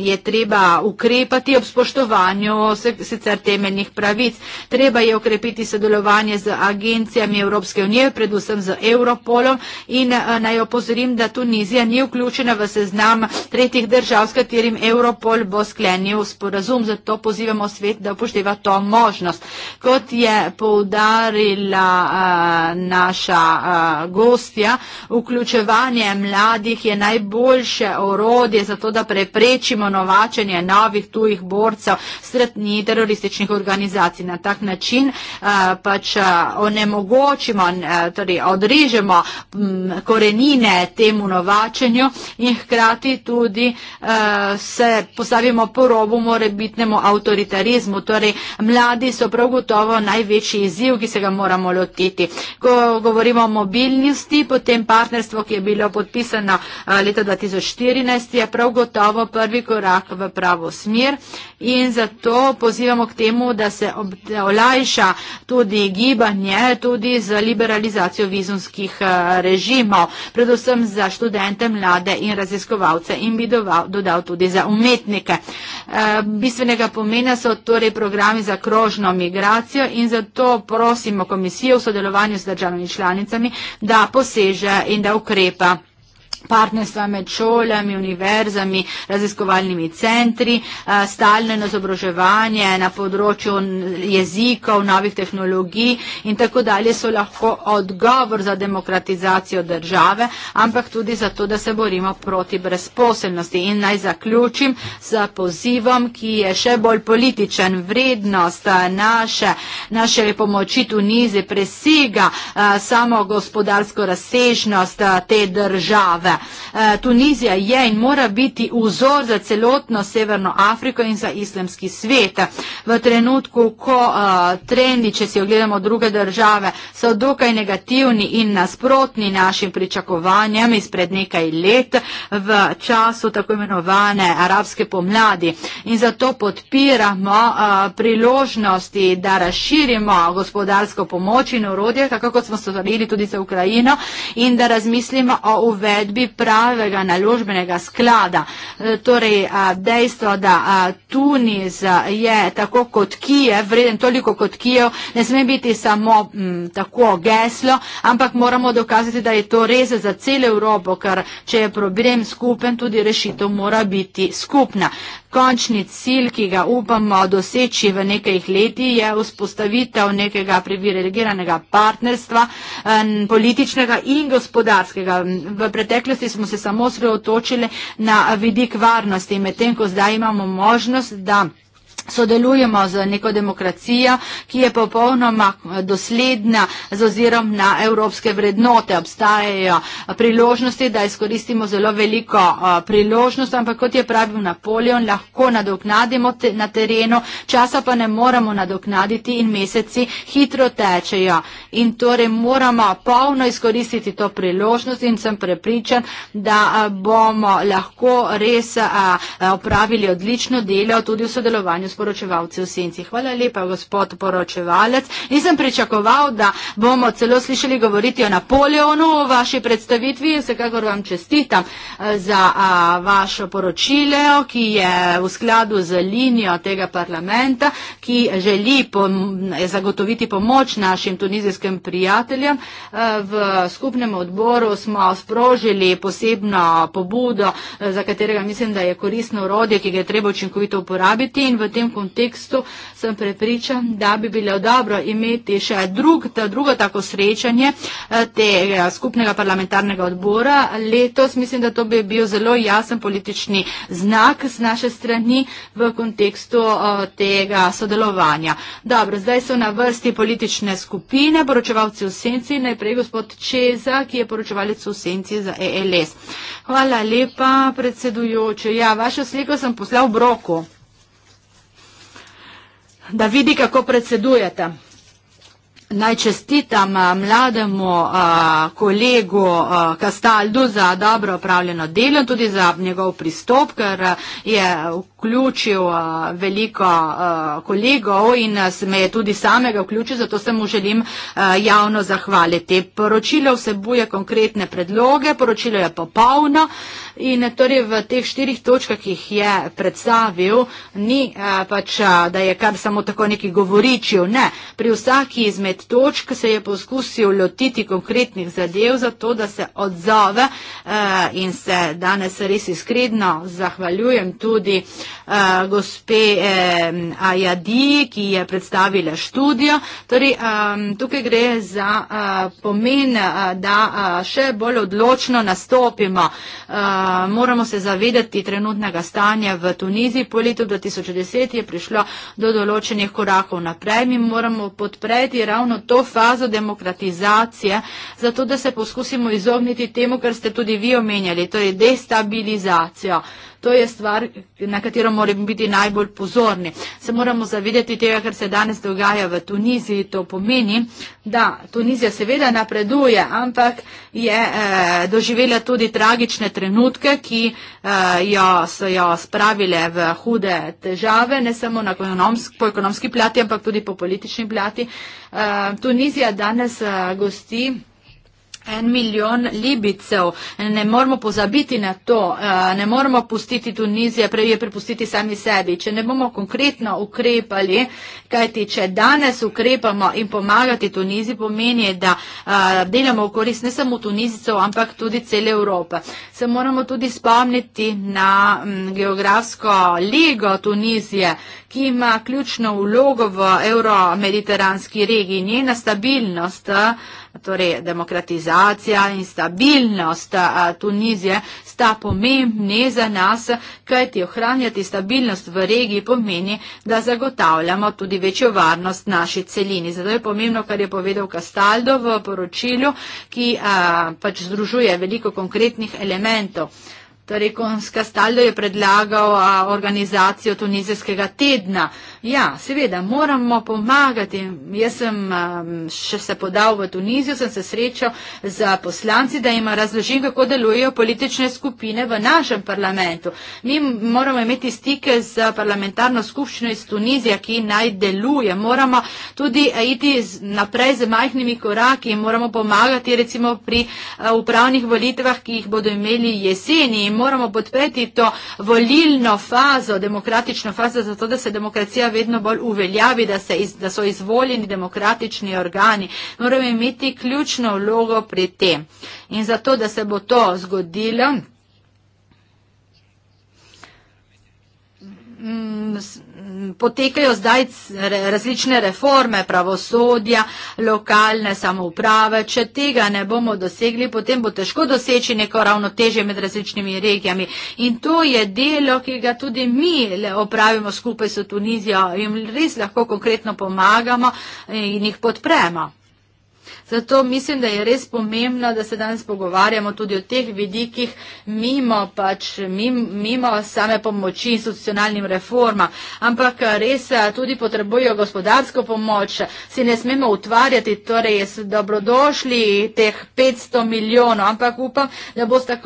je treba ukrepati ob spoštovanju sicer temeljnih pravic. Treba je ukrepiti sodelovanje z agencijami Evropske unije, predvsem z Evropo Interpolom in eh, naj opozorim, da Tunizija ni vključena v seznam tretjih držav, s katerim Europol bo sklenil sporazum. Zato pozivamo svet, da upošteva to možnost. Kot je poudarila uh, naša uh, gostja, vključevanje mladih je najboljše orodje za to, da preprečimo novačenje novih tujih borcev strani terorističnih organizacij. Na tak način uh, pač uh, onemogočimo, uh, torej odrežemo vidimo m, mm, korenine temu novačenju in hkrati tudi e, se postavimo po robu morebitnemu avtoritarizmu. Torej, mladi so prav gotovo največji izziv, ki se ga moramo lotiti. Ko govorimo o mobilnosti, potem partnerstvo, ki je bilo podpisano eh, leta 2014, je prav gotovo prvi korak v pravo smer in zato pozivamo k temu, da se olajša tudi gibanje, tudi z liberalizacijo vizumskih Eh, režimov, predvsem za študente, mlade in raziskovalce in bi doval, dodal tudi za umetnike. Eh, bistvenega pomena so torej programi za krožno migracijo in zato prosimo komisijo v sodelovanju z državnimi članicami, da poseže in da ukrepa partnerstva med šolami, univerzami, raziskovalnimi centri, stalne nazobroževanje na področju jezikov, novih tehnologij in tako dalje so lahko odgovor za demokratizacijo države, ampak tudi za to, da se borimo proti brezposelnosti. In naj zaključim z pozivom, ki je še bolj političen vrednost naše, naše pomoči Tunizi, presega samo gospodarsko razsežnost te države. Eh, Tunizija je in mora biti vzor za celotno Severno Afriko in za islamski svet. V trenutku, ko eh, trendi, če si ogledamo druge države, so dokaj negativni in nasprotni našim pričakovanjem izpred nekaj let v času tako imenovane arabske pomladi. In zato podpiramo eh, priložnosti, da razširimo gospodarsko pomoč in urodje, tako kot smo se zavedali tudi za Ukrajino, in da razmislimo o uvedbi pravega naložbenega sklada. E, torej, dejstvo, da Tunis je tako kot Kijev, vreden toliko kot Kijev, ne sme biti samo m, tako geslo, ampak moramo dokazati, da je to res za celo Evropo, ker če je problem skupen, tudi rešitev mora biti skupna. Končni cilj, ki ga upamo doseči v nekaj leti, je vzpostavitev nekega privilegiranega partnerstva, m, političnega in gospodarskega preteklosti smo se samo osredotočili na vidik varnosti, medtem ko zdaj imamo možnost, da sodelujemo z neko demokracijo, ki je popolnoma eh, dosledna z ozirom na evropske vrednote. Obstajajo eh, priložnosti, da izkoristimo zelo veliko eh, priložnost, ampak kot je pravil Napoleon, lahko nadoknadimo te, na terenu, časa pa ne moremo nadoknaditi in meseci hitro tečejo. In torej moramo polno izkoristiti to priložnost in sem prepričan, da bomo lahko res opravili odlično delo tudi v sodelovanju s sporočevalci v senci. Hvala lepa, gospod poročevalec. Nisem pričakoval, da bomo celo slišali govoriti o Napoleonu v vaši predstavitvi. Vsekakor vam čestitam eh, za vašo poročilo, ki je v skladu z linijo tega parlamenta, ki želi pom zagotoviti pomoč našim tunizijskim prijateljem. Eh, v skupnem odboru smo sprožili posebno pobudo, eh, za katerega mislim, da je koristno urodje, ki ga je treba učinkovito uporabiti in v tem tem kontekstu sem prepričan, da bi bilo dobro imeti še drug, ta drugo tako srečanje eh, tega skupnega parlamentarnega odbora letos. Mislim, da to bi bil zelo jasen politični znak z naše strani v kontekstu eh, tega sodelovanja. Dobro, zdaj so na vrsti politične skupine, poročevalci v senci, najprej gospod Čeza, ki je poročevalec v senci za ELS. Hvala lepa, predsedujoče. Ja, vašo sliko sem poslal v broku da vidi kako predsedujete. Naj čestitam mlademu kolegu Kastaldu za dobro opravljeno delo, tudi za njegov pristop, ker je vključil veliko kolegov in me je tudi samega vključil, zato se mu želim javno zahvaliti. Poročilo vsebuje konkretne predloge, poročilo je popolno in torej v teh štirih točkah, ki jih je predstavil, ni pač, da je kar samo tako neki govoričil. Ne, pri vsaki izmed točk, se je poskusil lotiti konkretnih zadev za to, da se odzove eh, in se danes res iskredno zahvaljujem tudi eh, gospe eh, Ajadi, ki je predstavila študijo. Torej, tukaj gre za pomen, da še bolj odločno nastopimo. Moramo se zavedati trenutnega stanja v Tuniziji. Po letu 2010 je prišlo do določenih korakov naprej. Mi moramo podpreti ravno ravno to fazo demokratizacije, zato da se poskusimo izogniti temu, kar ste tudi vi omenjali, torej destabilizacijo. To je stvar, na katero moramo biti najbolj pozorni. Se moramo zavedati tega, kar se danes dogaja v Tuniziji. To pomeni, da Tunizija seveda napreduje, ampak je eh, doživela tudi tragične trenutke, ki eh, jo, so jo spravile v hude težave, ne samo na ekonomski, po ekonomski plati, ampak tudi po politični plati. Eh, Tunizija danes eh, gosti. En milijon libicev. Ne moramo pozabiti na to. Eh, ne moramo pustiti Tunizije, prej je prepustiti sami sebi. Če ne bomo konkretno ukrepali, kajti če danes ukrepamo in pomagati Tuniziji, pomeni, da eh, delamo v korist ne samo Tunizicov, ampak tudi cele Evrope. Se moramo tudi spomniti na mm, geografsko lego Tunizije, ki ima ključno vlogo v euro-mediteranski regiji. Njena stabilnost eh, torej demokratizacija in stabilnost Tunizije sta pomembni za nas, kajti ohranjati stabilnost v regiji pomeni, da zagotavljamo tudi večjo varnost naši celini. Zato je pomembno, kar je povedal Kastaldo v poročilju, ki a, pač združuje veliko konkretnih elementov. Torej, Kastaldo je predlagal a, organizacijo Tunizijskega tedna. Ja, seveda, moramo pomagati. Jaz sem um, še se podal v Tunizijo, sem se srečal z poslanci, da ima razložim, kako delujejo politične skupine v našem parlamentu. Mi moramo imeti stike z parlamentarno skupščino iz Tunizije, ki naj deluje. Moramo tudi iti naprej z majhnimi koraki in moramo pomagati recimo pri uh, upravnih volitvah, ki jih bodo imeli jeseni. Moramo podpreti to volilno fazo, demokratično fazo, zato da se demokracija vedno bolj uveljavi, da, iz, da so izvoljeni demokratični organi, morajo imeti ključno vlogo pri tem. In zato, da se bo to zgodilo. Mm, potekajo zdaj različne reforme pravosodja, lokalne samouprave. Če tega ne bomo dosegli, potem bo težko doseči neko ravnotežje med različnimi regijami. In to je delo, ki ga tudi mi opravimo skupaj s Tunizijo in res lahko konkretno pomagamo in jih podpremo. Zato mislim, da je res pomembno, da se danes pogovarjamo tudi o teh vidikih mimo, pač, mimo, mimo same pomoči institucionalnim reformam, ampak res eh, tudi potrebujo gospodarsko pomoč. Si ne smemo utvarjati, torej so dobrodošli teh 500 milijonov, ampak upam, da boste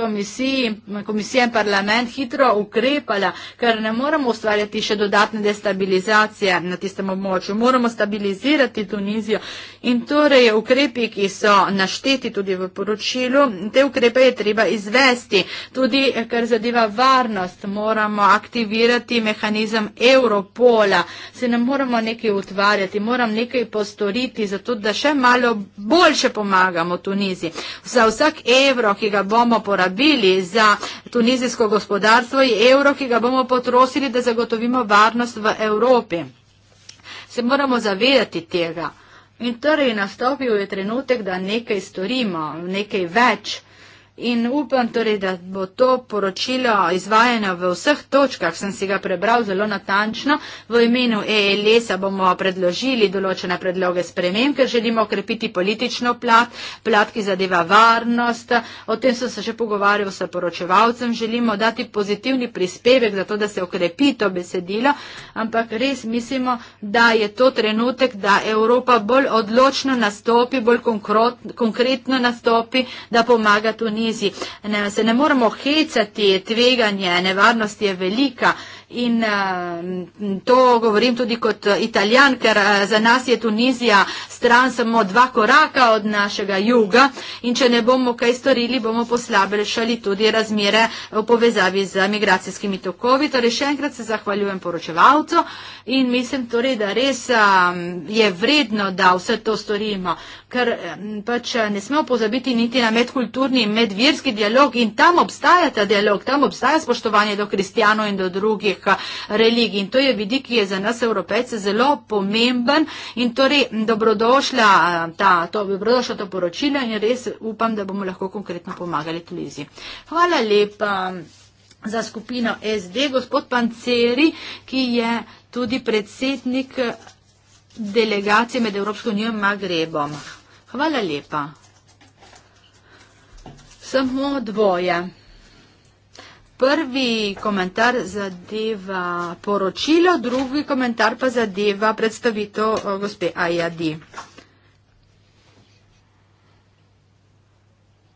komisija in parlament hitro ukrepala, ker ne moramo ustvarjati še dodatne destabilizacije na tistem območju. Moramo stabilizirati Tunizijo in torej ukrepati ukrepi, ki so našteti tudi v poročilu, te ukrepe je treba izvesti. Tudi, kar zadeva varnost, moramo aktivirati mehanizem Europola. Se ne moramo nekaj utvarjati, moram nekaj postoriti, zato da še malo boljše pomagamo Tuniziji. Za vsak evro, ki ga bomo porabili za tunizijsko gospodarstvo, je evro, ki ga bomo potrošili, da zagotovimo varnost v Evropi. Se moramo zavedati tega. In torej nastopil je trenutek, da nekaj storimo, nekaj več. In upam torej, da bo to poročilo izvajeno v vseh točkah, sem si ga prebral zelo natančno. V imenu ELS-a bomo predložili določene predloge sprememb, ker želimo okrepiti politično plat, plat, ki zadeva varnost. O tem sem se že pogovarjal s poročevalcem. Želimo dati pozitivni prispevek za to, da se okrepi to besedilo, ampak res mislimo, da je to trenutek, da Evropa bolj odločno nastopi, bolj konkretno nastopi, da pomaga tu ni knjizi, ne, se ne moramo hecati, tveganje, nevarnost je velika, In eh, to govorim tudi kot eh, italijan, ker eh, za nas je Tunizija stran samo dva koraka od našega juga in če ne bomo kaj storili, bomo poslabšali tudi razmere v povezavi z migracijskimi tokovi. Torej še enkrat se zahvaljujem poročevalcu in mislim torej, da res je vredno, da vse to storimo, ker pač ne smemo pozabiti niti na medkulturni in medvirski dialog in tam obstaja ta dialog, tam obstaja spoštovanje do kristijanov in do drugih obeha religij. In to je vidik, ki je za nas evropejce zelo pomemben in torej dobrodošla eh, ta, to, dobrodošla to poročilo in res upam, da bomo lahko konkretno pomagali Tuniziji. Hvala lepa mm, za skupino SD, gospod Panceri, ki je tudi predsednik eh, delegacije med Evropsko unijo in Magrebom. Hvala lepa. Samo dvoje prvi komentar zadeva poročilo, drugi komentar pa zadeva predstavitev eh, gospe Ajadi.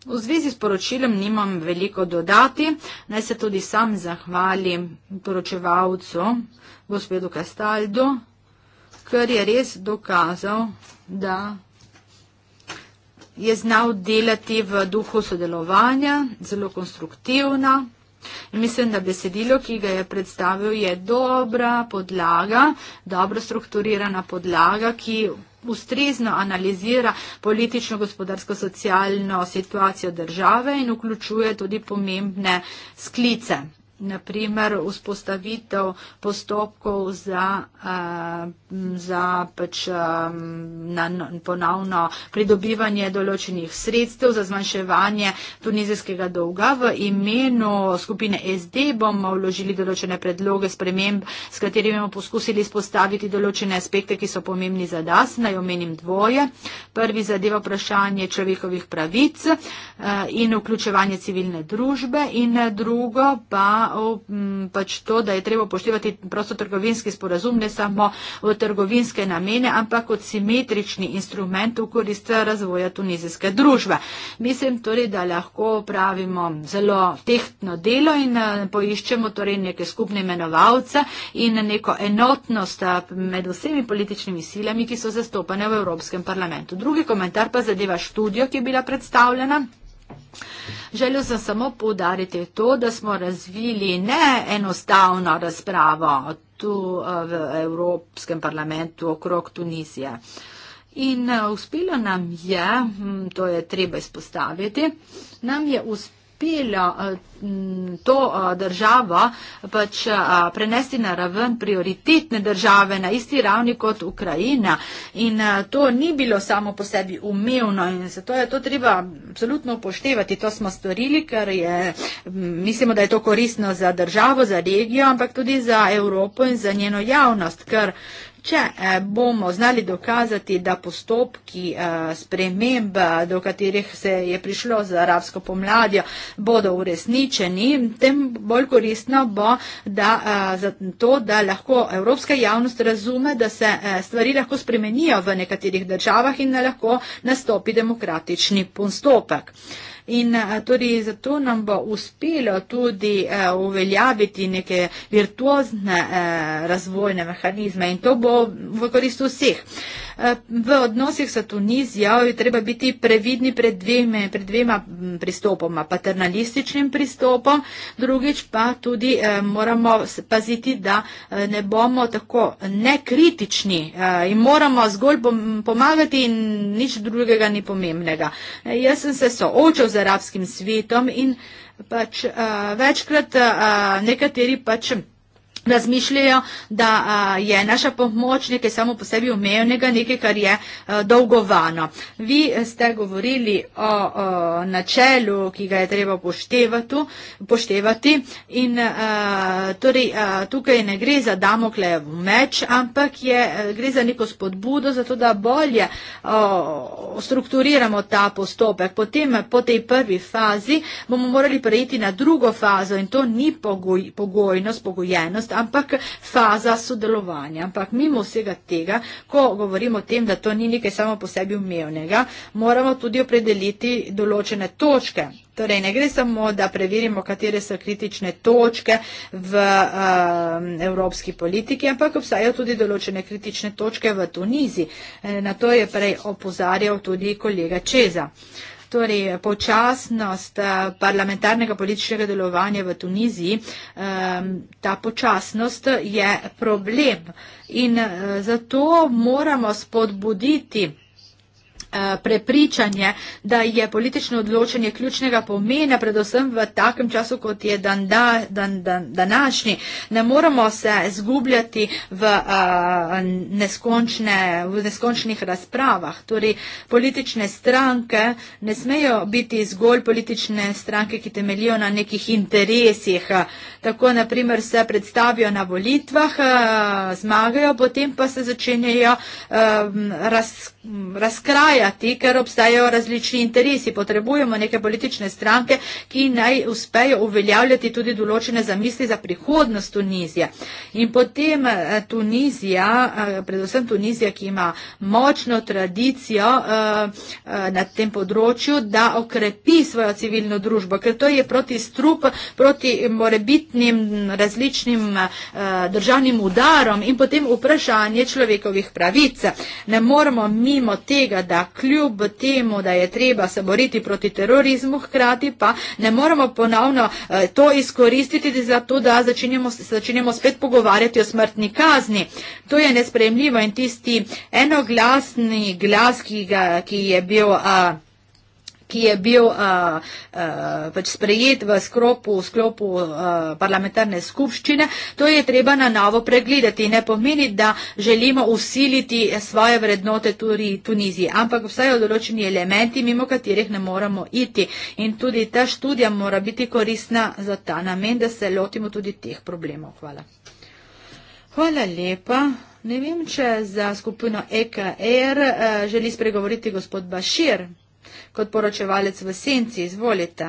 V zvezi s poročilem nimam veliko dodati. Naj se tudi sam zahvalim poročevalcu, gospodu Castaldu, ker je res dokazal, da je znal delati v duhu sodelovanja, zelo konstruktivna. In mislim, da besedilo, ki ga je predstavil, je dobra podlaga, dobro strukturirana podlaga, ki ustrezno analizira politično, gospodarsko, socialno situacijo države in vključuje tudi pomembne sklice naprimer vzpostavitev postopkov za, eh, za pač, eh, na, ponovno pridobivanje določenih sredstev za zmanjševanje tunizijskega dolga. V imenu skupine SD bomo vložili določene predloge sprememb, s katerimi bomo poskusili izpostaviti določene aspekte, ki so pomembni za DAS. Naj omenim dvoje. Prvi zadeva vprašanje človekovih pravic eh, in vključevanje civilne družbe in drugo pa pač to, da je treba poštevati prosto trgovinski sporazum, ne samo v trgovinske namene, ampak kot simetrični instrument v korist razvoja tunizijske družbe. Mislim torej, da lahko pravimo zelo tehtno delo in eh, poiščemo torej neke skupne imenovalce in neko enotnost eh, med vsemi političnimi silami, ki so zastopane v Evropskem parlamentu. Drugi komentar pa zadeva študijo, ki je bila predstavljena. Želel sem samo povdariti to, da smo razvili ne enostavno razpravo tu eh, v Evropskem parlamentu okrog Tunizije. In eh, uspelo nam je, hm, to je treba izpostaviti, nam je uspelo uspelo eh, to eh, državo pač eh, prenesti na raven prioritetne države na isti ravni kot Ukrajina. In to ni bilo samo po sebi umevno in zato je to treba absolutno upoštevati. To smo storili, ker je, mislimo, da je to koristno za državo, za regijo, ampak tudi za Evropo in za njeno javnost, ker Če eh, bomo znali dokazati, da postopki eh, sprememb, eh, do katerih se je prišlo z arabsko pomladjo, bodo uresničeni, tem bolj koristno bo da, za to, da lahko evropska javnost razume, da se stvari lahko spremenijo v nekaterih državah in da lahko nastopi demokratični postopek in tudi zato nam bo uspelo tudi uveljaviti neke virtuozne razvojne mehanizme in to bo v korist vseh. V odnosih s Tunizijo je treba biti previdni pred, dvime, pred dvema pristopoma, paternalističnim pristopom, drugič pa tudi eh, moramo paziti, da eh, ne bomo tako nekritični eh, in moramo zgolj pomagati in nič drugega ni pomembnega. Jaz sem se soočal z arabskim svetom in pač večkrat nekateri pač razmišljajo, da a, je naša pomoč nekaj samo po sebi omejenega, nekaj, kar je a, dolgovano. Vi ste govorili o, o načelu, ki ga je treba poštevati, poštevati in a, torej, a, tukaj ne gre za damoklejev meč, ampak je, a, gre za neko spodbudo, zato da bolje a, strukturiramo ta postopek. Potem, po tej prvi fazi bomo morali prejeti na drugo fazo in to ni pogoj, pogojnost, pogojenost, ampak faza sodelovanja. Ampak mimo vsega tega, ko govorimo o tem, da to ni nekaj samo po sebi umevnega, moramo tudi opredeliti določene točke. Torej, ne gre samo, da preverimo, katere so kritične točke v uh, evropski politiki, ampak obstajajo tudi določene kritične točke v Tuniziji. E, na to je prej opozarjal tudi kolega Čeza. Uh, torej počasnost eh, parlamentarnega političnega delovanja v Tuniziji, eh, ta počasnost je problem in eh, zato moramo spodbuditi Eh, prepričanje, da je politično odločanje ključnega pomena, predvsem v takem času, kot je dan, dan, dan, današnji. Ne moramo se zgubljati v, eh, neskončne, v neskončnih razpravah. Torej, politične stranke ne smejo biti zgolj politične stranke, ki temeljijo na nekih interesih. Tako, naprimer, se predstavijo na volitvah, eh, zmagajo, potem pa se začenjajo razkrivati razkrajati, ker obstajajo različni interesi. Potrebujemo neke politične stranke, ki naj uspejo uveljavljati tudi določene zamisli za prihodnost Tunizije. In potem eh, Tunizija, eh, predvsem Tunizija, ki ima močno tradicijo eh, na tem področju, da okrepi svojo civilno družbo, ker to je proti strup, proti morebitnim različnim državnim udarom in potem vprašanje človekovih pravic. Ne moramo mi denimo tega, da kljub temu, da je treba se boriti proti terorizmu, hkrati pa ne moramo ponovno eh, to izkoristiti za to, da začinjamo, začinjamo spet pogovarjati o smrtni kazni. To je nesprejemljivo in tisti enoglasni glas, ki, ga, ki je bil. A, eh, ki je bil uh, uh, pač sprejet v sklopu, v sklopu uh, parlamentarne skupščine, to je treba na novo pregledati. Ne pomeni, da želimo usiliti svoje vrednote tudi Tuniziji, ampak vsaj o določeni elementi, mimo katerih ne moramo iti. In tudi ta študija mora biti koristna za ta namen, da se lotimo tudi teh problemov. Hvala. Hvala lepa. Ne vem, če za skupino EKR uh, želi spregovoriti gospod Bašir. Kot poročevalec v senci, izvolite.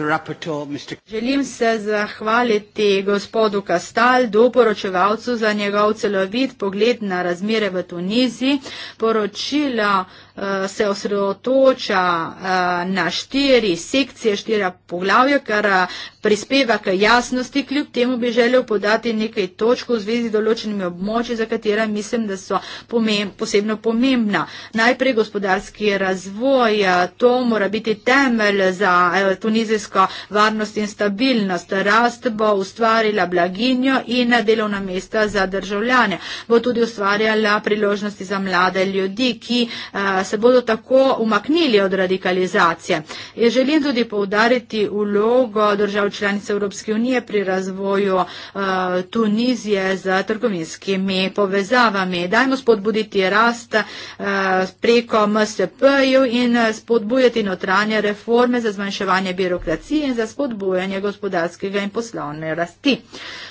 Rapporteur, Mr. Želim se zahvaliti gospodu Kastaldu, poročevalcu, za njegov celovit pogled na razmere v Tuniziji. Poročila uh, Eh, se osredotoča eh, na štiri sekcije, štira poglavja, kar eh, prispeva k jasnosti. Kljub temu bi želel podati nekaj točk v zvezi z določenimi območji, za katera mislim, da so pomemb posebno pomembna. Najprej gospodarski razvoj, to mora biti temelj za tunizijsko varnost in stabilnost. Rast bo ustvarila blaginjo in delovna mesta za državljane. Bo tudi ustvarjala priložnosti za mlade ljudi, ki se bodo tako umaknili od radikalizacije. Je želim tudi povdariti vlogo držav članic Evropske unije pri razvoju uh, Tunizije z trgovinskimi povezavami. Dajmo spodbuditi rast uh, preko MSP-ju in spodbujati notranje reforme za zmanjševanje birokracije in za spodbujanje gospodarskega in poslovne rasti.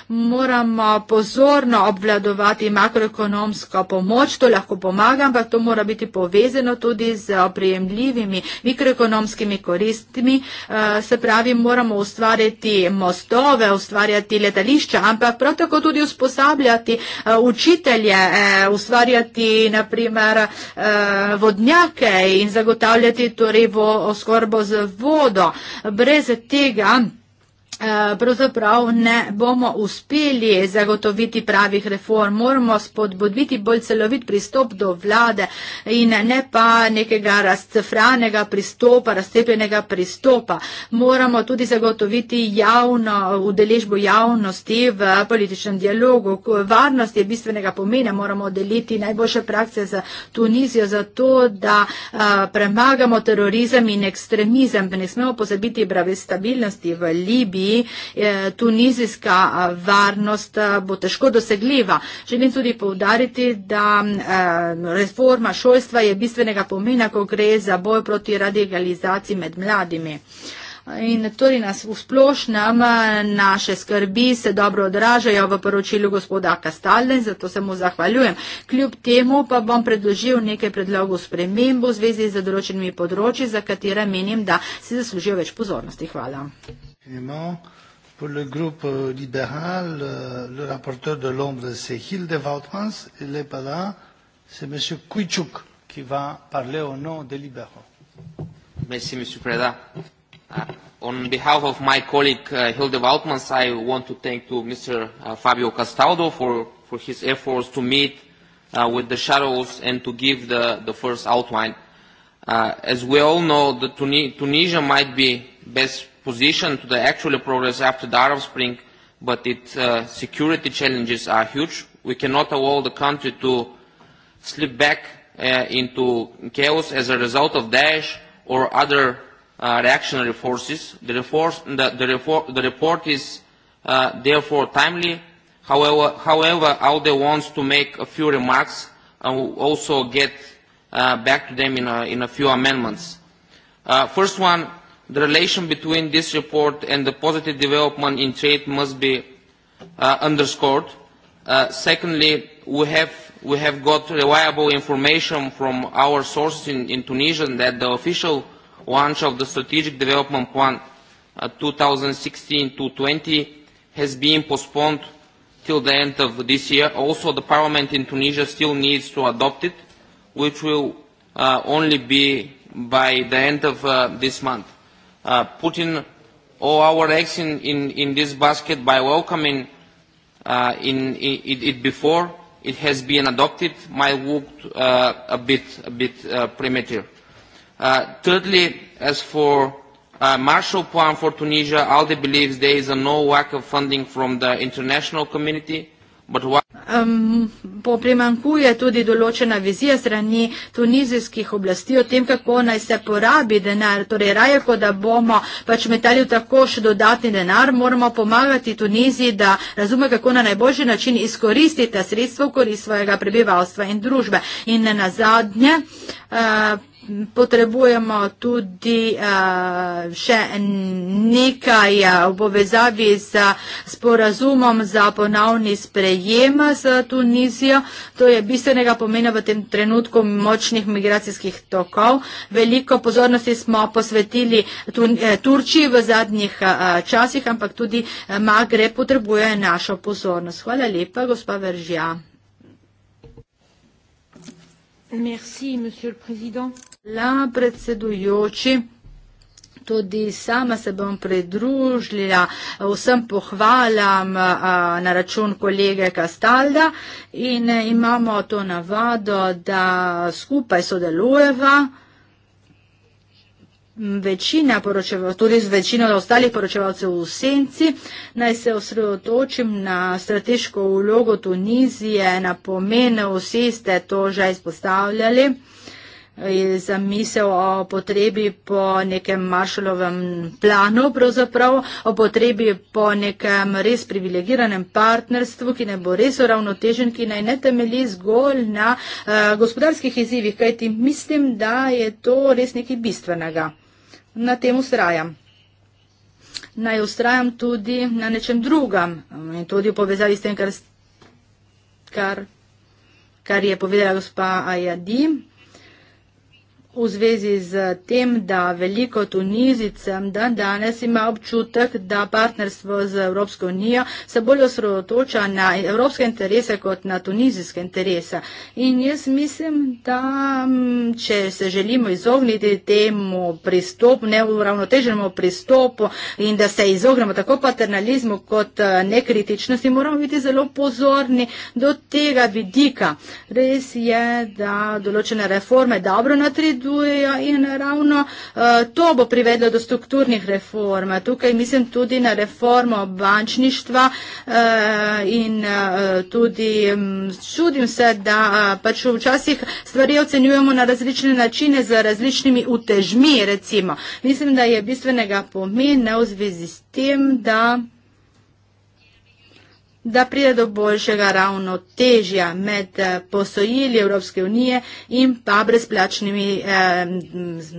Moramo pozorno obvladovati makroekonomsko pomoč, to lahko pomaga, ampak to mora biti povezano povezano tudi z oprijemljivimi mikroekonomskimi koristmi, eh, se pravi, moramo ustvarjati mostove, ustvarjati letališča, ampak prav tako tudi usposabljati eh, učitelje, eh, ustvarjati naprimer vodnjake in zagotavljati torej v oskorbo z vodo. Brez tega. Eh, pravzaprav ne bomo uspeli zagotoviti pravih reform. Moramo spodbuditi bolj celovit pristop do vlade in ne pa nekega razcefranega pristopa, razcepljenega pristopa. Moramo tudi zagotoviti javno, udeležbo javnosti v političnem dialogu. Varnost je bistvenega pomena, moramo deliti najboljše prakse za Tunizijo, zato da eh, premagamo terorizem in ekstremizem. Ne smemo pozabiti brave stabilnosti v Libiji Tunizije. Eh, tunizijska eh, varnost eh, bo težko dosegljiva. Želim tudi povdariti, da reforma šolstva je bistvenega pomena, ko gre za boj proti radikalizaciji med mladimi. In torej nas v splošnem naše skrbi se dobro odražajo v poročilu gospoda Kastalden, zato se mu zahvaljujem. Kljub temu pa bom predložil nekaj predlogov sprememb v zvezi z določenimi področji, za katere menim, da si zaslužijo več pozornosti. Hvala. Infiniment. Pour le groupe euh, libéral, le, euh, le rapporteur de l'ombre, c'est Hilde Wautmans. Il n'est pas là. C'est M. Kouichouk qui va parler au nom des libéraux. Merci, M. Preda. Uh, on behalf of my colleague uh, Hilde Wautmans, I want to thank to Mr. Uh, Fabio Castaldo for, for his efforts to meet uh, with the shadows and to give the, the first outline. Uh, as we all know, the Tuni Tunisia might be best position to the actual progress after the Arab Spring, but its uh, security challenges are huge. We cannot allow the country to slip back uh, into chaos as a result of Daesh or other uh, reactionary forces. The, reforce, the, the, refor the report is uh, therefore timely. However, however, ALDE wants to make a few remarks and we'll also get uh, back to them in a, in a few amendments. Uh, first one, the relation between this report and the positive development in trade must be uh, underscored. Uh, secondly, we have, we have got reliable information from our sources in, in Tunisia that the official launch of the Strategic Development Plan 2016-20 uh, has been postponed till the end of this year. Also, the Parliament in Tunisia still needs to adopt it, which will uh, only be by the end of uh, this month. Uh, putting all our eggs in, in, in this basket by welcoming uh, in, in, it before it has been adopted might look uh, a bit, a bit uh, premature. Uh, thirdly, as for uh, Marshall Plan for Tunisia, ALDE believes there is a no lack of funding from the international community. Um, po primankuje tudi določena vizija strani tunizijskih oblasti o tem, kako naj se porabi denar. Torej, raje, ko da bomo pač metali v tako še dodatni denar, moramo pomagati Tuniziji, da razume, kako na najboljši način izkoristi ta sredstva v korist svojega prebivalstva in družbe. In na zadnje. Uh, eh, potrebujemo tudi eh, še nekaj obovezavi eh, z sporazumom za ponovni sprejem z Tunizijo. To je bistvenega pomena v tem trenutku močnih migracijskih tokov. Veliko pozornosti smo posvetili eh, Turčiji v zadnjih časih, ampak tudi Magre potrebuje našo pozornost. Hvala lepa, gospa Veržja. Merci, monsieur le Président. Hvala predsedujoči. Tudi sama se bom pridružila vsem pohvalam na račun kolege Kastalda in e, imamo to navado, da skupaj sodelujeva večina poročevalcev, tudi z večino ostalih poročevalcev v senci. Naj se osredotočim na strateško vlogo Tunizije, na pomene, vsi ste to že izpostavljali. Uh, zamisel o potrebi po nekem maršalovem planu, pravzaprav o potrebi po nekem res privilegiranem partnerstvu, ki ne bo res uravnotežen, ki naj ne temelji zgolj na uh, gospodarskih izzivih, kajti mislim, da je to res nekaj bistvenega. Na tem ustrajam. Naj ustrajam tudi na nečem drugem in tudi v povezavi s tem, kar, kar, kar je povedala gospa Ajadim v zvezi z tem, da veliko tunizicem dan danes ima občutek, da partnerstvo z Evropsko unijo se bolj osredotoča na evropske interese kot na tunizijske interese. In jaz mislim, da mm, če se želimo izogniti temu pristopu, neuravnoteženemu pristopu in da se izognemo tako paternalizmu kot eh, nekritičnosti, moramo biti zelo pozorni do tega vidika. Res je, da določene reforme dobro natridujo, napredujejo in ravno eh, to bo privedlo do strukturnih reform. Tukaj mislim tudi na reformo bančništva eh, in eh, tudi mm, čudim se, da pač včasih stvari ocenjujemo na različne načine z različnimi utežmi, recimo. Mislim, da je bistvenega pomena v zvezi s tem, da. Da pride do boljšega ravnotežja med eh, posojili Evropske unije in pa brezplačnimi eh,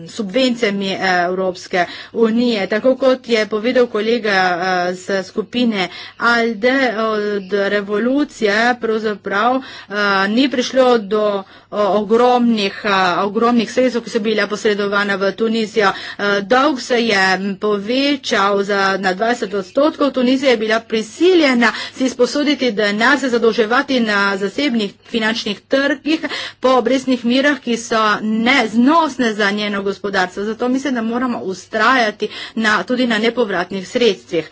subvencijami eh, Evropske unije. Tako kot je povedal kolega eh, z skupine ALDE od revolucije, pravzaprav eh, ni prišlo do eh, ogromnih, eh, ogromnih sredstv, ki so bila posredovana v Tunizijo. Eh, dolg se je povečal za, na 20 odstotkov. Tunizija je bila prisiljena izposoditi denar, se zadolževati na zasebnih finančnih trgih po obresnih mirah, ki so neznosne za njeno gospodarstvo. Zato mislim, da moramo ustrajati na, tudi na nepovratnih sredstvih.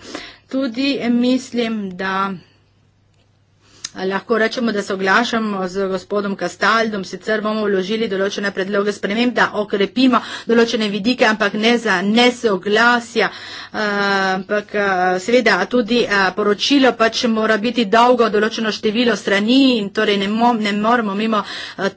Tudi mislim, da. Lahko rečemo, da se oglašamo z gospodom Kastaldom, sicer bomo vložili določene predloge sprememb, da okrepimo določene vidike, ampak ne za nesoglasja. Eh, ampak eh, seveda tudi eh, poročilo pač mora biti dolgo, določeno število strani in torej ne, mo ne moramo mimo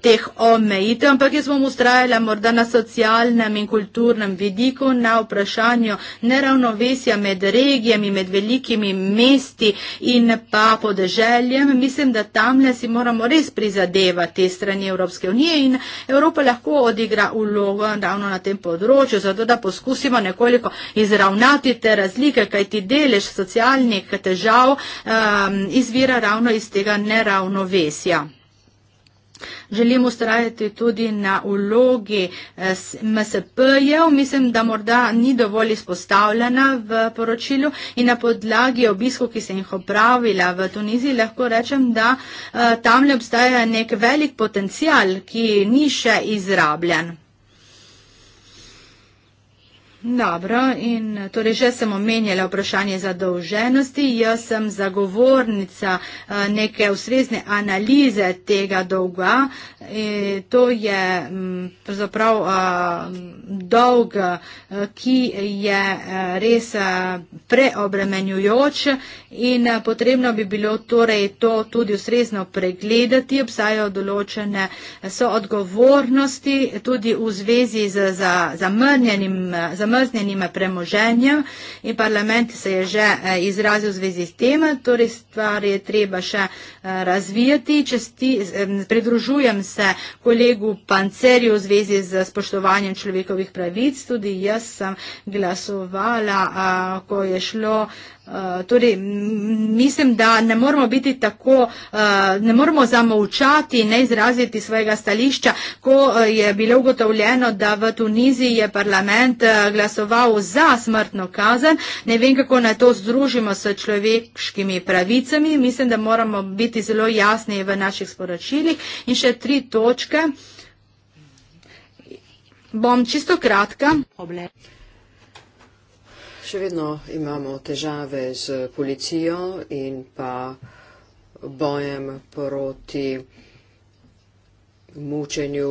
teh omejitev, ampak jaz bom ustrajala morda na socialnem in kulturnem vidiku, na vprašanju neravnovesja med regijami, med velikimi mesti in pa podeželjem. Mi mislim, da tamle si moramo res prizadevati strani Evropske unije in Evropa lahko odigra ulogo ravno na tem področju, zato da poskusimo nekoliko izravnati te razlike, kaj ti delež socialnih težav um, izvira ravno iz tega neravnovesja. Želimo ustrajati tudi na ulogi eh, MSP-jev, mislim, da morda ni dovolj izpostavljena v poročilu in na podlagi obisko, ki se jih opravila v Tuniziji, lahko rečem, da eh, tamle obstaja nek velik potencial, ki ni še izrabljen. Dobro, in torej že sem omenjala vprašanje zadolženosti. Jaz sem zagovornica eh, neke usrezne analize tega dolga. E, to je mm, pravzaprav eh, dolg, eh, ki je res preobremenjujoč in potrebno bi bilo torej to tudi usrezno pregledati. Obstajajo določene soodgovornosti tudi v zvezi z zamrnjenim. zamrnjenim zamrzne, nima premoženja in parlament se je že eh, izrazil v zvezi s tem, torej stvar je treba še eh, razvijati. Česti, pridružujem se kolegu Pancerju v zvezi z spoštovanjem človekovih pravic, tudi jaz sem glasovala, eh, ko je šlo Eh, torej, mislim, da ne moramo biti tako, eh, ne moramo zamovčati, ne izraziti svojega stališča, ko eh, je bilo ugotovljeno, da v Tuniziji je parlament glasoval za smrtno kazen. Ne vem, kako na to združimo s človeškimi pravicami. Mislim, da moramo biti zelo jasni v naših sporočilih. In še tri točke. Bom čisto kratka. Problem. Še vedno imamo težave z policijo in pa bojem proti mučenju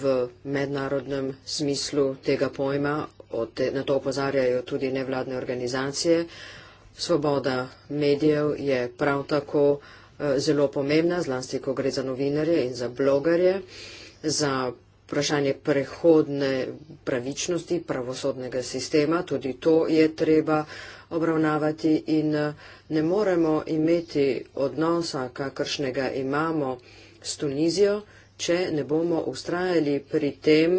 v mednarodnem smislu tega pojma. Na to opozarjajo tudi nevladne organizacije. Svoboda medijev je prav tako eh, zelo pomembna, zlasti, ko gre za novinarje in za blogarje, za vprašanje prehodne pravičnosti pravosodnega sistema, tudi to je treba obravnavati in eh, ne moremo imeti odnosa, kakršnega imamo s Tunizijo, če ne bomo ustrajali pri tem,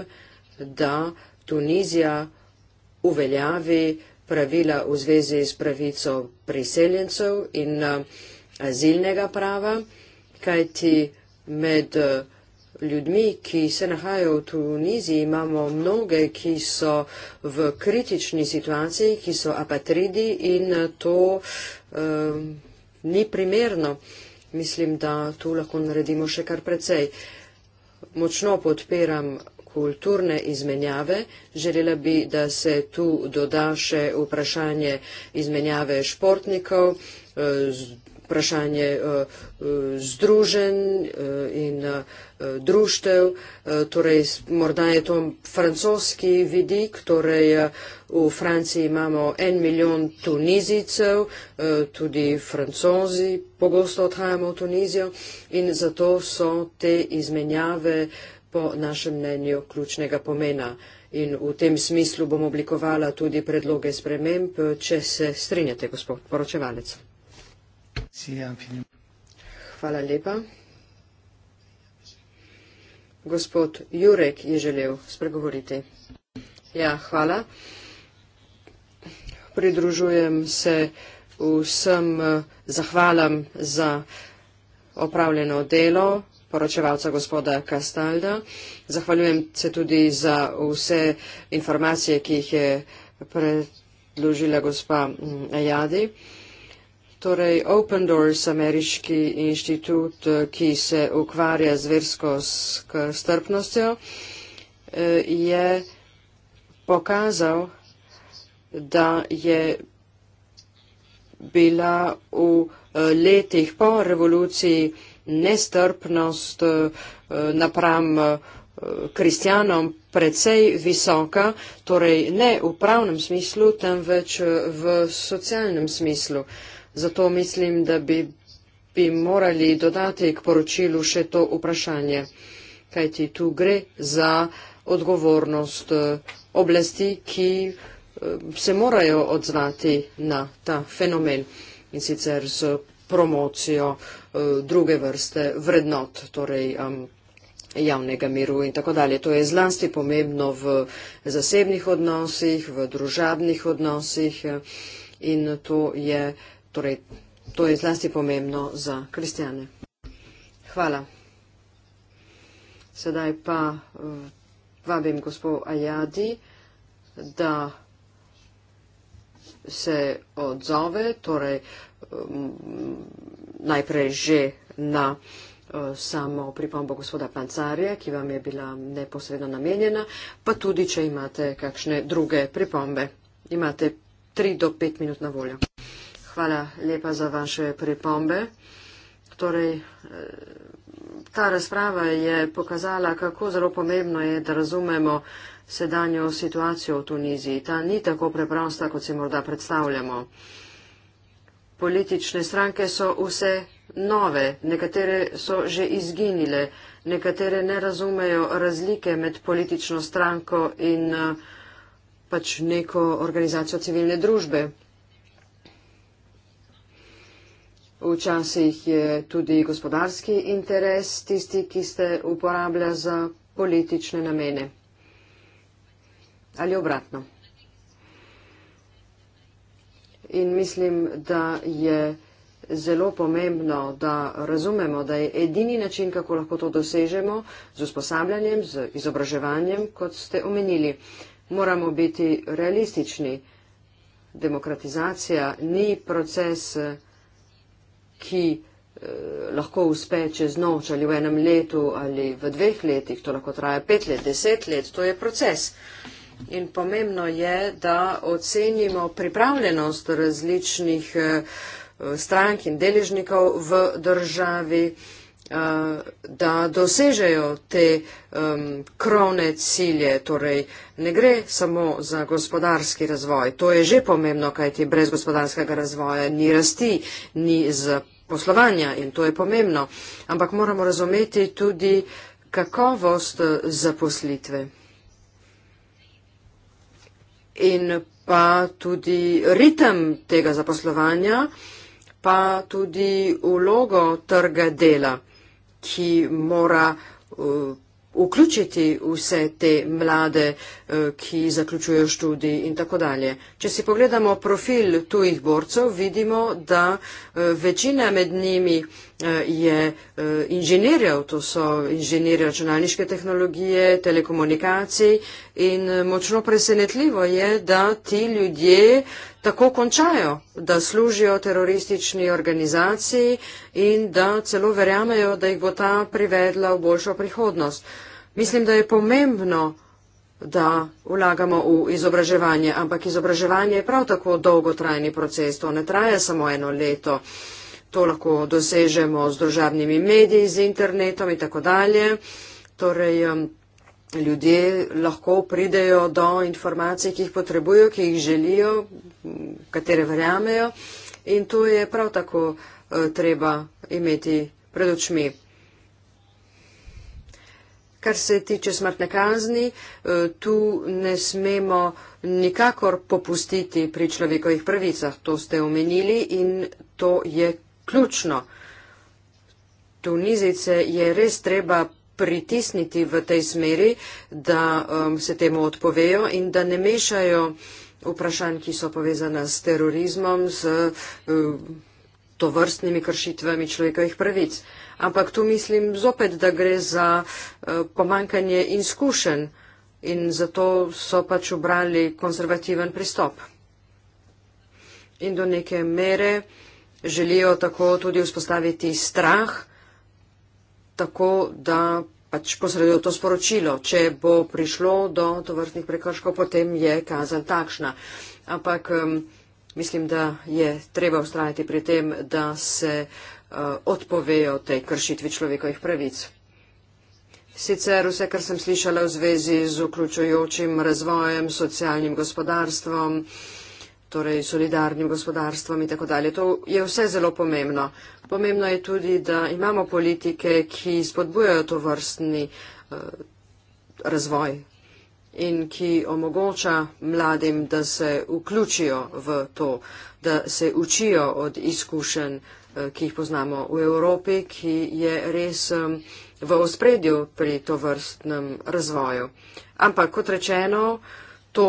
da Tunizija uveljavi pravila v zvezi s pravico priseljencev in eh, azilnega prava, kajti med eh, ljudmi, ki se nahajajo v Tuniziji, imamo mnoge, ki so v kritični situaciji, ki so apatridi in to um, ni primerno. Mislim, da tu lahko naredimo še kar precej. Močno podpiram kulturne izmenjave. Želela bi, da se tu doda še vprašanje izmenjave športnikov. Eh, z vprašanje eh, eh, združenj eh, in društev. Torej, morda je to francoski vidik, torej v Franciji imamo en milijon tunizicev, tudi francozi pogosto odhajamo v Tunizijo in zato so te izmenjave po našem mnenju ključnega pomena. In v tem smislu bom oblikovala tudi predloge sprememb, če se strinjate, gospod poročevalec. Hvala lepa. Gospod Jurek je želel spregovoriti. Ja, hvala. Pridružujem se vsem eh, zahvalam za opravljeno delo poročevalca gospoda Kastalda. Zahvaljujem se tudi za vse informacije, ki jih je predložila gospa mm, Jadi. Torej, Open Doors, ameriški inštitut, eh, ki se ukvarja z versko strpnostjo, eh, je pokazal, da je bila v eh, letih po revoluciji nestrpnost napram kristjanom precej visoka, torej ne v pravnem smislu, temveč v socialnem smislu. Zato mislim, da bi, bi morali dodati k poročilu še to vprašanje, kajti tu gre za odgovornost eh, oblasti, ki eh, se morajo odzvati na ta fenomen in sicer s promocijo eh, druge vrste vrednot, torej javnega miru in tako dalje. To je zlasti pomembno v zasebnih odnosih, v družabnih odnosih in to je Torej, to je zlasti pomembno za kristijane. Hvala. Sedaj pa eh, vabim gospod Ajadi, da se odzove, torej eh, najprej že na eh, samo pripombo gospoda Pancarja, ki vam je bila neposredno namenjena, pa tudi, če imate kakšne druge pripombe. Imate tri do pet minut na voljo. Hvala lepa za vaše pripombe. Torej, eh, ta razprava je pokazala, kako zelo pomembno je, da razumemo sedanjo situacijo v Tuniziji. Ta ni tako preprosta, kot si morda predstavljamo. Politične stranke so vse nove, nekatere so že izginile, nekatere ne razumejo razlike med politično stranko in eh, pač neko organizacijo civilne družbe. Včasih je tudi gospodarski interes tisti, ki se uporablja za politične namene. Ali obratno. In mislim, da je zelo pomembno, da razumemo, da je edini način, kako lahko to dosežemo, z usposabljanjem, z izobraževanjem, kot ste omenili. Moramo biti realistični. Demokratizacija ni proces ki eh, lahko uspe čez noč ali v enem letu ali v dveh letih, to lahko traja pet let, deset let, to je proces. In pomembno je, da ocenimo pripravljenost različnih eh, strank in deležnikov v državi, Eh, da dosežejo te um, krovne cilje. Torej, ne gre samo za gospodarski razvoj. To je že pomembno, kajti brez gospodarskega razvoja ni rasti, ni poslovanja in to je pomembno. Ampak moramo razumeti tudi kakovost eh, zaposlitve. In pa tudi ritem tega zaposlovanja, pa tudi ulogo trga dela ki mora eh, vključiti vse te mlade, eh, ki zaključujo študij in tako dalje. Če si pogledamo profil tujih borcev, vidimo, da eh, večina med njimi je inženirjev, to so inženirje računalniške tehnologije, telekomunikacij in močno presenetljivo je, da ti ljudje tako končajo, da služijo teroristični organizaciji in da celo verjamejo, da jih bo ta privedla v boljšo prihodnost. Mislim, da je pomembno, da vlagamo v izobraževanje, ampak izobraževanje je prav tako dolgotrajni proces, to ne traja samo eno leto. To lahko dosežemo z družabnimi mediji, z internetom in tako dalje. Torej, um, ljudje lahko pridejo do informacij, ki jih potrebujo, ki jih želijo, katere verjamejo. In to je prav tako eh, treba imeti pred očmi. Kar se tiče smrtne kazni, eh, tu ne smemo nikakor popustiti pri človekovih pravicah. To ste omenili in to je ključno. Tunizice je res treba pritisniti v tej smeri, da um, se temu odpovejo in da ne mešajo vprašanj, ki so povezane s terorizmom, s um, uh, tovrstnimi kršitvami človekovih pravic. Ampak tu mislim zopet, da gre za um, pomankanje izkušenj in zato so pač obrali konzervativen pristop. In do neke mere želijo tako tudi vzpostaviti strah, tako, da pač posredujo to sporočilo. Če bo prišlo do tovrstnih prekrškov, potem je kazen takšna. Ampak um, mislim, da je treba ustrajati pri tem, da se uh, odpovejo tej kršitvi človekovih pravic. Sicer vse, kar sem slišala v zvezi z vključujočim razvojem, socialnim gospodarstvom, torej solidarnim gospodarstvom in tako dalje, to je vse zelo pomembno. Pomembno je tudi, da imamo politike, ki spodbujajo to vrstni uh, razvoj in ki omogoča mladim, da se vključijo v to, da se učijo od izkušenj, eh, ki jih poznamo v Evropi, ki je res v ospredju pri to vrstnem razvoju. Ampak, kot rečeno, to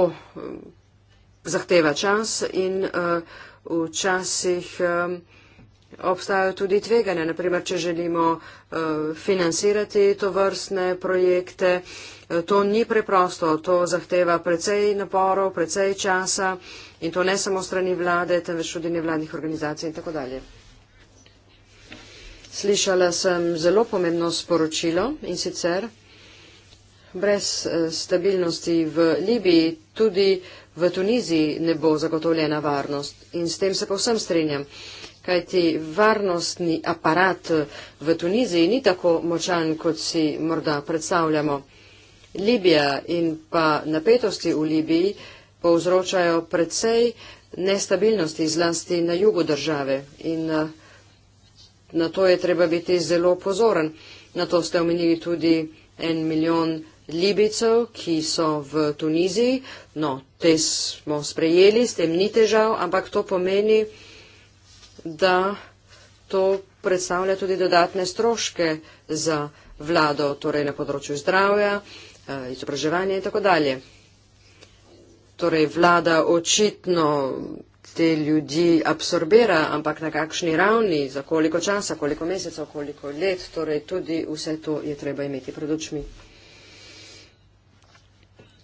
zahteva čas in eh, včasih. Uh, obstajajo tudi tveganja, naprimer, če želimo uh, financirati to vrstne projekte. Eh, to ni preprosto, to zahteva precej naporov, precej časa in to ne samo strani vlade, temveč tudi nevladnih organizacij in tako dalje. Slišala sem zelo pomembno sporočilo in sicer brez eh, stabilnosti v Libiji tudi v Tuniziji ne bo zagotovljena varnost in s tem se povsem strinjam kajti varnostni aparat eh, v Tuniziji ni tako močan, kot si morda predstavljamo. Libija in pa napetosti v Libiji povzročajo precej nestabilnosti zlasti na jugu države in eh, na to je treba biti zelo pozoren. Na to ste omenili tudi en milijon Libicev, ki so v Tuniziji. No, te smo sprejeli, s tem ni težav, ampak to pomeni, da to predstavlja tudi dodatne stroške za vlado, torej na področju zdravja, eh, izobraževanja in tako dalje. Torej vlada očitno te ljudi absorbira, ampak na kakšni ravni, za koliko časa, koliko mesecev, koliko let, torej tudi vse to je treba imeti pred očmi.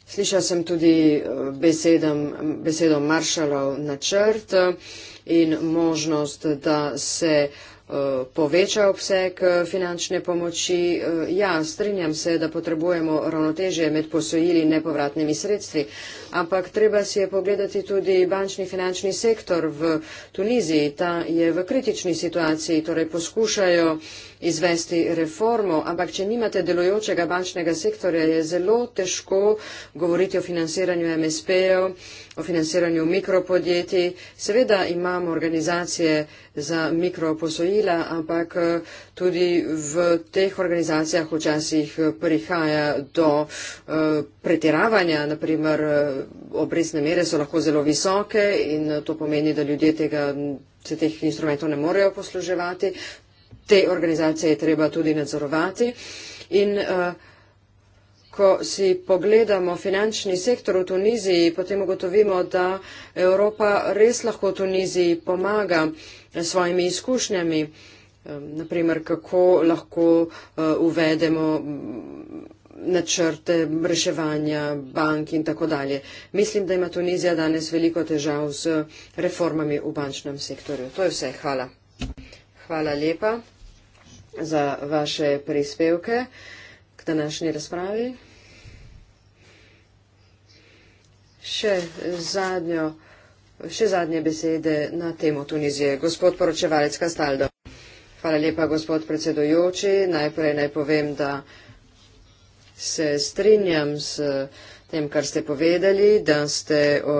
Slišal sem tudi eh, besedom, besedom maršalov načrt in možnost, da se eh, poveča obseg eh, finančne pomoči. Eh, ja, strinjam se, da potrebujemo ravnotežje med posojili in nepovratnimi sredstvi, ampak treba si je pogledati tudi bančni finančni sektor v Tuniziji. Ta je v kritični situaciji, torej poskušajo uh, izvesti reformo, ampak če nimate delojočega bančnega sektorja, je zelo težko govoriti o financiranju MSP-jev, o financiranju mikropodjetij. Seveda imamo organizacije za mikroposojila, ampak eh, tudi v teh organizacijah včasih eh, prihaja do uh, pretiravanja. Naprimer, obrestne mere so lahko zelo visoke in to pomeni, da ljudje tega, se teh instrumentov ne morejo posluževati te organizacije je treba tudi nadzorovati. In uh, ko si pogledamo finančni sektor v Tuniziji, potem ugotovimo, da Evropa res lahko Tuniziji pomaga svojimi izkušnjami, um, eh, naprimer kako lahko uh, uvedemo mm, načrte reševanja bank in tako dalje. Mislim, da ima Tunizija danes veliko težav z reformami v bančnem sektorju. To je vse. Hvala. Hvala lepa za vaše prispevke k današnji razpravi. Še, zadnjo, še zadnje besede na temo Tunizije. Gospod poročevalec Kastaldo. Hvala lepa, gospod predsedujoči. Najprej naj povem, da se strinjam s tem, kar ste povedali, da ste o,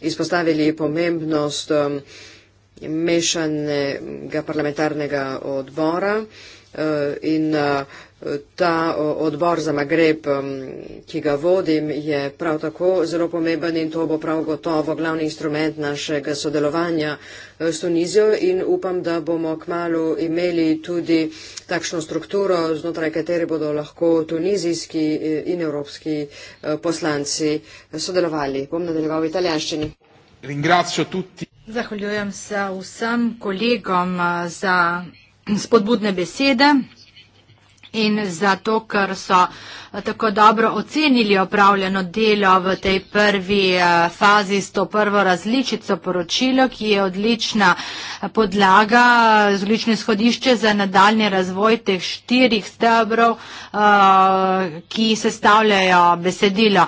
izpostavili pomembnost o, mešanega parlamentarnega odbora. Eh, in eh, ta odbor za Magreb, eh, ki ga vodim, je prav tako zelo pomemben in to bo prav gotovo glavni instrument našega sodelovanja s Tunizijo in upam, da bomo kmalo imeli tudi takšno strukturo, znotraj katere bodo lahko tunizijski in evropski poslanci sodelovali. Bom nadaljeval v italijanščini. Zahvaljujem se vsem kolegom za spodbudne besede in za to, ker so tako dobro ocenili opravljeno delo v tej prvi eh, fazi s to prvo različico poročilo, ki je odlična eh, podlaga, eh, odlično izhodišče za nadaljni razvoj teh štirih stebrov, ki sestavljajo besedilo.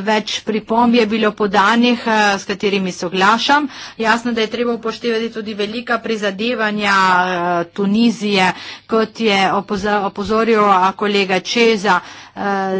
Več pripomb je bilo podanih, s katerimi soglašam. Jasno, da je treba upoštevati tudi velika prizadevanja Tunizije, kot je opozoril kolega Čeza. Uh, Eh,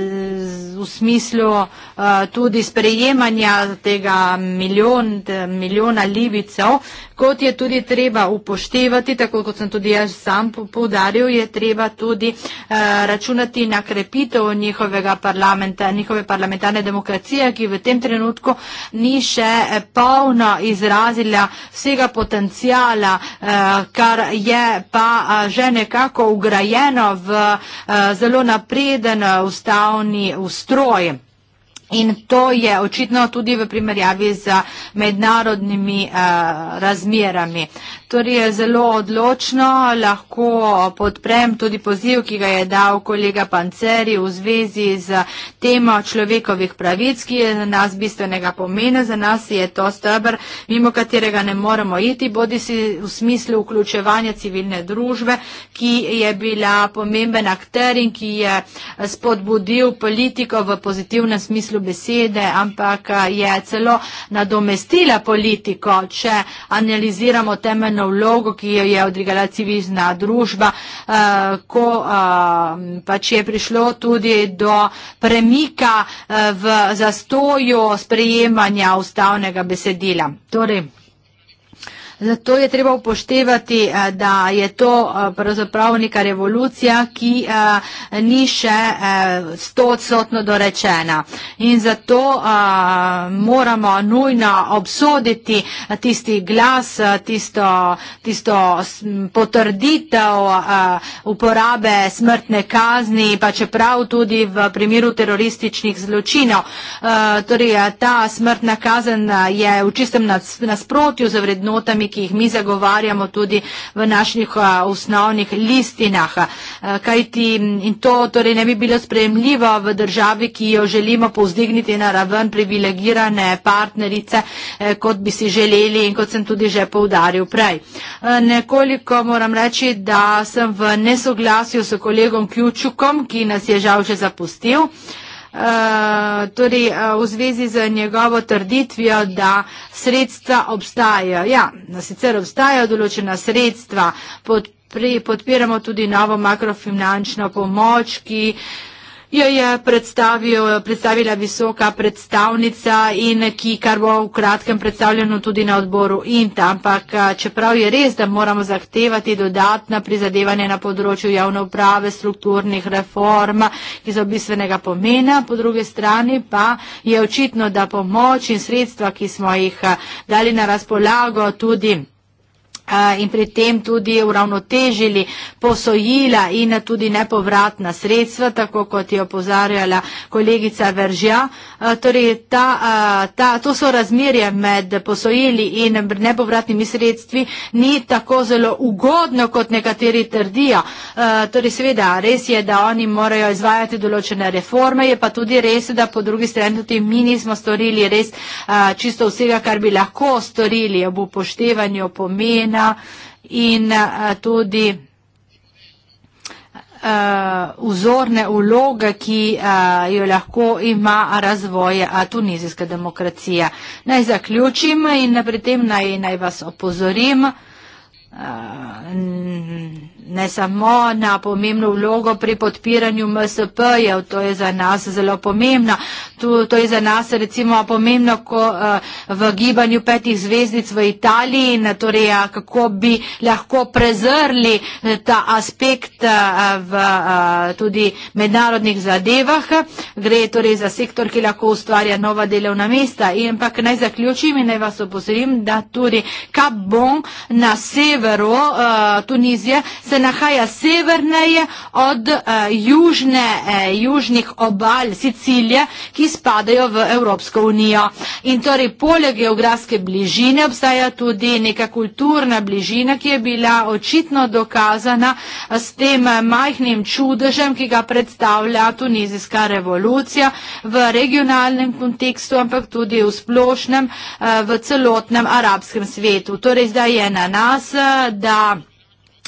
v smislu eh, tudi sprejemanja tega milijon, milijona libicev, kot je tudi treba upoštevati, tako kot sem tudi jaz sam povdaril, je treba tudi eh, računati na krepitev njihovega parlamenta, njihove parlamentarne demokracije, ki v tem trenutku ni še polno izrazila vsega potencijala, kar je pa že nekako ugrajeno v zelo napreden, v enostavni ustroj. In to je očitno tudi v primerjavi z mednarodnimi uh, razmerami. Torej je zelo odločno, lahko podprem tudi poziv, ki ga je dal kolega Panceri v zvezi z tema človekovih pravic, ki je za nas bistvenega pomena. Za nas je to stebr, mimo katerega ne moremo iti, bodi si v smislu vključevanja civilne družbe, ki je bila pomemben akter in ki je spodbudil politiko v pozitivnem smislu besede, ampak je celo nadomestila politiko, če analiziramo temeljno pomembno vlogo, ki jo je odrigala civilna družba, eh, ko eh, pač je prišlo tudi do premika eh, v zastoju sprejemanja ustavnega besedila. Torej, Zato je treba upoštevati, eh, da je to eh, pravzaprav neka revolucija, ki eh, ni še stotsotno dorečena. In zato moramo nujno obsoditi tisti glas, tisto, tisto mm, potrditev uporabe smrtne kazni, pa čeprav tudi v primeru terorističnih zločinov. Torej, ta smrtna kazen je v čistem nasprotju z vrednotami, ki jih mi zagovarjamo tudi v naših osnovnih listinah. Kajti, in to torej ne bi bilo sprejemljivo v državi, ki jo želimo povzdigniti na raven privilegirane partnerice, e, kot bi si želeli in kot sem tudi že poudaril prej. E, nekoliko moram reči, da sem v nesoglasju s kolegom Kjučukom, ki nas je žal že zapustil. Eh, torej, eh, v zvezi z njegovo trditvijo, da sredstva obstajajo. Ja, da no, sicer obstajajo določena sredstva, pod, pri, podpiramo tudi novo makrofinančno pomoč, ki Jo je predstavila visoka predstavnica in ki kar bo v kratkem predstavljeno tudi na odboru INT, ampak čeprav je res, da moramo zahtevati dodatna prizadevanja na področju javne uprave, strukturnih reform, ki so bistvenega pomena, po druge strani pa je očitno, da pomoč in sredstva, ki smo jih dali na razpolago, tudi in pri tem tudi uravnotežili posojila in tudi nepovratna sredstva, tako kot je opozarjala kolegica Veržja. Torej, ta, ta, to so razmerje med posojili in nepovratnimi sredstvi ni tako zelo ugodno, kot nekateri trdijo. Torej, seveda, res je, da oni morajo izvajati določene reforme, je pa tudi res, da po drugi strani tudi mi nismo storili res čisto vsega, kar bi lahko storili ob upoštevanju pomena Slovenijo in eh, tudi uh, vzorne vloge, ki uh, jo lahko ima razvoj uh, tunizijske demokracije. Naj zaključim in pri tem naj, naj vas opozorim. Uh, ne samo na pomembno vlogo pri podpiranju MSP-jev, to je za nas zelo pomembno. To, to je za nas recimo pomembno ko, eh, v gibanju petih zvezdic v Italiji, torej, kako bi lahko prezrli eh, ta aspekt eh, v tudi mednarodnih zadevah. Gre torej za sektor, ki lahko ustvarja nova delovna mesta. Ampak naj zaključim in naj vas opozorim, da tudi Kabon na severu Tunizije, se nahaja severneje od eh, južne, eh, južnih obal Sicilije, ki spadajo v Evropsko unijo. In torej poleg geografske bližine obstaja tudi neka kulturna bližina, ki je bila očitno dokazana eh, s tem eh, majhnim čudežem, ki ga predstavlja tunizijska revolucija v regionalnem kontekstu, ampak tudi v splošnem, eh, v celotnem arabskem svetu. Torej zdaj je na nas, eh, da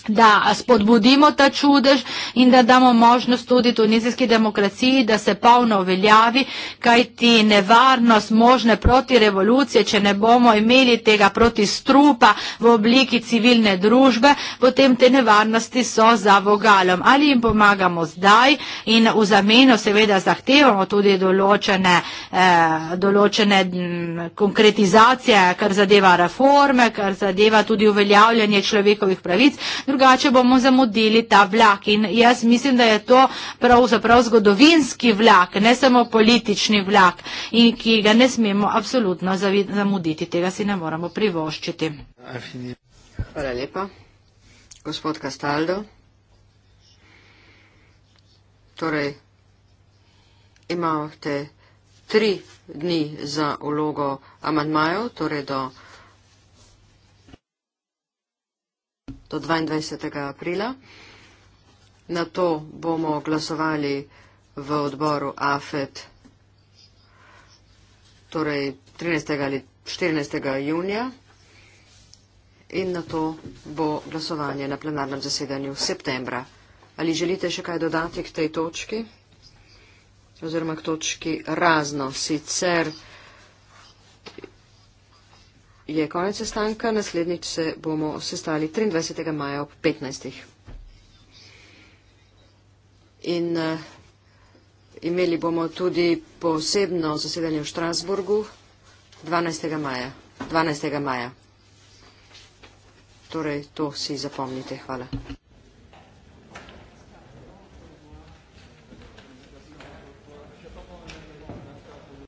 da spodbudimo ta čudež in da damo možnost tudi tunizijski demokraciji, da se polno uveljavi, kaj ti nevarnost možne proti revolucije, če ne bomo imeli tega proti strupa v obliki civilne družbe, potem te nevarnosti so za vogalom. Ali jim pomagamo zdaj in v zameno seveda zahtevamo tudi določene, eh, določene mm, konkretizacije, kar zadeva reforme, kar zadeva tudi uveljavljanje človekovih pravic drugače bomo zamudili ta vlak. In jaz mislim, da je to pravzaprav zgodovinski vlak, ne samo politični vlak, in ki ga ne smemo absolutno zamuditi, tega si ne moramo privoščiti. Hvala lepa. Gospod Kastaldo. Torej, imate tri dni za ulogo amandmajev, torej do. do 22. aprila. Na to bomo glasovali v odboru AFET, torej 13. ali 14. junija. In na to bo glasovanje na plenarnem zasedanju septembra. Ali želite še kaj dodati k tej točki? Oziroma k točki razno sicer je konec sestanka, naslednjič se bomo sestali 23. maja ob 15. In uh, imeli bomo tudi posebno zasedanje v Štrasburgu 12. maja. 12. maja. Torej, to si zapomnite. Hvala.